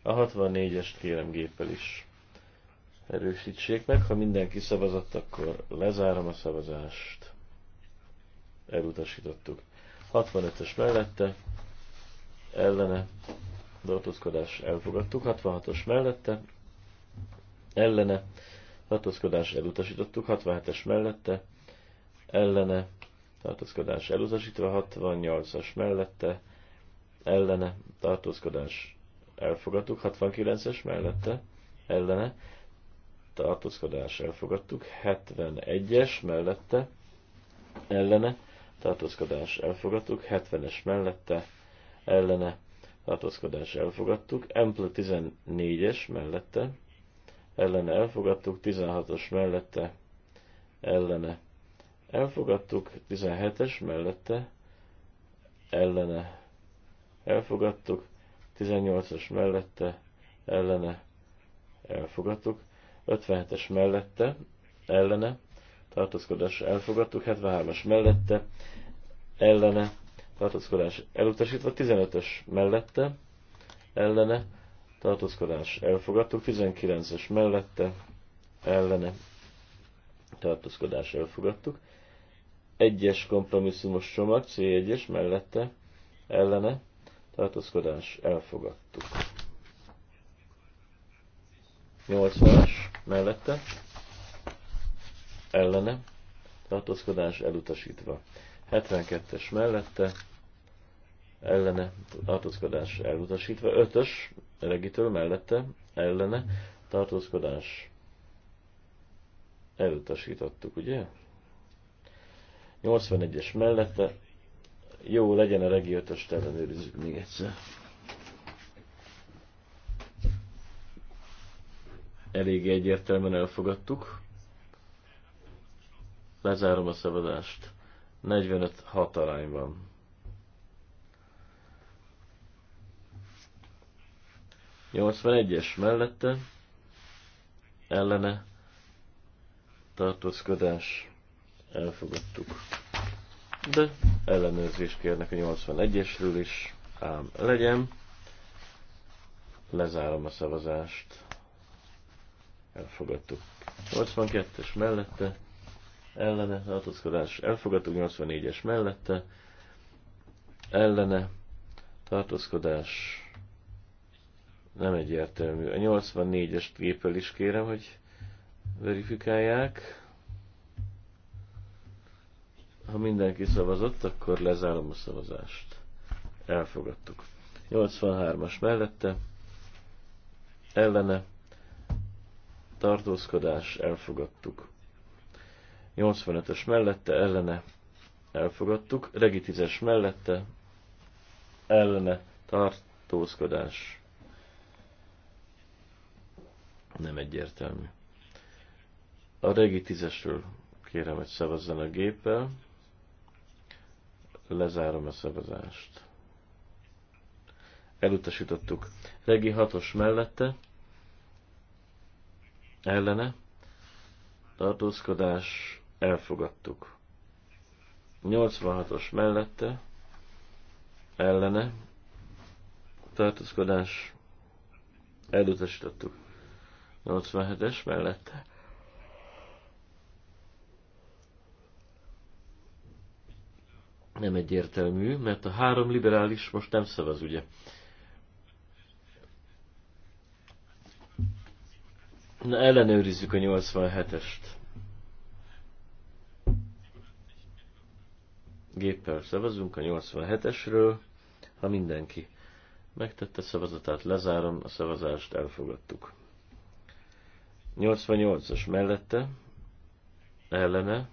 [SPEAKER 4] A 64-est kérem géppel is erősítsék meg. Ha mindenki szavazott, akkor lezárom a szavazást. Elutasítottuk. 65-ös mellette, ellene, tartózkodás elfogadtuk. 66-os mellette, ellene, tartózkodás elutasítottuk. 67-es mellette, ellene, tartózkodás elutasítva. 68-as mellette, ellene, tartózkodás elfogadtuk. 69-es mellette, ellene, tartózkodás elfogadtuk, 71-es mellette ellene tartózkodás elfogadtuk, 70-es mellette ellene tartózkodás elfogadtuk, empl 14-es mellette ellene elfogadtuk, 16-os mellette ellene elfogadtuk, 17-es mellette ellene elfogadtuk, 18-as mellette ellene elfogadtuk, 57-es mellette, ellene, tartózkodás elfogadtuk, 73-as mellette, ellene, tartózkodás elutasítva, 15-ös mellette, ellene, tartózkodás elfogadtuk, 19-es mellette, ellene, tartózkodás elfogadtuk, 1-es kompromisszumos csomag, C1-es mellette, ellene, tartózkodás elfogadtuk. 80-as mellette ellene tartózkodás elutasítva. 72-es mellette ellene tartózkodás elutasítva. 5-ös regitől mellette ellene tartózkodás elutasítottuk, ugye? 81-es mellette jó legyen a regi 5-öst ellenőrizzük még egyszer. eléggé egyértelműen elfogadtuk. Lezárom a szavazást. 45-6 van. es mellette ellene tartózkodás elfogadtuk. De ellenőrzést kérnek a 81-esről is, ám legyen. Lezárom a szavazást elfogadtuk. 82-es mellette, ellene, tartózkodás, elfogadtuk. 84-es mellette, ellene, tartózkodás, nem egyértelmű. A 84-es géppel is kérem, hogy verifikálják. Ha mindenki szavazott, akkor lezárom a szavazást. Elfogadtuk. 83-as mellette, ellene, tartózkodás, elfogadtuk. 85-ös mellette, ellene, elfogadtuk. Regi 10-es mellette, ellene, tartózkodás. Nem egyértelmű. A Regi 10 kérem, hogy szavazzon a géppel. Lezárom a szavazást. Elutasítottuk. Regi 6-os mellette, ellene tartózkodás elfogadtuk. 86-os mellette ellene tartózkodás elutasítottuk. 87-es mellette nem egyértelmű, mert a három liberális most nem szavaz, ugye? Na, ellenőrizzük a 87-est. Géppel szavazunk a 87-esről, ha mindenki megtette szavazatát, lezárom, a szavazást elfogadtuk. 88-as mellette, ellene,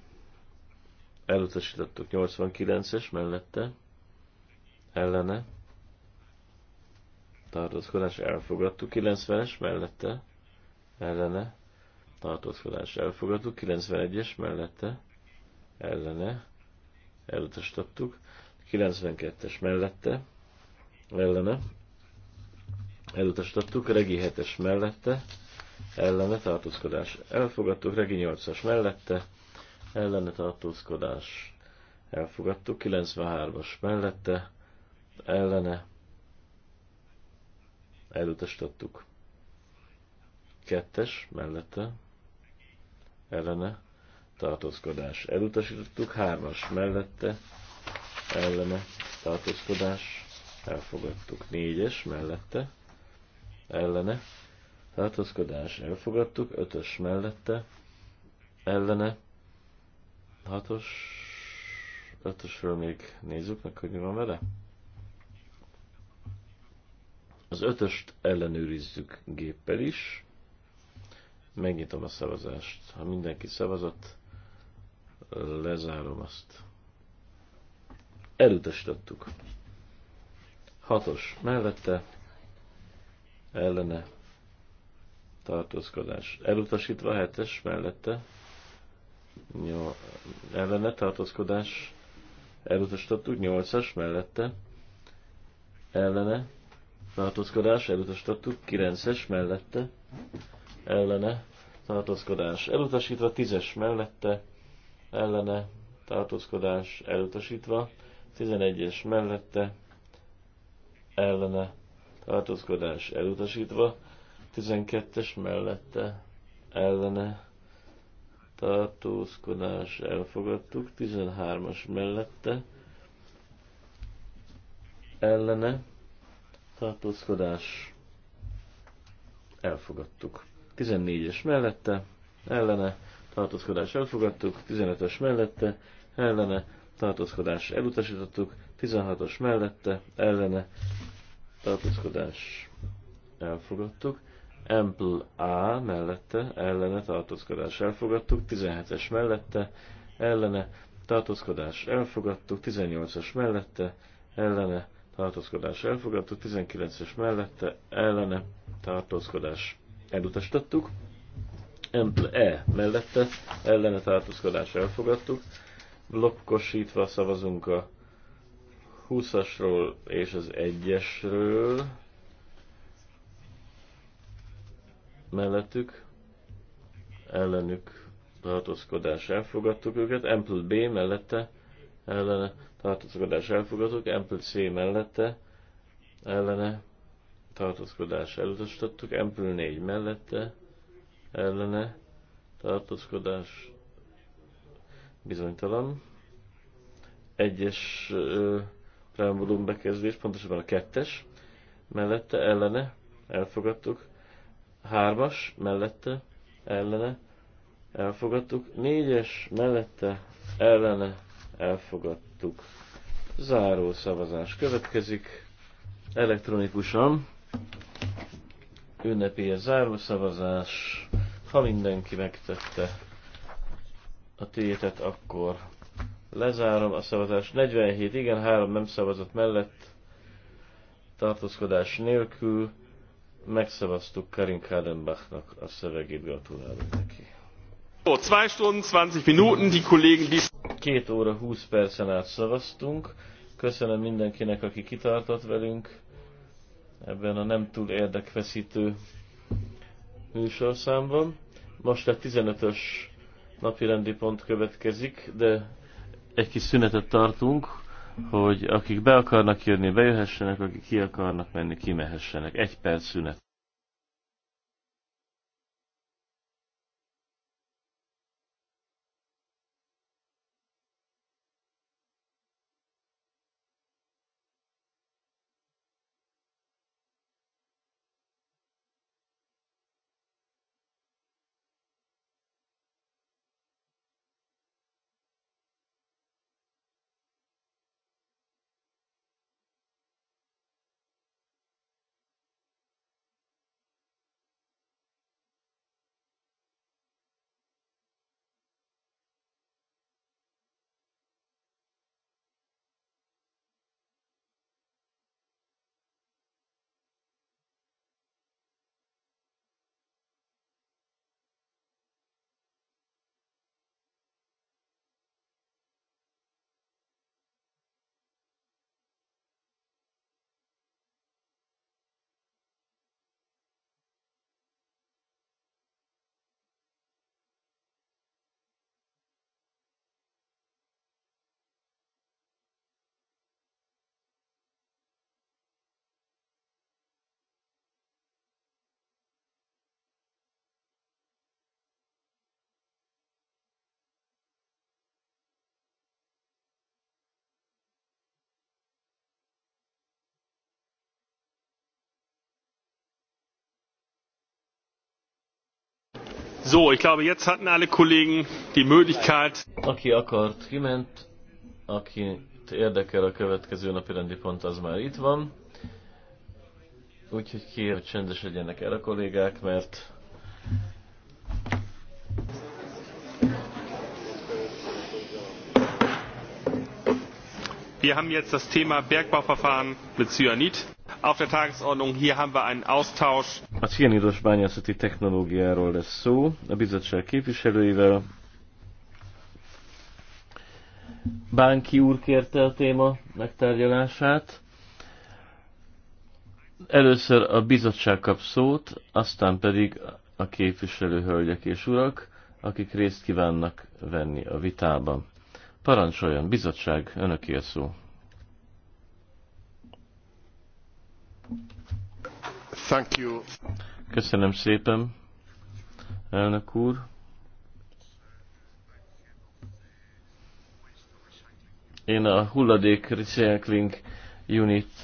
[SPEAKER 4] elutasítottuk 89-es mellette, ellene, tartózkodás elfogadtuk, 90-es mellette, ellene, tartózkodás elfogadtuk, 91-es mellette, ellene, elutasítottuk, 92-es mellette, ellene, elutasítottuk, regi 7-es mellette, ellene tartózkodás elfogadtuk, regi 8-as mellette, ellene tartózkodás elfogadtuk, 93-as mellette, ellene elutasítottuk. Kettes mellette ellene tartózkodás. Elutasítottuk hármas mellette ellene tartózkodás. Elfogadtuk négyes mellette ellene tartózkodás. Elfogadtuk ötös mellette ellene hatos ötösről még nézzük meg, hogy mi van vele. Az ötöst ellenőrizzük géppel is. Megnyitom a szavazást. Ha mindenki szavazott, lezárom azt. Elutasítottuk. Hatos mellette, ellene, tartózkodás. Elutasítva hetes mellette, nyol, ellene tartózkodás, elutasítottuk, nyolcas mellette, ellene tartózkodás, elutasítottuk, kilences mellette, ellene tartózkodás elutasítva, tízes mellette ellene tartózkodás elutasítva, tizenegyes mellette ellene tartózkodás elutasítva, tizenkettes mellette ellene tartózkodás elfogadtuk, tizenhármas mellette ellene tartózkodás elfogadtuk. 14-es mellette, ellene, tartózkodás elfogadtuk, 15-ös mellette, ellene, tartózkodás elutasítottuk, 16-os mellette, ellene, tartózkodás elfogadtuk, Ample A mellette, ellene, tartózkodás elfogadtuk, 17-es mellette, ellene, tartózkodás elfogadtuk, 18-as mellette, ellene, tartózkodás elfogadtuk, 19-es mellette, ellene, tartózkodás elutasítottuk. E mellette ellene tartózkodásra elfogadtuk. Blokkosítva szavazunk a 20-asról és az 1-esről mellettük, ellenük tartózkodás elfogadtuk őket, M B mellette ellene tartózkodás elfogadtuk, M C mellette ellene tartózkodás elutasítottuk, Empül 4 mellette, ellene, tartózkodás bizonytalan. Egyes preambulum bekezdés, pontosabban a kettes, mellette, ellene, elfogadtuk. Hármas, mellette, ellene, elfogadtuk. Négyes, mellette, ellene, elfogadtuk. Záró szavazás következik elektronikusan ünnepélyes a zárószavazás. Ha mindenki megtette a tétet, akkor lezárom a szavazást. 47 igen, 3 nem szavazott mellett, tartózkodás nélkül megszavaztuk Karin Kadenbachnak a szövegét, gratulálunk neki.
[SPEAKER 1] 2 Stunden 20 Minuten, die Kollegen, die...
[SPEAKER 4] Két óra 20 percen át szavaztunk. Köszönöm mindenkinek, aki kitartott velünk ebben a nem túl érdekfeszítő műsorszámban. Most a 15-ös napi rendi pont következik, de egy kis szünetet tartunk, hogy akik be akarnak jönni, bejöhessenek, akik ki akarnak menni, kimehessenek. Egy perc szünet.
[SPEAKER 1] So, ich glaube, jetzt hatten alle Kollegen die Möglichkeit.
[SPEAKER 4] Aki akart, kiment, aki érdekel a következő napi rendi pont, az már itt van. Úgyhogy kér, hogy csendes legyenek el a kollégák, mert
[SPEAKER 3] Wir haben jetzt das Thema Bergbauverfahren mit Cyanid auf der Tagesordnung. Hier haben wir einen Austausch.
[SPEAKER 4] A cianidos bányászati technológiáról lesz szó a bizottság képviselőivel. Bánki úr kérte a téma megtárgyalását. Először a bizottság kap szót, aztán pedig a képviselő hölgyek és urak, akik részt kívánnak venni a vitában. Parancsoljon, bizottság, önöké a szó. Thank you. Köszönöm szépen, elnök úr. Én a hulladék recycling unit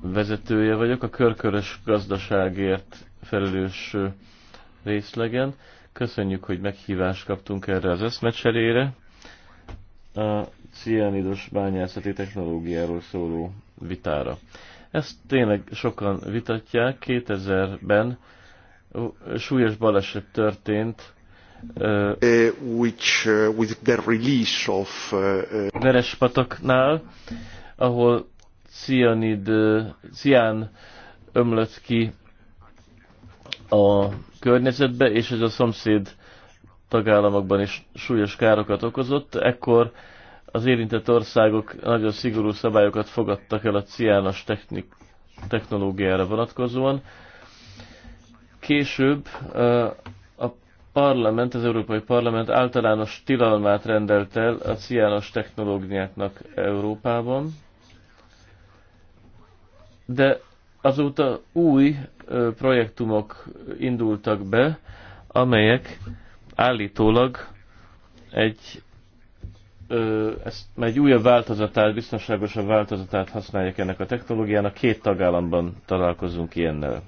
[SPEAKER 4] vezetője vagyok, a körkörös gazdaságért felelős részlegen. Köszönjük, hogy meghívást kaptunk erre az eszmecserére. A cianidos bányászati technológiáról szóló vitára. Ezt tényleg sokan vitatják. 2000-ben súlyos baleset történt. Uh, which, uh, with the release of uh, Verespataknál, ahol cianid, cián ömlött ki a környezetbe, és ez a szomszéd tagállamokban is súlyos károkat okozott. Ekkor uh, az érintett országok nagyon szigorú szabályokat fogadtak el a ciános technik, technológiára vonatkozóan. Később a parlament, az Európai Parlament általános tilalmát rendelt el a ciános technológiáknak Európában, de azóta új projektumok indultak be, amelyek állítólag egy ezt már egy újabb változatát, biztonságosabb változatát használják ennek a technológiának. Két tagállamban találkozunk ilyennel.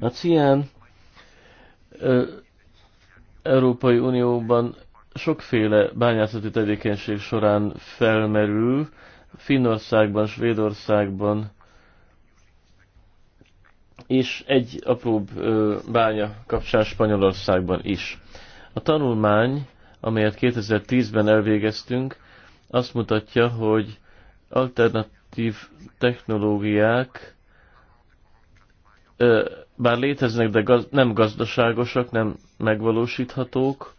[SPEAKER 4] A Cian, Európai Unióban sokféle bányászati tevékenység során felmerül, Finnországban, Svédországban, és egy apróbb bánya kapcsán Spanyolországban is. A tanulmány amelyet 2010-ben elvégeztünk, azt mutatja, hogy alternatív technológiák bár léteznek, de gaz, nem gazdaságosak, nem megvalósíthatók,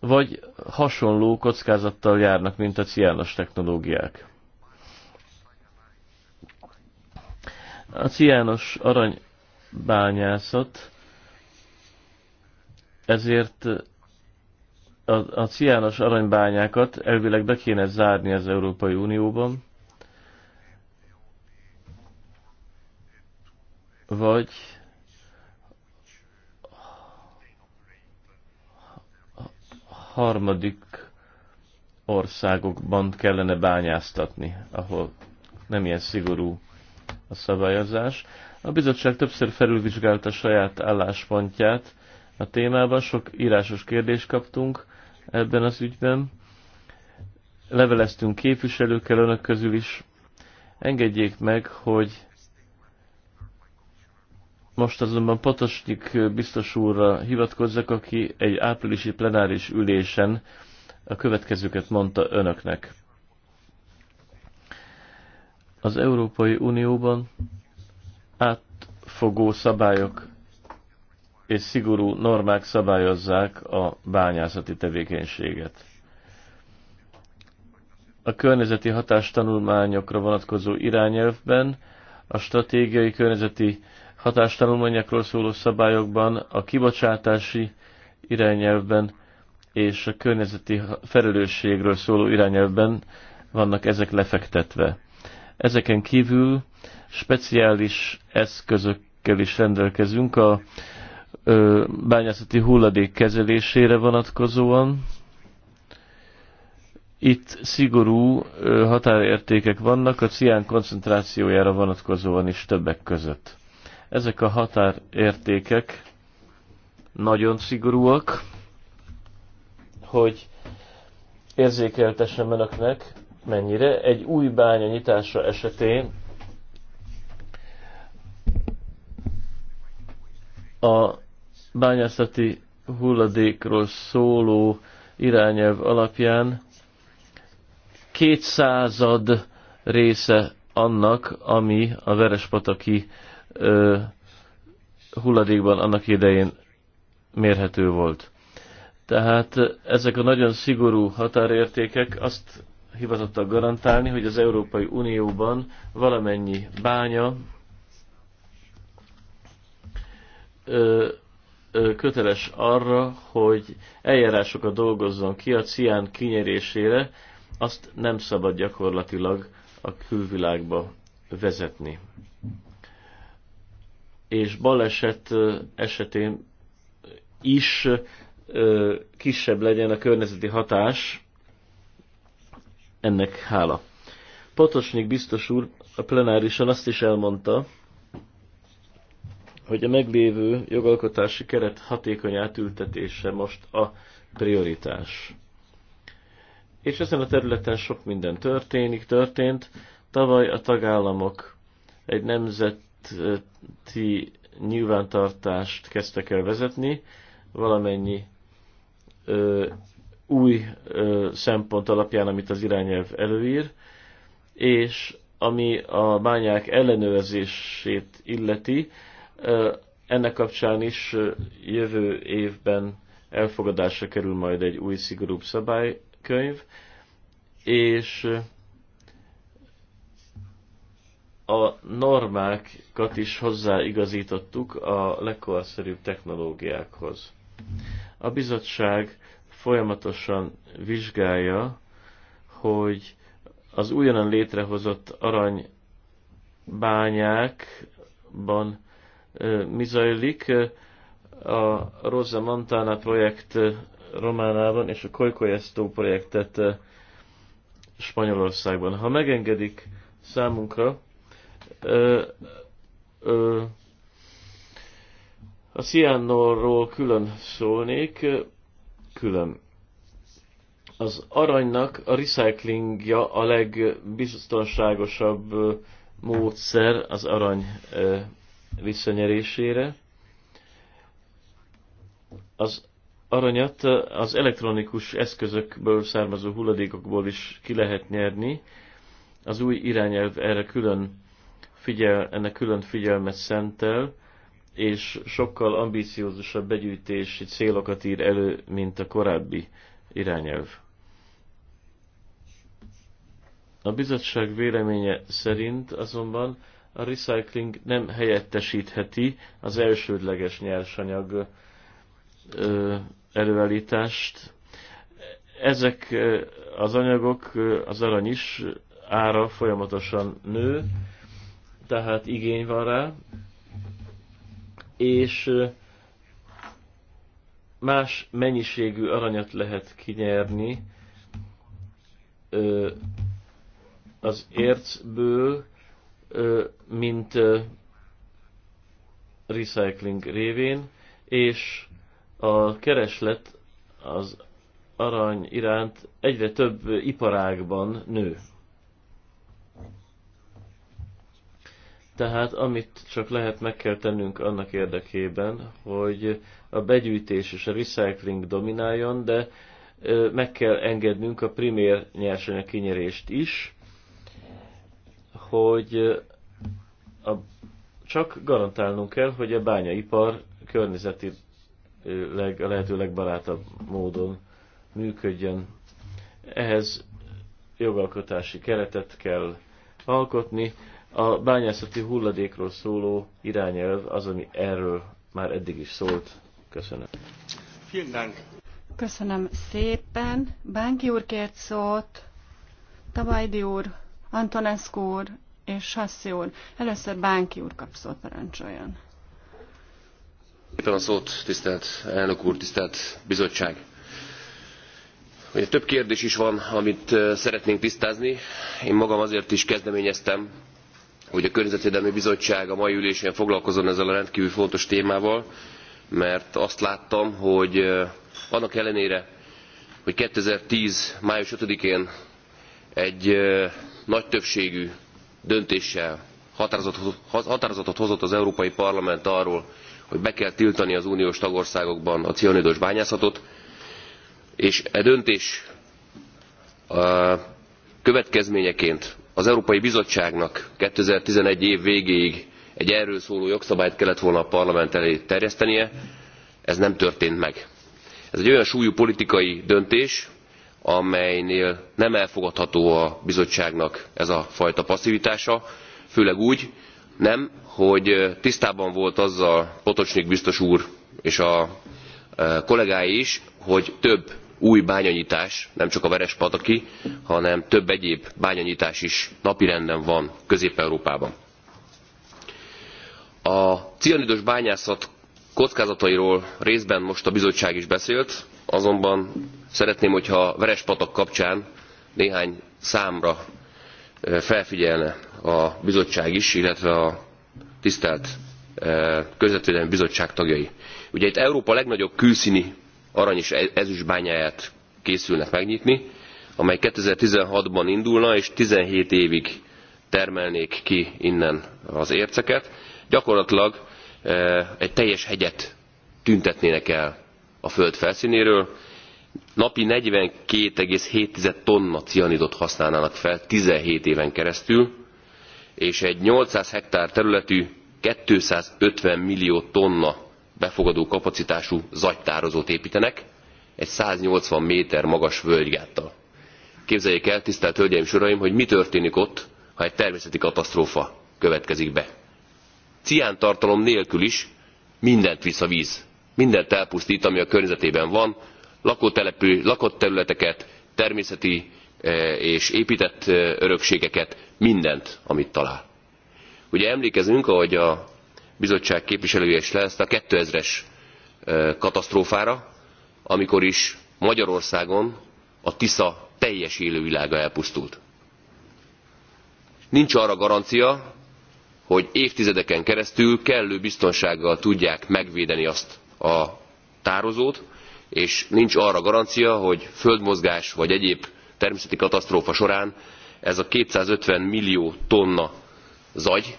[SPEAKER 4] vagy hasonló kockázattal járnak, mint a ciános technológiák. A ciános aranybányászat ezért a, a ciános aranybányákat elvileg be kéne zárni az Európai Unióban, vagy harmadik országokban kellene bányáztatni, ahol nem ilyen szigorú a szabályozás. A bizottság többször felülvizsgálta saját álláspontját a témában, sok írásos kérdést kaptunk, ebben az ügyben. Leveleztünk képviselőkkel önök közül is. Engedjék meg, hogy most azonban Patosnyik biztos úrra hivatkozzak, aki egy áprilisi plenáris ülésen a következőket mondta önöknek. Az Európai Unióban átfogó szabályok és szigorú normák szabályozzák a bányászati tevékenységet. A környezeti hatástanulmányokra vonatkozó irányelvben, a stratégiai környezeti hatástanulmányokról szóló szabályokban, a kibocsátási irányelvben és a környezeti felelősségről szóló irányelvben vannak ezek lefektetve. Ezeken kívül speciális eszközökkel is rendelkezünk a bányászati hulladék kezelésére vonatkozóan. Itt szigorú határértékek vannak a cián koncentrációjára vonatkozóan is többek között. Ezek a határértékek nagyon szigorúak, hogy érzékeltessem önöknek, mennyire egy új bánya nyitása esetén a bányászati hulladékról szóló irányelv alapján kétszázad része annak, ami a Verespataki ö, hulladékban annak idején mérhető volt. Tehát ezek a nagyon szigorú határértékek azt hivatottak garantálni, hogy az Európai Unióban valamennyi bánya ö, köteles arra, hogy eljárásokat dolgozzon ki a cián kinyerésére, azt nem szabad gyakorlatilag a külvilágba vezetni. És baleset esetén is kisebb legyen a környezeti hatás, ennek hála. Potosnik biztos úr a plenárison azt is elmondta, hogy a meglévő jogalkotási keret hatékony átültetése most a prioritás. És ezen a területen sok minden történik, történt. Tavaly a tagállamok egy nemzeti nyilvántartást kezdtek el vezetni, valamennyi ö, új ö, szempont alapján, amit az irányelv előír, és ami a bányák ellenőrzését illeti, ennek kapcsán is jövő évben elfogadásra kerül majd egy új szigorúbb szabálykönyv, és a normákat is hozzáigazítottuk a legkorszerűbb technológiákhoz. A bizottság folyamatosan vizsgálja, hogy az újonnan létrehozott aranybányákban mi zajlik. A Rosa Montana projekt Románában és a Koikoyestó projektet Spanyolországban. Ha megengedik számunkra, ö, ö, a Cianorról külön szólnék, külön. Az aranynak a recyclingja a legbiztonságosabb módszer az arany visszanyerésére. Az aranyat az elektronikus eszközökből származó hulladékokból is ki lehet nyerni. Az új irányelv erre külön figyel, ennek külön figyelmet szentel, és sokkal ambíciózusabb begyűjtési célokat ír elő, mint a korábbi irányelv. A bizottság véleménye szerint azonban a recycling nem helyettesítheti az elsődleges nyersanyag előállítást. Ezek az anyagok, az arany is ára folyamatosan nő, tehát igény van rá, és más mennyiségű aranyat lehet kinyerni az ércből, mint recycling révén, és a kereslet az arany iránt egyre több iparágban nő. Tehát amit csak lehet meg kell tennünk annak érdekében, hogy a begyűjtés és a recycling domináljon, de meg kell engednünk a primér nyersanyag kinyerést is, hogy a, csak garantálnunk kell, hogy a bányaipar leg, a lehető legbarátabb módon működjön. Ehhez jogalkotási keretet kell alkotni. A bányászati hulladékról szóló irányelv az, ami erről már eddig is szólt. Köszönöm.
[SPEAKER 5] Köszönöm szépen. Bánki úr kért szót. Tabajdi úr. Antonescu úr és Sassi úr. Először Bánki úr kap szót, parancsoljon.
[SPEAKER 3] Éppen a szót, tisztelt elnök úr, tisztelt bizottság. Ugye több kérdés is van, amit szeretnénk tisztázni. Én magam azért is kezdeményeztem, hogy a Környezetvédelmi Bizottság a mai ülésén foglalkozon ezzel a rendkívül fontos témával, mert azt láttam, hogy annak ellenére, hogy 2010. május 5-én egy nagy többségű döntéssel határozatot hozott az európai parlament arról hogy be kell tiltani az uniós tagországokban a cianidos bányászatot és e döntés következményeként az európai bizottságnak two thousand and eleven év végéig egy erről szóló jogszabályt kellett volna a parlament elé terjesztenie ez nem történt meg. ez egy olyan súlyú politikai döntés amelynél nem elfogadható a bizottságnak ez a fajta passzivitása, főleg úgy nem, hogy tisztában volt azzal Potocsnik biztos úr és a kollégái is, hogy több új bányanyitás, nem csak a Verespataki, hanem több egyéb bányanyitás is napirenden van Közép-Európában. A cianidos bányászat kockázatairól részben most a bizottság is beszélt, azonban Szeretném, hogyha Verespatak kapcsán néhány számra felfigyelne a bizottság is, illetve a tisztelt közvetvédelmi bizottság tagjai. Ugye itt Európa legnagyobb külszíni arany és e-, ezüstbányáját készülnek megnyitni, amely 2016-ban indulna, és 17 évig termelnék ki innen az érceket. Gyakorlatilag egy teljes hegyet tüntetnének el a föld felszínéről, napi 42,7 tonna cianidot használnának fel 17 éven keresztül, és egy 800 hektár területű 250 millió tonna befogadó kapacitású zagytározót építenek, egy 180 méter magas völgyáttal. Képzeljék el, tisztelt Hölgyeim és Uraim, hogy mi történik ott, ha egy természeti katasztrófa következik be. Cián tartalom nélkül is mindent visz a víz. Mindent elpusztít, ami a környezetében van, lakótelepű, lakott területeket, természeti eh, és épített eh, örökségeket, mindent, amit talál. Ugye emlékezünk, ahogy a bizottság képviselője is lehezte a 2000-es eh, katasztrófára, amikor is Magyarországon a Tisza teljes élővilága elpusztult. Nincs arra garancia, hogy évtizedeken keresztül kellő biztonsággal tudják megvédeni azt a tározót, és nincs arra garancia hogy földmozgás vagy egyéb természeti katasztrófa során ez a two hundred and fifty millió tonna zagy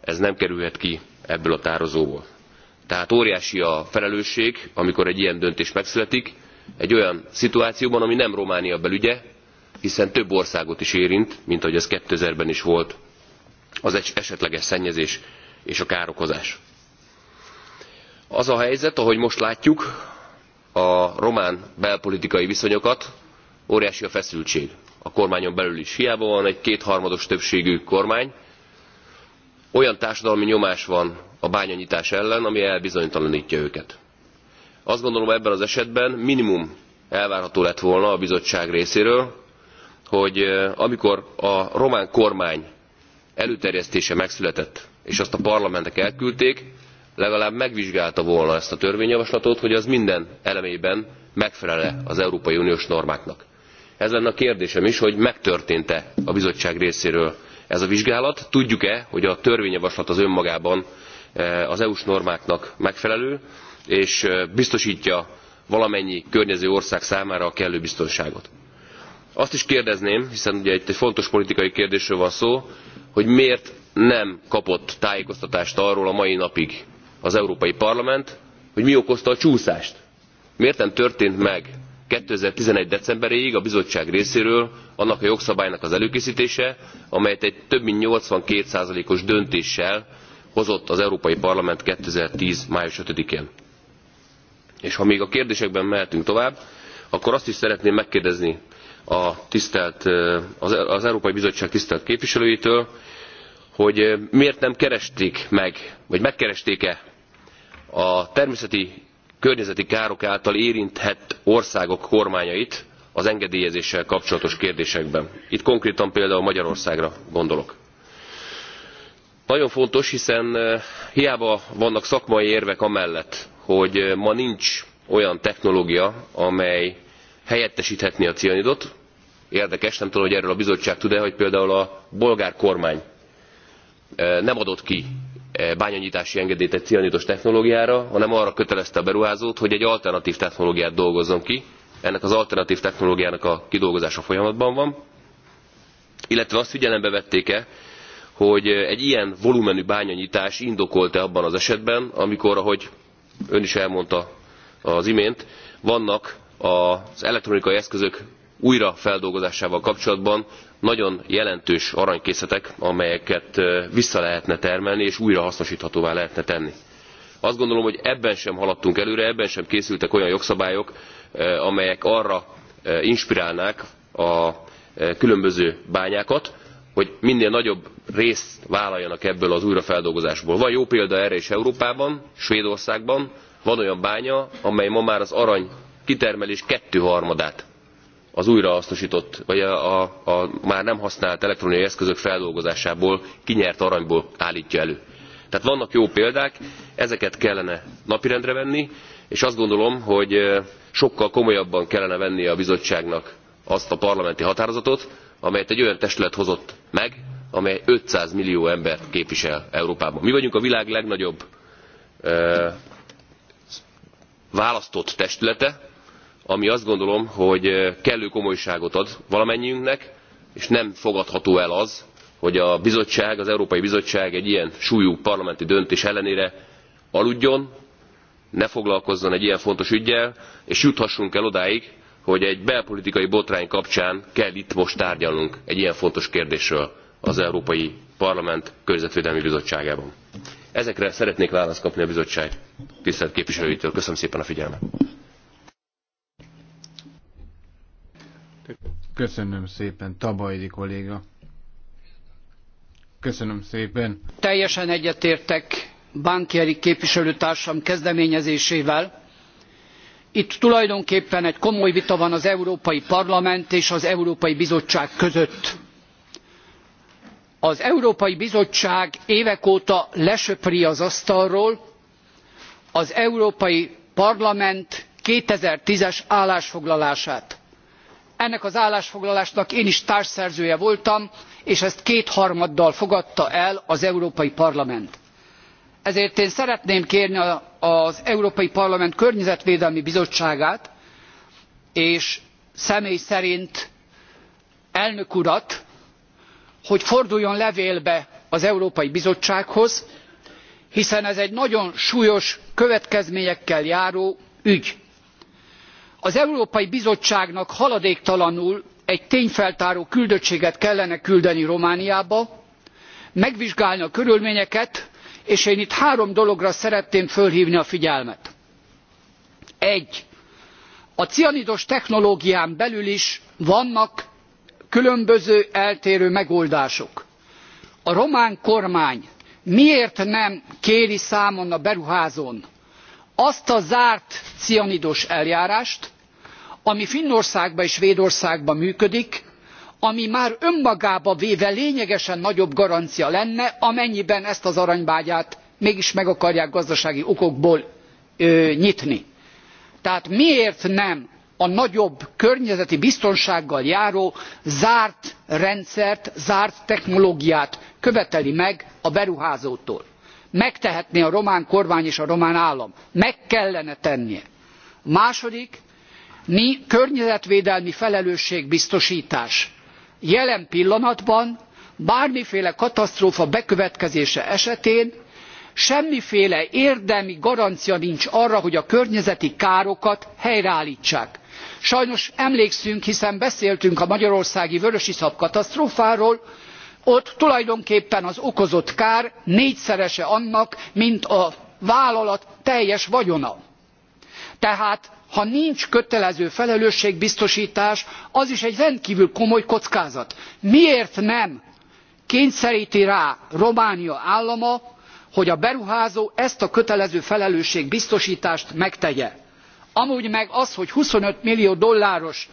[SPEAKER 3] ez nem kerülhet ki ebből a tározóból. tehát óriási a felelősség amikor egy ilyen döntés megszületik egy olyan szituációban ami nem románia belügye hiszen több országot is érint mint ahogy az two thousand ben is volt az esetleges szennyezés és a károkozás. az a helyzet ahogy most látjuk a román belpolitikai viszonyokat, óriási a feszültség. A kormányon belül is hiába van egy kétharmados többségű kormány, olyan társadalmi nyomás van a bányanyitás ellen, ami elbizonytalanítja őket. Azt gondolom ebben az esetben minimum elvárható lett volna a bizottság részéről, hogy eh, amikor a román kormány előterjesztése megszületett, és azt a parlamentek elküldték, legalább megvizsgálta volna ezt a törvényjavaslatot hogy az minden elemében megfelel e az európai uniós normáknak. ez lenne a kérdésem is hogy megtörtént e a bizottság részéről ez a vizsgálat tudjuk e hogy a törvényjavaslat az önmagában eh, az eu s normáknak megfelelő és eh, biztostja valamennyi környező ország számára a kellő biztonságot. azt is kérdezném hiszen ugye itt egy fontos politikai kérdésről van szó hogy miért nem kapott tájékoztatást arról a mai napig az európai parlament hogy mi okozta a csúszást miért nem történt meg two thousand and eleven decemberéig a bizottság részéről annak a jogszabálynak az előkésztése amelyet egy több mint eighty two os döntéssel hozott az európai parlament two thousand and ten május five én. és ha még a kérdésekben mehetünk tovább akkor azt is szeretném megkérdezni a tisztelt, az, az európai bizottság tisztelt képviselőitől hogy miért nem keresték meg vagy megkeresték e a természeti környezeti károk által érintett országok kormányait az engedélyezéssel kapcsolatos kérdésekben. Itt konkrétan például Magyarországra gondolok. Nagyon fontos, hiszen eh, hiába vannak szakmai érvek amellett, hogy eh, ma nincs olyan technológia, amely helyettesíthetné a cianidot. Érdekes, nem tudom, hogy erről a bizottság tud-e, hogy például a bolgár kormány eh, nem adott ki E, bányanyítási engedélyt egy cianidos technológiára, hanem arra kötelezte a beruházót, hogy egy alternatív technológiát dolgozzon ki. Ennek az alternatív technológiának a kidolgozása folyamatban van. Illetve azt figyelembe vették-e, hogy egy ilyen volumenű bányanyítás indokolt-e abban az esetben, amikor, ahogy ön is elmondta az imént, vannak az elektronikai eszközök újrafeldolgozásával kapcsolatban nagyon jelentős aranykészletek amelyeket vissza lehetne termelni és újrahasznosíthatóvá lehetne tenni. azt gondolom hogy ebben sem haladtunk előre ebben sem készültek olyan jogszabályok amelyek arra inspirálnák a különböző bányákat hogy minél nagyobb részt vállaljanak ebből az újrafeldolgozásból. van jó példa erre is európában svédországban van olyan bánya amely ma már az arany kitermelés kettőharmadát az újrahasznosított, vagy a, a, a már nem használt elektronikai eszközök feldolgozásából, kinyert aranyból állítja elő. Tehát vannak jó példák, ezeket kellene napirendre venni, és azt gondolom, hogy sokkal komolyabban kellene vennie a bizottságnak azt a parlamenti határozatot, amelyet egy olyan testület hozott meg, amely 500 millió embert képvisel Európában. Mi vagyunk a világ legnagyobb ö, választott testülete, ami azt gondolom hogy kellő komolyságot ad valamennyiünknek és nem fogadható el az hogy a bizottság az európai bizottság egy ilyen súlyú parlamenti döntés ellenére aludjon ne foglalkozzon egy ilyen fontos üggyel és juthassunk el odáig hogy egy belpolitikai botrány kapcsán kell itt most tárgyalnunk egy ilyen fontos kérdésről az európai parlament környezetvédelmi bizottságában. ezekre szeretnék választ kapni a bizottság tisztelt képviselőitől. köszönöm szépen a figyelmet!
[SPEAKER 2] Köszönöm szépen, Tabajdi kolléga. Köszönöm szépen.
[SPEAKER 6] Teljesen egyetértek Bankieri képviselőtársam kezdeményezésével. Itt tulajdonképpen egy komoly vita van az Európai Parlament és az Európai Bizottság között az európai bizottság évek óta lesöpri az asztalról az európai parlament two thousand and ten es állásfoglalását ennek az állásfoglalásnak én is társszerzője voltam és ezt kétharmaddal fogadta el az európai parlament. ezért én szeretném kérni az európai parlament környezetvédelmi bizottságát és személy szerint elnök urat hogy forduljon levélbe az európai bizottsághoz hiszen ez egy nagyon súlyos következményekkel járó ügy az európai bizottságnak haladéktalanul egy tényfeltáró küldöttséget kellene küldeni romániába megvizsgálni a körülményeket és én itt három dologra szeretném fölhvni a figyelmet. one a cianidos technológián belül is vannak különböző eltérő megoldások. a román kormány miért nem kéri számon a beruházón azt a zárt cianidos eljárást ami finnországban és svédországban működik ami már önmagában véve lényegesen nagyobb garancia lenne amennyiben ezt az aranybányát mégis meg akarják gazdasági okokból nyitni. tehát miért nem a nagyobb környezeti biztonsággal járó zárt rendszert zárt technológiát követeli meg a beruházótól? megtehetné a román kormány és a román állam meg kellene tennie. második mi környezetvédelmi felelősségbiztostás. jelen pillanatban bármiféle katasztrófa bekövetkezése esetén semmiféle érdemi garancia nincs arra hogy a környezeti károkat helyreálltsák. sajnos emlékszünk hiszen beszéltünk a magyarországi vörösiszap katasztrófáról ott tulajdonképpen az okozott kár négyszerese annak mint a vállalat teljes vagyona. tehát ha nincs kötelező felelősségbiztostás az is egy rendkvül komoly kockázat. miért nem kényszerti rá románia állama hogy a beruházó ezt a kötelező felelősségbiztostást megtegye? amúgy meg az hogy twenty five millió dolláros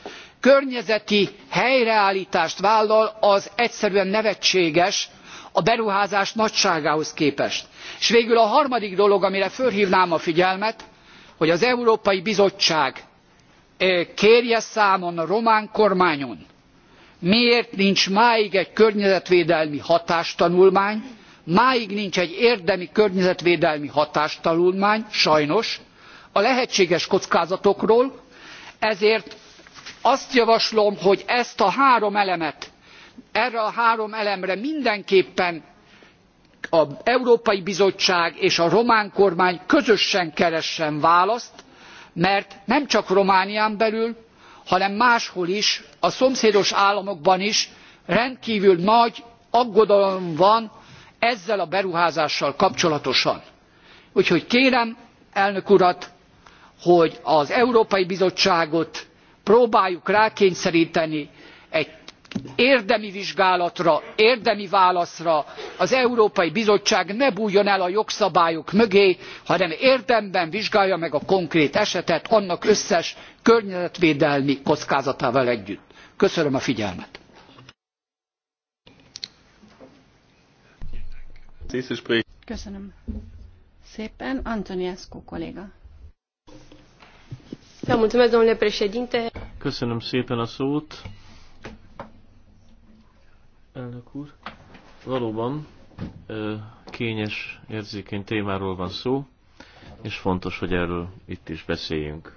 [SPEAKER 6] környezeti helyreálltást vállal az egyszerűen nevetséges a beruházás nagyságához képest. s végül a harmadik dolog amire fölhvnám a figyelmet hogy az európai bizottság eh, kérje számon a román kormányon miért nincs máig egy környezetvédelmi hatástanulmány máig nincs egy érdemi környezetvédelmi hatástanulmány sajnos a lehetséges kockázatokról ezért azt javaslom hogy ezt a három elemet erre a három elemre mindenképpen az európai bizottság és a román kormány közösen keressen választ mert nem csak románián belül hanem máshol is a szomszédos államokban is rendkvül nagy aggodalom van ezzel a beruházással kapcsolatosan. úgyhogy kérem elnök urat hogy az európai bizottságot próbáljuk rákényszerteni egy érdemi vizsgálatra érdemi válaszra az európai bizottság ne bújjon el a jogszabályok mögé hanem érdemben vizsgálja meg a konkrét esetet annak összes környezetvédelmi kockázatával együtt. köszönöm a figyelmet.
[SPEAKER 5] köszönöm szépen antoniescu kolléga. Da, mulțumesc, domnule președinte.
[SPEAKER 4] Köszönöm szépen a szót. Elnök úr. Valóban kényes, érzékeny témáról van szó, és fontos, hogy erről itt is beszéljünk.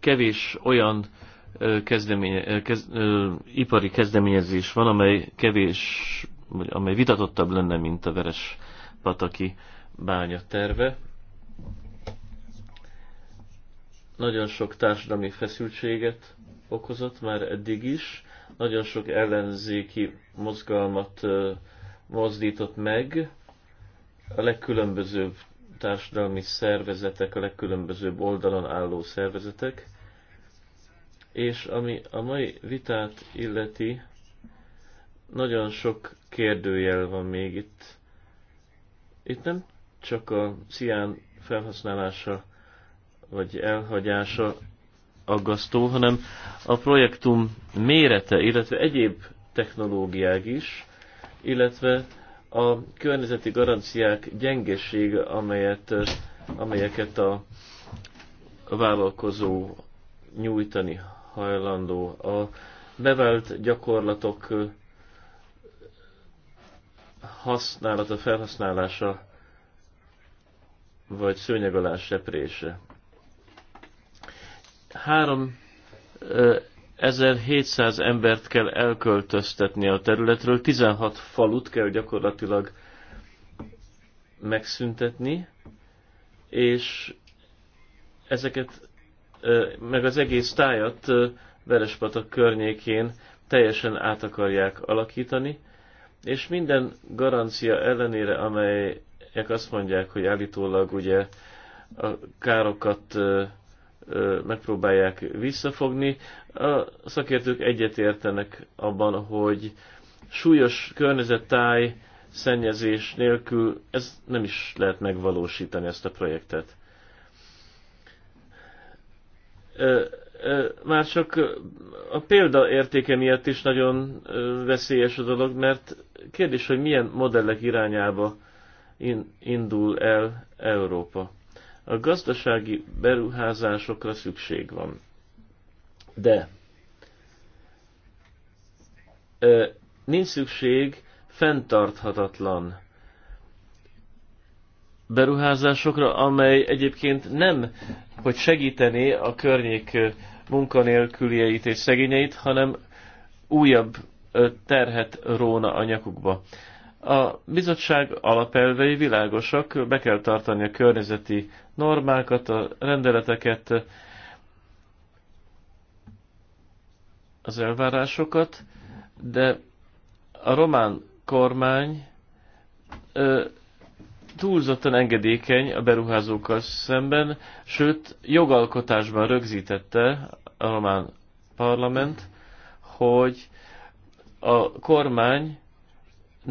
[SPEAKER 4] Kevés olyan kezdeménye, kez, ipari kezdeményezés van, amely kevés, amely vitatottabb lenne, mint a veres pataki bánya terve. Nagyon sok társadalmi feszültséget okozott már eddig is, nagyon sok ellenzéki mozgalmat mozdított meg, a legkülönbözőbb társadalmi szervezetek, a legkülönbözőbb oldalon álló szervezetek, és ami a mai vitát illeti, nagyon sok kérdőjel van még itt. Itt nem csak a cián felhasználása vagy elhagyása aggasztó, hanem a projektum mérete, illetve egyéb technológiák is, illetve a környezeti garanciák gyengesége, amelyet, amelyeket a vállalkozó nyújtani hajlandó. A bevált gyakorlatok használata, felhasználása vagy szőnyeg alá seprése. 3700 embert kell elköltöztetni a területről, 16 falut kell gyakorlatilag megszüntetni, és ezeket, meg az egész tájat Verespatak környékén teljesen át akarják alakítani, és minden garancia ellenére, amely azt mondják, hogy állítólag ugye a károkat megpróbálják visszafogni. A szakértők egyetértenek abban, hogy súlyos környezettáj szennyezés nélkül ez nem is lehet megvalósítani ezt a projektet. Már csak a példa értéke miatt is nagyon veszélyes a dolog, mert kérdés, hogy milyen modellek irányába indul el Európa. A gazdasági beruházásokra szükség van. De nincs szükség fenntarthatatlan beruházásokra, amely egyébként nem, hogy segítené a környék munkanélkülieit és szegényeit, hanem újabb terhet róna a nyakukba. A bizottság alapelvei világosak, be kell tartani a környezeti normákat, a rendeleteket, az elvárásokat, de a román kormány ö, túlzottan engedékeny a beruházókkal szemben, sőt, jogalkotásban rögzítette a román parlament, hogy a kormány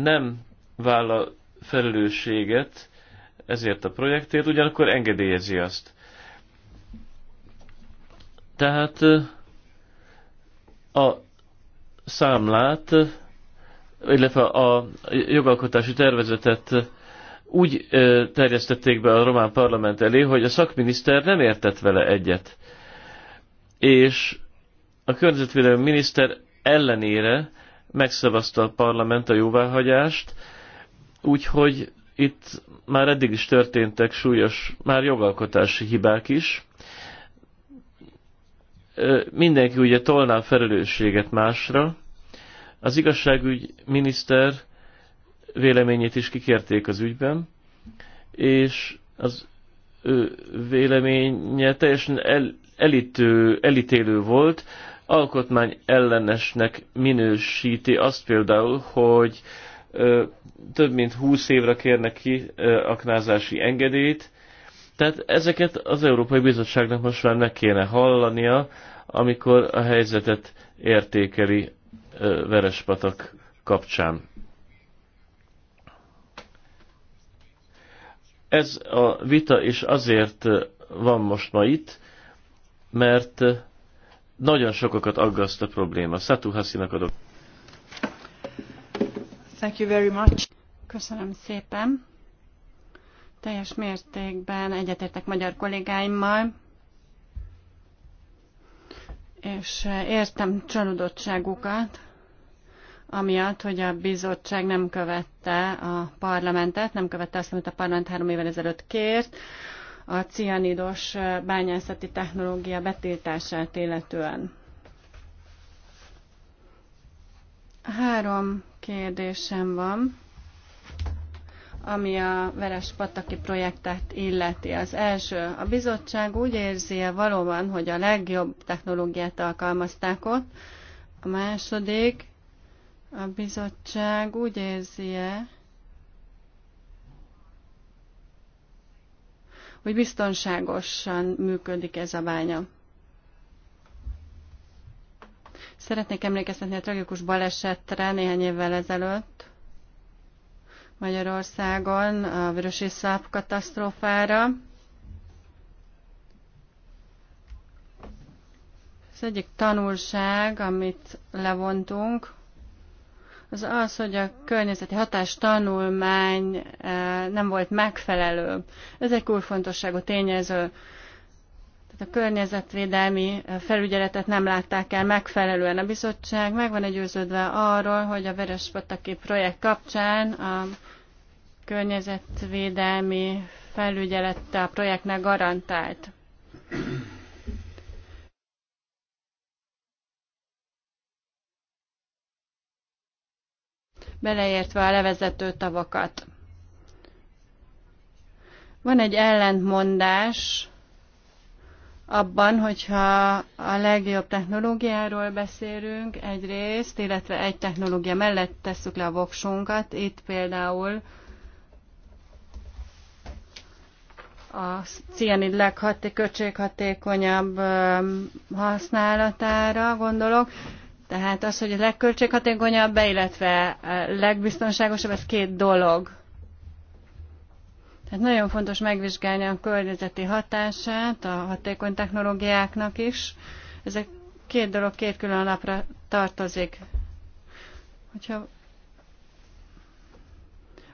[SPEAKER 4] nem vállal felelősséget ezért a projektért, ugyanakkor engedélyezi azt. Tehát a számlát, illetve a jogalkotási tervezetet úgy terjesztették be a román parlament elé, hogy a szakminiszter nem értett vele egyet. És a környezetvédelmi miniszter ellenére megszavazta a parlament a jóváhagyást, úgyhogy itt már eddig is történtek súlyos, már jogalkotási hibák is. Mindenki ugye tolná a felelősséget másra. Az igazságügy miniszter véleményét is kikérték az ügyben, és az ő véleménye teljesen el, elítő, elítélő volt, alkotmány ellenesnek minősíti azt például, hogy több mint 20 évre kérnek ki aknázási engedélyt, tehát ezeket az Európai Bizottságnak most már meg kéne hallania, amikor a helyzetet értékeli Verespatak kapcsán. Ez a vita is azért van most ma itt, mert nagyon sokakat aggaszt a probléma. Szatú Haszinak adok.
[SPEAKER 5] Thank you very much. Köszönöm szépen. Teljes mértékben egyetértek magyar kollégáimmal, és értem csalódottságukat, amiatt, hogy a bizottság nem követte a parlamentet, nem követte azt, amit a parlament három évvel ezelőtt kért a cianidos bányászati technológia betiltását illetően. Három kérdésem van, ami a Veres Pataki projektet illeti. Az első, a bizottság úgy érzi -e valóban, hogy a legjobb technológiát alkalmazták ott. A második, a bizottság úgy érzi -e, hogy biztonságosan működik ez a bánya. Szeretnék emlékeztetni a tragikus balesetre néhány évvel ezelőtt Magyarországon, a Vörösi szap katasztrófára. Az egyik tanulság, amit levontunk, az az, hogy a környezeti hatástanulmány eh, nem volt megfelelő. Ez egy kulfontosságú tényező. Tehát a környezetvédelmi eh, felügyeletet nem látták el megfelelően. A bizottság meg van győződve arról, hogy a Verespataki projekt kapcsán a környezetvédelmi felügyelette a projektnek garantált. beleértve a levezető tavakat. Van egy ellentmondás abban, hogyha a legjobb technológiáról beszélünk egyrészt, illetve egy technológia mellett tesszük le a voksunkat, itt például a cianid leghatékonyabb használatára gondolok, tehát az, hogy a legköltséghatékonyabb, be, illetve legbiztonságosabb, ez két dolog. Tehát nagyon fontos megvizsgálni a környezeti hatását a hatékony technológiáknak is. Ezek két dolog két külön lapra tartozik. Hogyha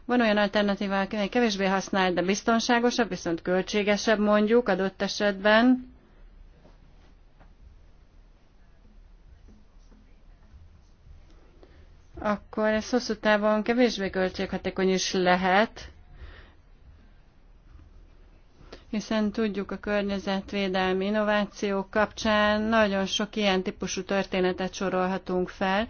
[SPEAKER 5] van olyan alternatíva, amely kevésbé használ, de biztonságosabb, viszont költségesebb mondjuk adott esetben, akkor ez hosszú távon kevésbé költséghatékony is lehet, hiszen tudjuk a környezetvédelmi innovációk kapcsán nagyon sok ilyen típusú történetet sorolhatunk fel.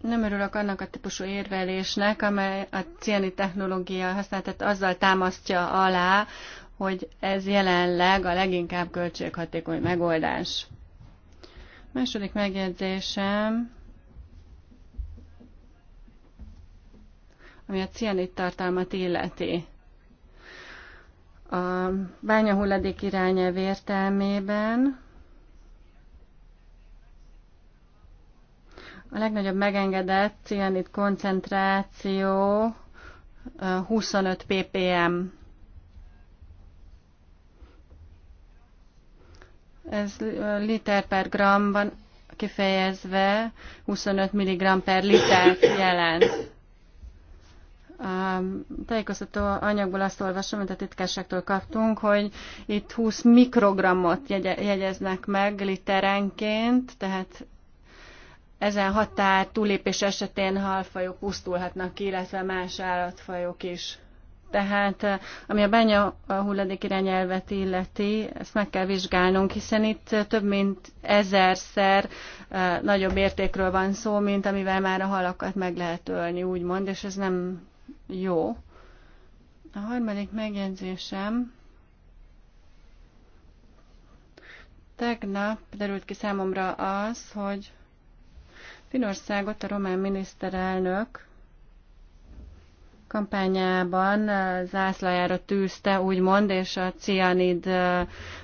[SPEAKER 5] Nem örülök annak a típusú érvelésnek, amely a cieni technológia használatát azzal támasztja alá, hogy ez jelenleg a leginkább költséghatékony megoldás. második megjegyzésem, ami a cianid tartalmat illeti. A bányahulladék irányelv értelmében a legnagyobb megengedett cianid koncentráció 25 ppm Ez liter per van kifejezve 25 mg per liter jelent. A tájékoztató anyagból azt olvasom, amit a titkárságtól kaptunk, hogy itt 20 mikrogrammot jegyeznek meg literenként, tehát ezen határ túlépés esetén halfajok pusztulhatnak ki, illetve más állatfajok is. Tehát eh, ami a bánya a hulladék irányelvet illeti, ezt meg kell vizsgálnunk, hiszen itt több mint ezerszer eh, nagyobb értékről van szó, mint amivel már a halakat meg lehet ölni, úgymond, és ez nem jó. A harmadik megjegyzésem. Tegnap derült ki számomra az, hogy Finországot a román miniszterelnök kampányában zászlajára tűzte, úgymond, és a cianid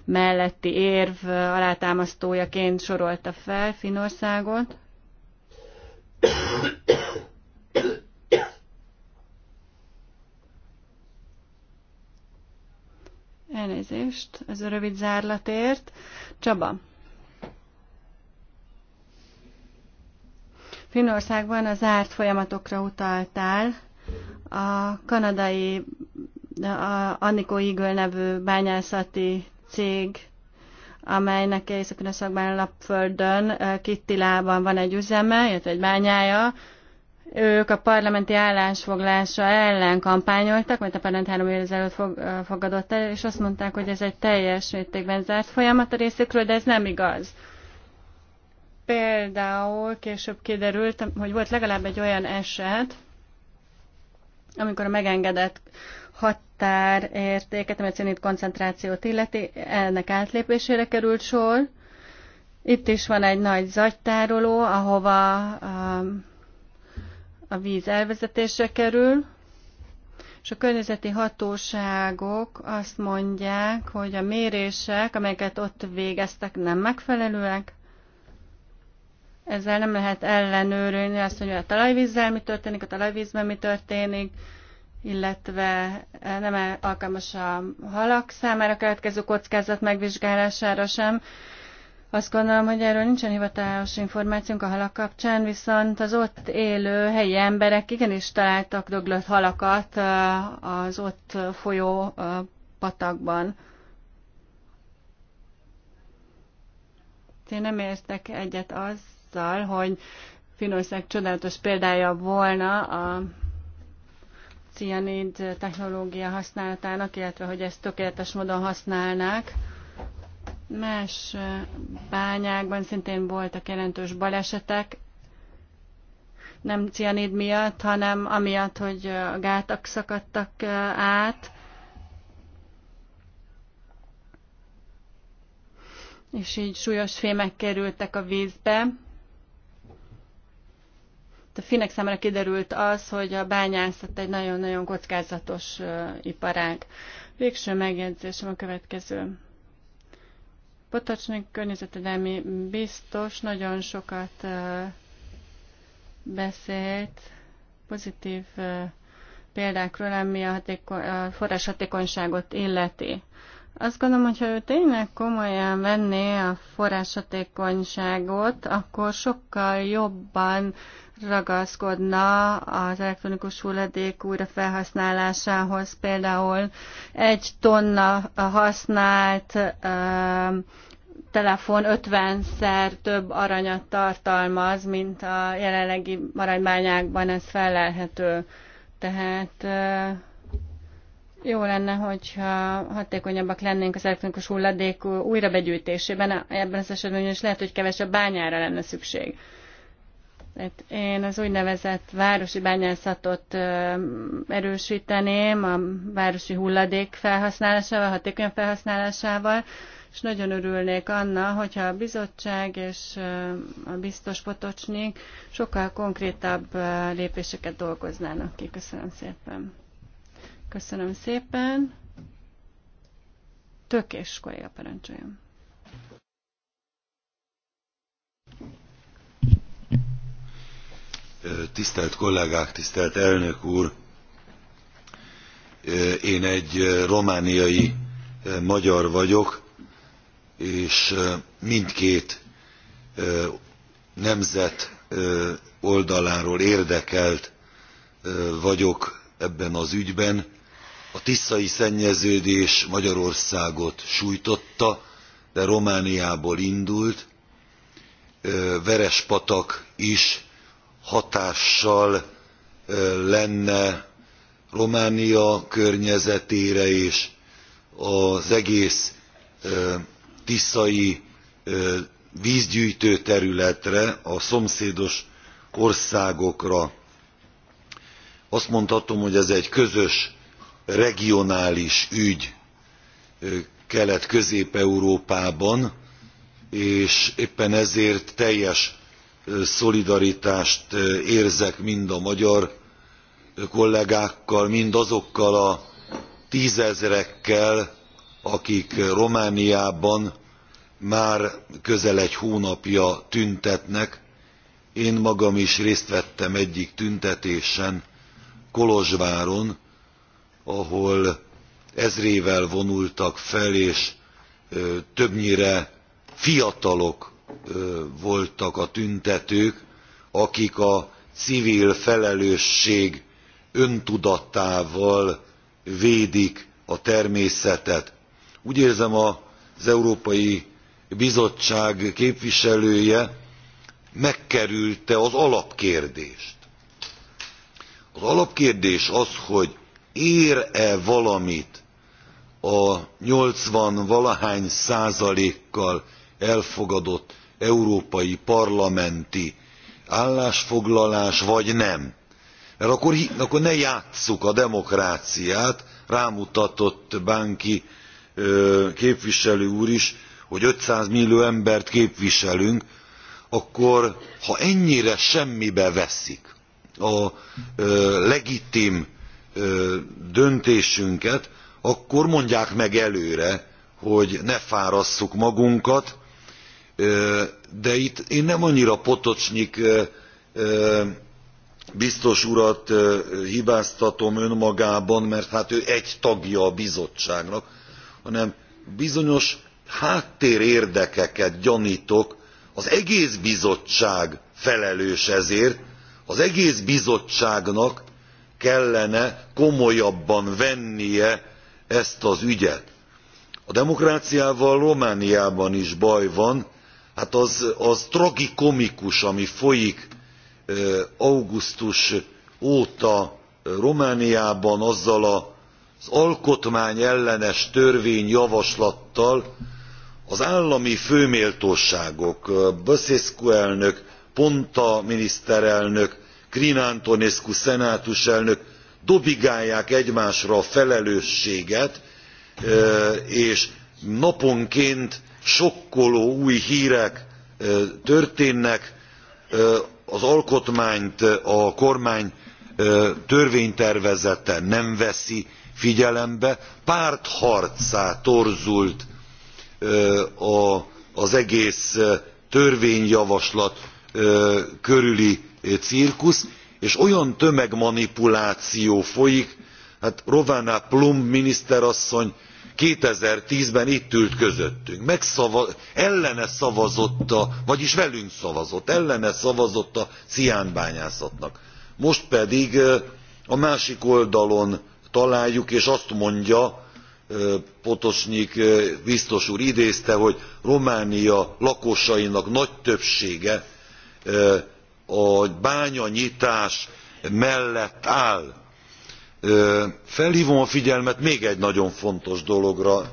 [SPEAKER 5] melletti érv alátámasztójaként sorolta fel Finországot. Elnézést, ez a rövid zárlatért. Csaba. Finországban a zárt folyamatokra utaltál. A kanadai a Anikó Eagle nevű bányászati cég, amelynek Észak-Üröszakban Lapföldön Kittilában van egy üzeme, illetve egy bányája, ők a parlamenti állásfoglása ellen kampányoltak, mert a parlament három évvel ezelőtt fog, fogadott el, és azt mondták, hogy ez egy teljes mértékben zárt folyamat a részükről, de ez nem igaz. Például később kiderült, hogy volt legalább egy olyan eset, amikor a megengedett határértéket, ami a cénit koncentrációt illeti, ennek átlépésére került sor. Itt is van egy nagy zagytároló, ahova a, um, a víz elvezetésre kerül, és a környezeti hatóságok azt mondják, hogy a mérések, amelyeket ott végeztek, nem megfelelőek, ezzel nem lehet ellenőrülni azt, hogy a talajvízzel mi történik, a talajvízben mi történik, illetve eh, nem -e alkalmas a halak számára a következő kockázat megvizsgálására sem. Azt gondolom, hogy erről nincsen hivatalos információnk a halak kapcsán, viszont az ott élő helyi emberek igenis találtak döglött halakat eh, az ott folyó eh, patakban. Én nem értek egyet az, azzal, hogy Finország csodálatos példája volna a cianid technológia használatának, illetve hogy ezt tökéletes módon használnák. Más bányákban szintén voltak jelentős balesetek, nem cianid miatt, hanem amiatt, hogy a gátak szakadtak át. És így súlyos fémek kerültek a vízbe a finnek számára kiderült az, hogy a bányászat egy nagyon-nagyon kockázatos iparág. Végső megjegyzésem a következő. Potocsnik környezetedelmi biztos nagyon sokat beszélt pozitív példákról, ami a, hatékony, a forrás hatékonyságot illeti. Azt gondolom, hogyha ő tényleg komolyan venné a forrás hatékonyságot, akkor sokkal jobban ragaszkodna az elektronikus hulladék újra felhasználásához, például egy tonna használt telefon 50-szer több aranyat tartalmaz, mint a jelenlegi maradványákban ez felelhető. Tehát jó lenne, hogyha hatékonyabbak lennénk az elektronikus hulladék újrabegyűjtésében, ebben az esetben is lehet, hogy kevesebb bányára lenne szükség. Tehát én az úgynevezett városi bányászatot erősíteném a városi hulladék felhasználásával, hatékony felhasználásával, és nagyon örülnék anna, hogyha a bizottság és a biztos potocsnik sokkal konkrétabb lépéseket dolgoznának ki. Köszönöm szépen. Köszönöm szépen. Tökés kolléga parancsoljon.
[SPEAKER 1] Tisztelt kollégák, tisztelt elnök úr! Én egy romániai magyar vagyok, és mindkét nemzet oldaláról érdekelt vagyok ebben az ügyben. A tiszai szennyeződés Magyarországot sújtotta, de Romániából indult. Verespatak is hatással lenne románia környezetére és az egész tiszai vzgyűjtő területre a szomszédos országokra. azt mondhatom hogy ez egy közös regionális ügy kelet közép európában és éppen ezért teljes szolidaritást érzek mind a magyar kollégákkal mind azokkal a tzezrekkel akik romániában már közel egy hónapja tüntetnek én magam is részt vettem egyik tüntetésen kolozsváron ahol ezrével vonultak fel és többnyire fiatalok voltak a tüntetők akik a civil felelősség öntudatával védik a természetet. úgy érzem az európai bizottság képviselője megkerülte az alapkérdést. az alapkérdés az hogy ér e valamit a 80 valahány százalékkal elfogadott európai parlamenti állásfoglalás vagy nem mert akkor, akkor ne játsszuk a demokráciát rámutatott ban ki képviselő úr is hogy five hundred millió embert képviselünk akkor ha ennyire semmibe veszik a ö, legitim ö, döntésünket akkor mondják meg előre hogy ne fárasszuk magunkat de itt én nem annyira potocsnik biztos urat hibáztatom önmagában mert hát ő egy tagja a bizottságnak hanem bizonyos háttérérdekeket gyanítok az egész bizottság felelős ezért az egész bizottságnak kellene komolyabban vennie ezt az ügyet. a demokráciával romániában is baj van hát az, az tragikomikus, ami folyik augusztus óta Romániában azzal az alkotmányellenes törvényjavaslattal, az állami főméltóságok, Băsescu elnök, Ponta miniszterelnök, Crin Antonescu szenátuselnök dobigálják egymásra a felelősséget, és naponként sokkoló új hírek történnek az alkotmányt a kormány törvénytervezete nem veszi figyelembe pártharccá torzult az egész törvényjavaslat körüli cirkusz és olyan tömegmanipuláció folyik hát rovana plumb miniszter asszony two thousand and ten ben itt ült közöttünk ellene szavazott a, vagyis velünk szavazott ellene szavazott a ciánbányászatnak most pedig a másik oldalon találjuk és azt mondja potonik biztos úr idézte hogy románia lakosainak nagy többsége a bányanyitás mellett áll felhvom a figyelmet még egy nagyon fontos dologra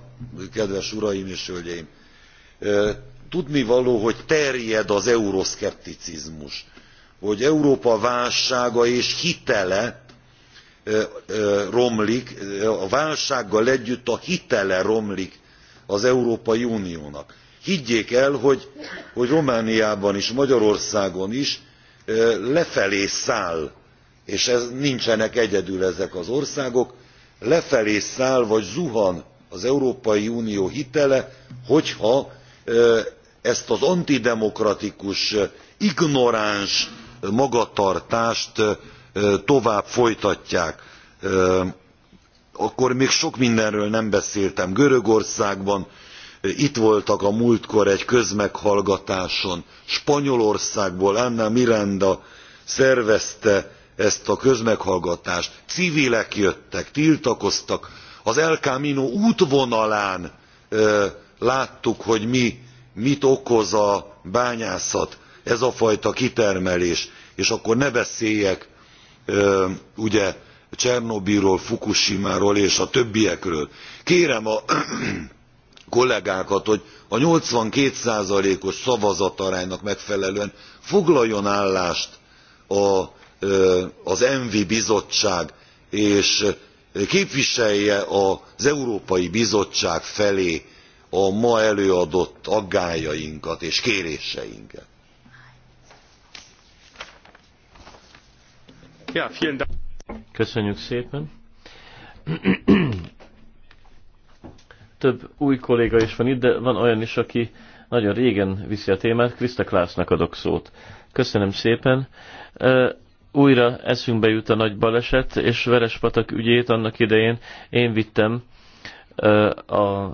[SPEAKER 1] kedves uraim és hölgyeim tudnivaló hogy terjed az euroszkepticizmus hogy európa válsága és hitele romlik a válsággal együtt a hitele romlik az európai uniónak. higgyék el hogy, hogy romániában is magyarországon is lefelé száll és ez, nincsenek egyedül ezek az országok lefelé száll vagy zuhan az európai unió hitele hogyha ezt az antidemokratikus ignoráns magatartást tovább folytatják. akkor még sok mindenről nem beszéltem görögországban itt voltak a múltkor egy közmeghallgatáson spanyolországból anna miranda szervezte ezt a közmeghallgatást civilek jöttek tiltakoztak az el camino útvonalán láttuk hogy mi mit okoz a bányászat ez a fajta kitermelés és akkor ne beszéljek ugye csernobilról fukushimáról és a többiekről. kérem a *clears throat* kollégákat hogy a eighty two os szavazataránynak megfelelően foglaljon állást a az envi bizottság és képviselje az európai bizottság felé a ma előadott aggályainkat és kéréseinket.
[SPEAKER 4] Köszönjük szépen. *clears throat* Több új kolléga is van itt, de van olyan is, aki nagyon régen viszi a témát. Krista Klásznak adok szót. Köszönöm szépen újra eszünkbe jut a nagy baleset, és Verespatak ügyét annak idején én vittem a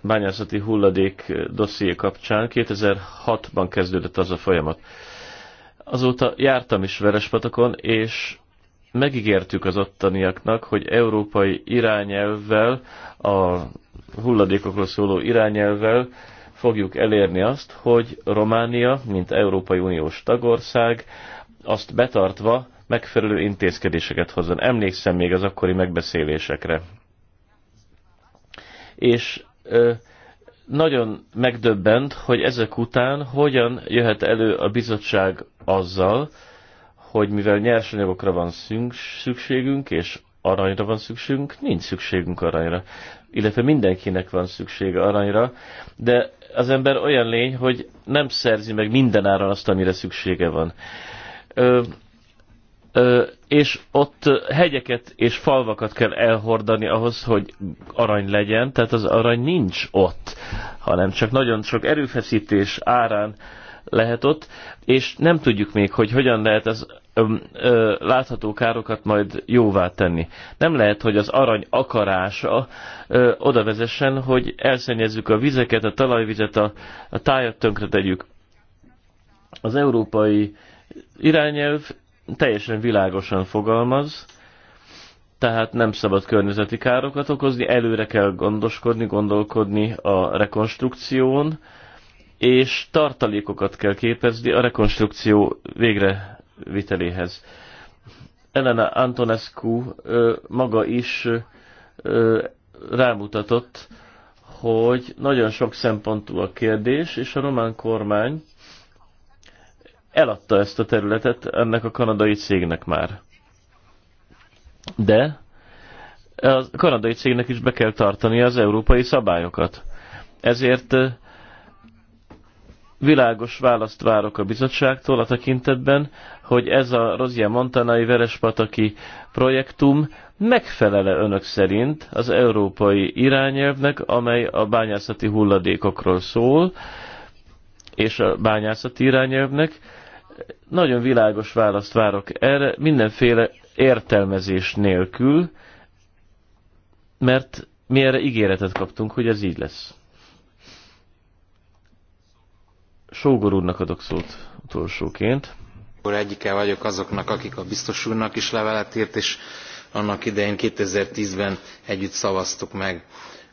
[SPEAKER 4] bányászati hulladék dosszié kapcsán. 2006-ban kezdődött az a folyamat. Azóta jártam is Verespatakon, és megígértük az ottaniaknak, hogy európai irányelvvel, a hulladékokról szóló irányelvvel fogjuk elérni azt, hogy Románia, mint Európai Uniós tagország, azt betartva megfelelő intézkedéseket hozzon. Emlékszem még az akkori megbeszélésekre. És ö, nagyon megdöbbent, hogy ezek után hogyan jöhet elő a bizottság azzal, hogy mivel nyersanyagokra van szükségünk, és aranyra van szükségünk, nincs szükségünk aranyra. Illetve mindenkinek van szüksége aranyra, de az ember olyan lény, hogy nem szerzi meg minden áron azt, amire szüksége van. Ö, ö, és ott hegyeket és falvakat kell elhordani ahhoz, hogy arany legyen, tehát az arany nincs ott, hanem csak nagyon sok erőfeszítés árán lehet ott, és nem tudjuk még, hogy hogyan lehet az ö, ö, látható károkat majd jóvá tenni. Nem lehet, hogy az arany akarása ö, oda vezessen, hogy elszennyezzük a vizeket, a talajvizet, a, a tájat tönkre tegyük. Az európai ö, irányelv teljesen világosan fogalmaz, tehát nem szabad környezeti károkat okozni, előre kell gondoskodni, gondolkodni a rekonstrukción, és tartalékokat kell képezni a rekonstrukció végreviteléhez. Elena Antonescu maga is rámutatott, hogy nagyon sok szempontú a kérdés, és a román kormány eladta ezt a területet ennek a kanadai cégnek már. De a kanadai cégnek is be kell tartani az európai szabályokat. Ezért eh, világos választ várok a bizottságtól a tekintetben, hogy ez a Rozia Montanai Verespataki projektum megfelele önök szerint az európai irányelvnek, amely a bányászati hulladékokról szól, és a bányászati irányelvnek, nagyon világos választ várok erre, mindenféle értelmezés nélkül, mert mi erre ígéretet kaptunk, hogy ez így lesz. Sógor úrnak adok szót utolsóként.
[SPEAKER 2] Egyike vagyok azoknak, akik a biztos úrnak is levelet írt, és annak idején 2010-ben együtt szavaztuk meg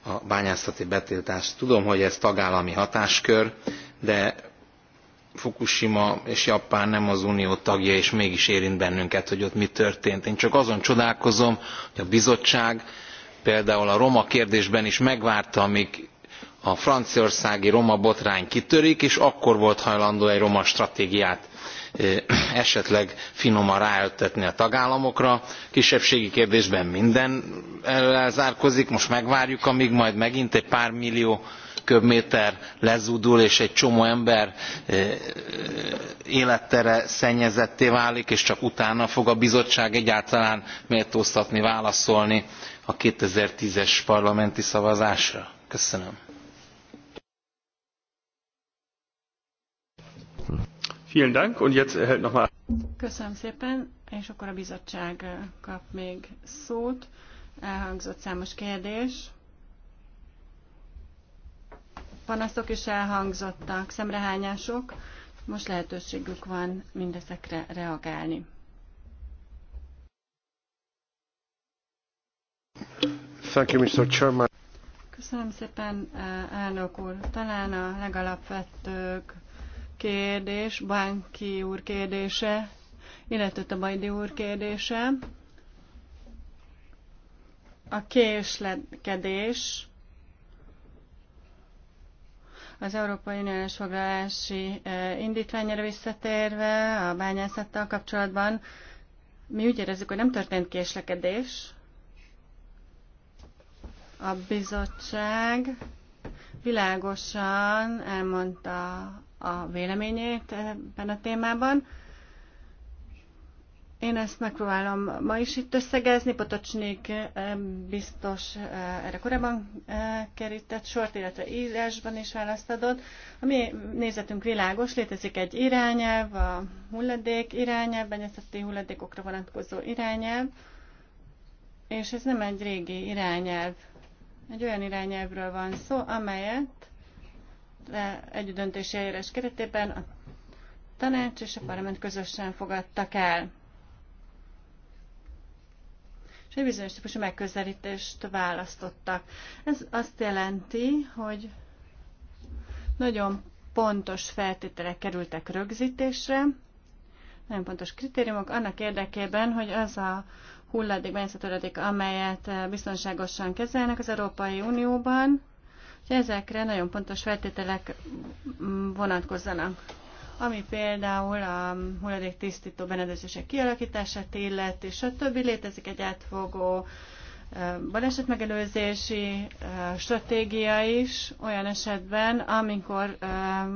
[SPEAKER 2] a bányászati betiltást. Tudom, hogy ez tagállami hatáskör, de fukushima és japán nem az unió tagja és mégis érint bennünket hogy ott mi történt. én csak azon csodálkozom hogy a bizottság például a roma kérdésben is megvárta amg a franciaországi roma botrány kitörik és akkor volt hajlandó egy roma stratégiát esetleg finoman ráültetni a tagállamokra kisebbségi kérdésben minden zárkózik most megvárjuk amg majd megint egy pár millió köbméter lezúdul és egy csomó ember eh, élettere szennyezetté válik és csak utána fog a bizottság egyáltalán méltóztatni válaszolni a two thousand and ten es parlamenti szavazásra? köszönöm.
[SPEAKER 5] Köszönöm szépen, és akkor a bizottság eh, kap még szót. Elhangzott számos kérdés panaszok is elhangzottak, szemrehányások. Most lehetőségük van mindezekre reagálni.
[SPEAKER 3] Thank you,
[SPEAKER 4] Mr. Chairman.
[SPEAKER 5] Köszönöm szépen, eh, elnök úr. Talán a legalapvetőbb kérdés, Bánki úr kérdése, illetve Bajdi úr kérdése. A késlekedés az Európai Uniós foglalási indítványra visszatérve a bányászattal kapcsolatban, mi úgy érezzük, hogy nem történt késlekedés. A bizottság világosan elmondta a véleményét ebben a témában. Én ezt megpróbálom ma is itt összegezni. Potocsnék eh, biztos eh, erre korábban eh, kerített sort, illetve írásban is választ adott. A mi nézetünk világos, létezik egy irányelv, a hulladék irányelv, benyezeti hulladékokra vonatkozó irányelv, és ez nem egy régi irányelv. Egy olyan irányelvről van szó, amelyet döntési eljárás keretében a tanács és a parlament közösen fogadtak el és egy bizonyos típusú megközelítést választottak. Ez azt jelenti, hogy nagyon pontos feltételek kerültek rögzítésre, nagyon pontos kritériumok annak érdekében, hogy az a hulladék, bányászathulladék, amelyet eh, biztonságosan kezelnek az Európai Unióban, hogy ezekre nagyon pontos feltételek mm, vonatkozzanak ami például a hulladék tisztító berendezések kialakítását illet, és a többi létezik egy átfogó balesetmegelőzési stratégia is olyan esetben, amikor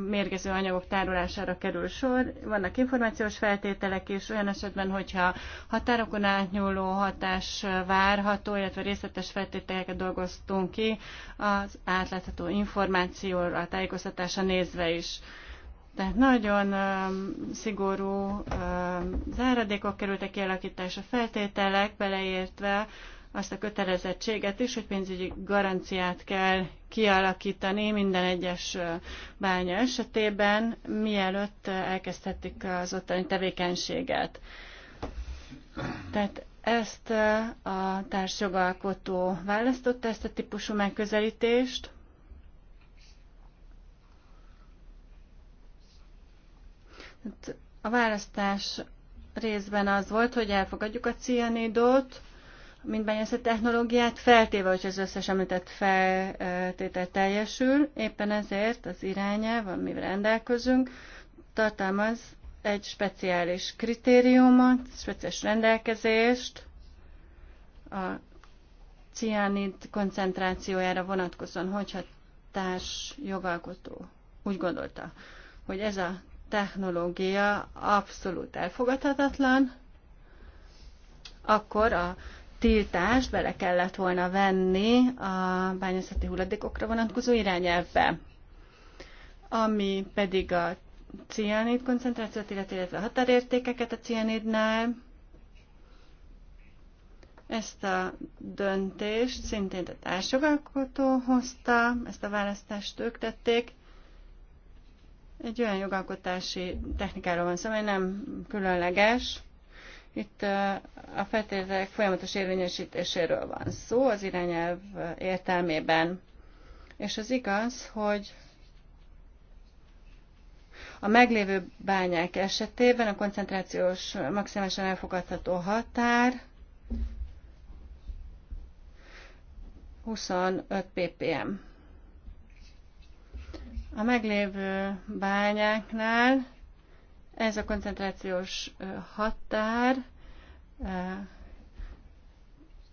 [SPEAKER 5] mérgező anyagok tárolására kerül sor. Vannak információs feltételek is olyan esetben, hogyha határokon átnyúló hatás várható, illetve részletes feltételeket dolgoztunk ki az átlátható információra, a tájékoztatása nézve is. Tehát nagyon szigorú záradékok kerültek kialakítása feltételek beleértve azt a kötelezettséget is, hogy pénzügyi garanciát kell kialakítani minden egyes bánya esetében, mielőtt elkezdhetik az ottani tevékenységet. Tehát ezt a társjogalkotó választotta, ezt a típusú megközelítést, Hát a választás részben az volt, hogy elfogadjuk a cianidot, mint bányászat technológiát, feltéve, hogy az összes említett feltétel teljesül. Éppen ezért az irányelv, amivel rendelkezünk, tartalmaz egy speciális kritériumot, speciális rendelkezést a cianid koncentrációjára vonatkozóan, hogyha társ jogalkotó úgy gondolta, hogy ez a technológia abszolút elfogadhatatlan, akkor a tiltást bele kellett volna venni a bányászati hulladékokra vonatkozó irányelvbe. Ami pedig a cianid koncentrációt, illetve a határértékeket a cianidnál, ezt a döntést szintén a társjogalkotó hozta, ezt a választást ők tették, egy olyan jogalkotási technikáról van szó, ami nem különleges. Itt a feltételek folyamatos érvényesítéséről van szó az irányelv értelmében. És az igaz, hogy a meglévő bányák esetében a koncentrációs maximálisan elfogadható határ 25 ppm. A meglévő bányáknál ez a koncentrációs határ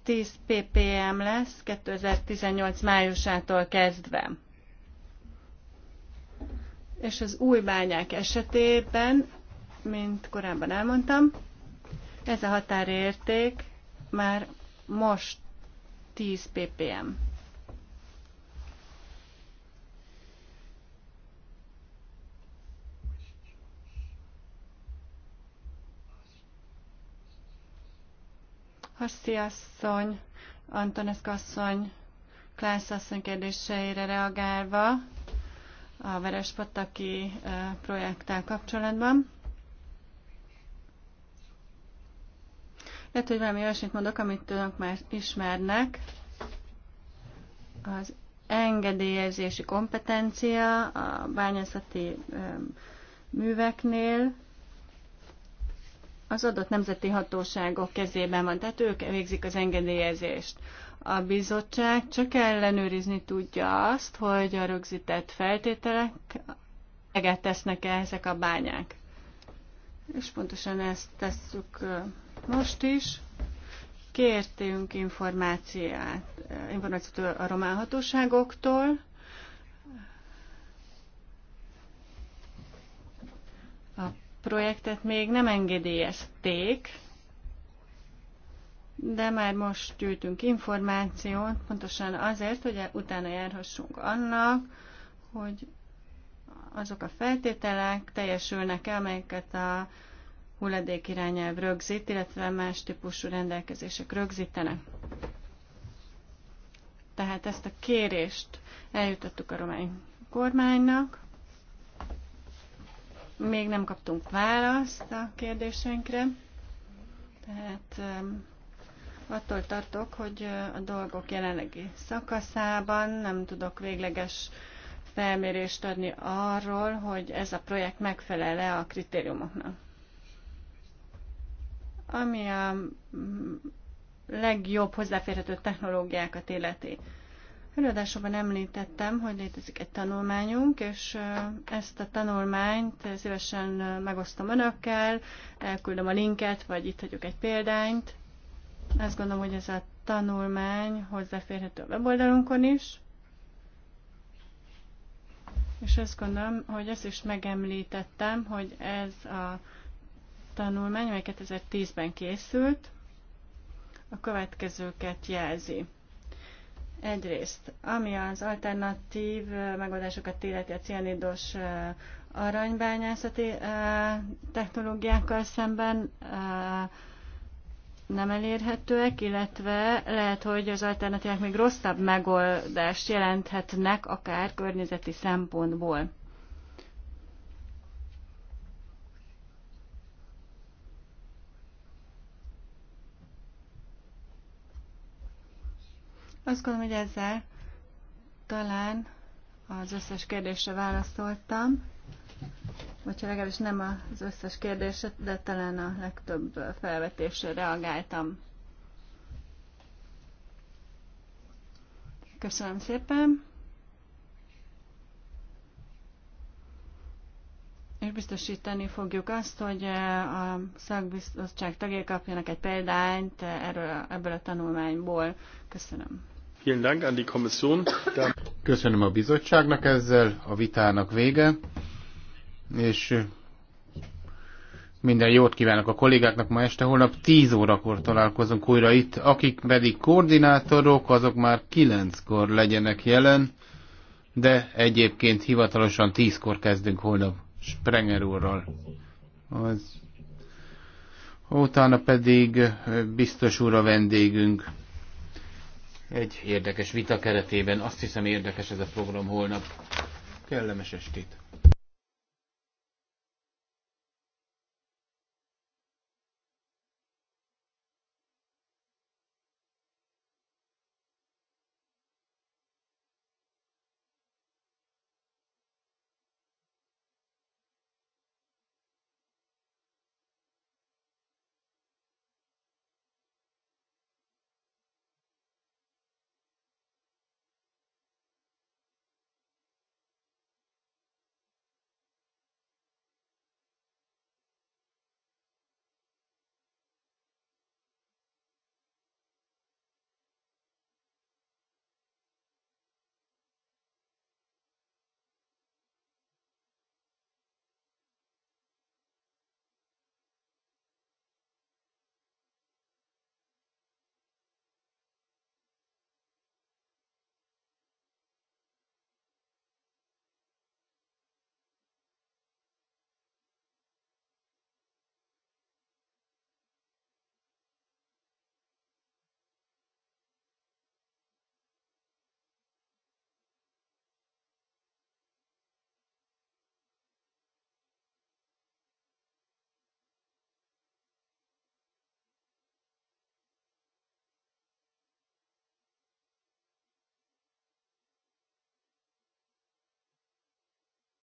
[SPEAKER 5] 10 ppm lesz 2018 májusától kezdve. És az új bányák esetében, mint korábban elmondtam, ez a határérték már most 10 ppm. Hasszi asszony, Antoneszka asszony, Klász asszony kérdéseire reagálva a Verespataki projekttel kapcsolatban. Lehet, hogy valami olyasmit mondok, amit önök már ismernek. Az engedélyezési kompetencia a bányászati műveknél az adott nemzeti hatóságok kezében van, tehát ők végzik az engedélyezést. A bizottság csak ellenőrizni tudja azt, hogy a rögzített feltételek eget tesznek-e ezek a bányák. És pontosan ezt tesszük most is. Kértünk információt, információt a román hatóságoktól, a projektet még nem engedélyezték, de már most gyűjtünk információt, pontosan azért, hogy utána járhassunk annak, hogy azok a feltételek teljesülnek-e, amelyeket a hulladék irányelv rögzít, illetve más típusú rendelkezések rögzítenek. Tehát ezt a kérést eljutottuk a román kormánynak, még nem kaptunk választ a kérdéseinkre, tehát attól tartok, hogy a dolgok jelenlegi szakaszában nem tudok végleges felmérést adni arról, hogy ez a projekt megfelele a kritériumoknak. Ami a mm, legjobb hozzáférhető technológiákat illeti. Előadásában említettem, hogy létezik egy tanulmányunk, és ezt a tanulmányt szívesen megosztom önökkel, elküldöm a linket, vagy itt hagyok egy példányt. Azt gondolom, hogy ez a tanulmány hozzáférhető a weboldalunkon is. És azt gondolom, hogy ezt is megemlítettem, hogy ez a tanulmány, amely 2010-ben készült, a következőket jelzi. Egyrészt, ami az alternatív megoldásokat illeti a cianidos aranybányászati technológiákkal szemben nem elérhetőek, illetve lehet, hogy az alternatívák még rosszabb megoldást jelenthetnek akár környezeti szempontból. Azt gondolom, hogy ezzel talán az összes kérdésre válaszoltam, vagy ha legalábbis nem az összes kérdésre, de talán a legtöbb felvetésre reagáltam. Köszönöm szépen! És biztosítani fogjuk azt, hogy a szakbiztosság tagjai kapjanak egy példányt erről, ebből a tanulmányból. Köszönöm.
[SPEAKER 2] Köszönöm a bizottságnak ezzel, a vitának vége, és minden jót kívánok a kollégáknak ma este, holnap 10 órakor találkozunk újra itt. Akik pedig koordinátorok, azok már 9-kor legyenek jelen, de egyébként hivatalosan 10-kor kezdünk holnap Sprenger úrral. Az... Utána pedig biztos úr a vendégünk egy érdekes vita keretében. Azt hiszem érdekes ez a program holnap. Kellemes estét!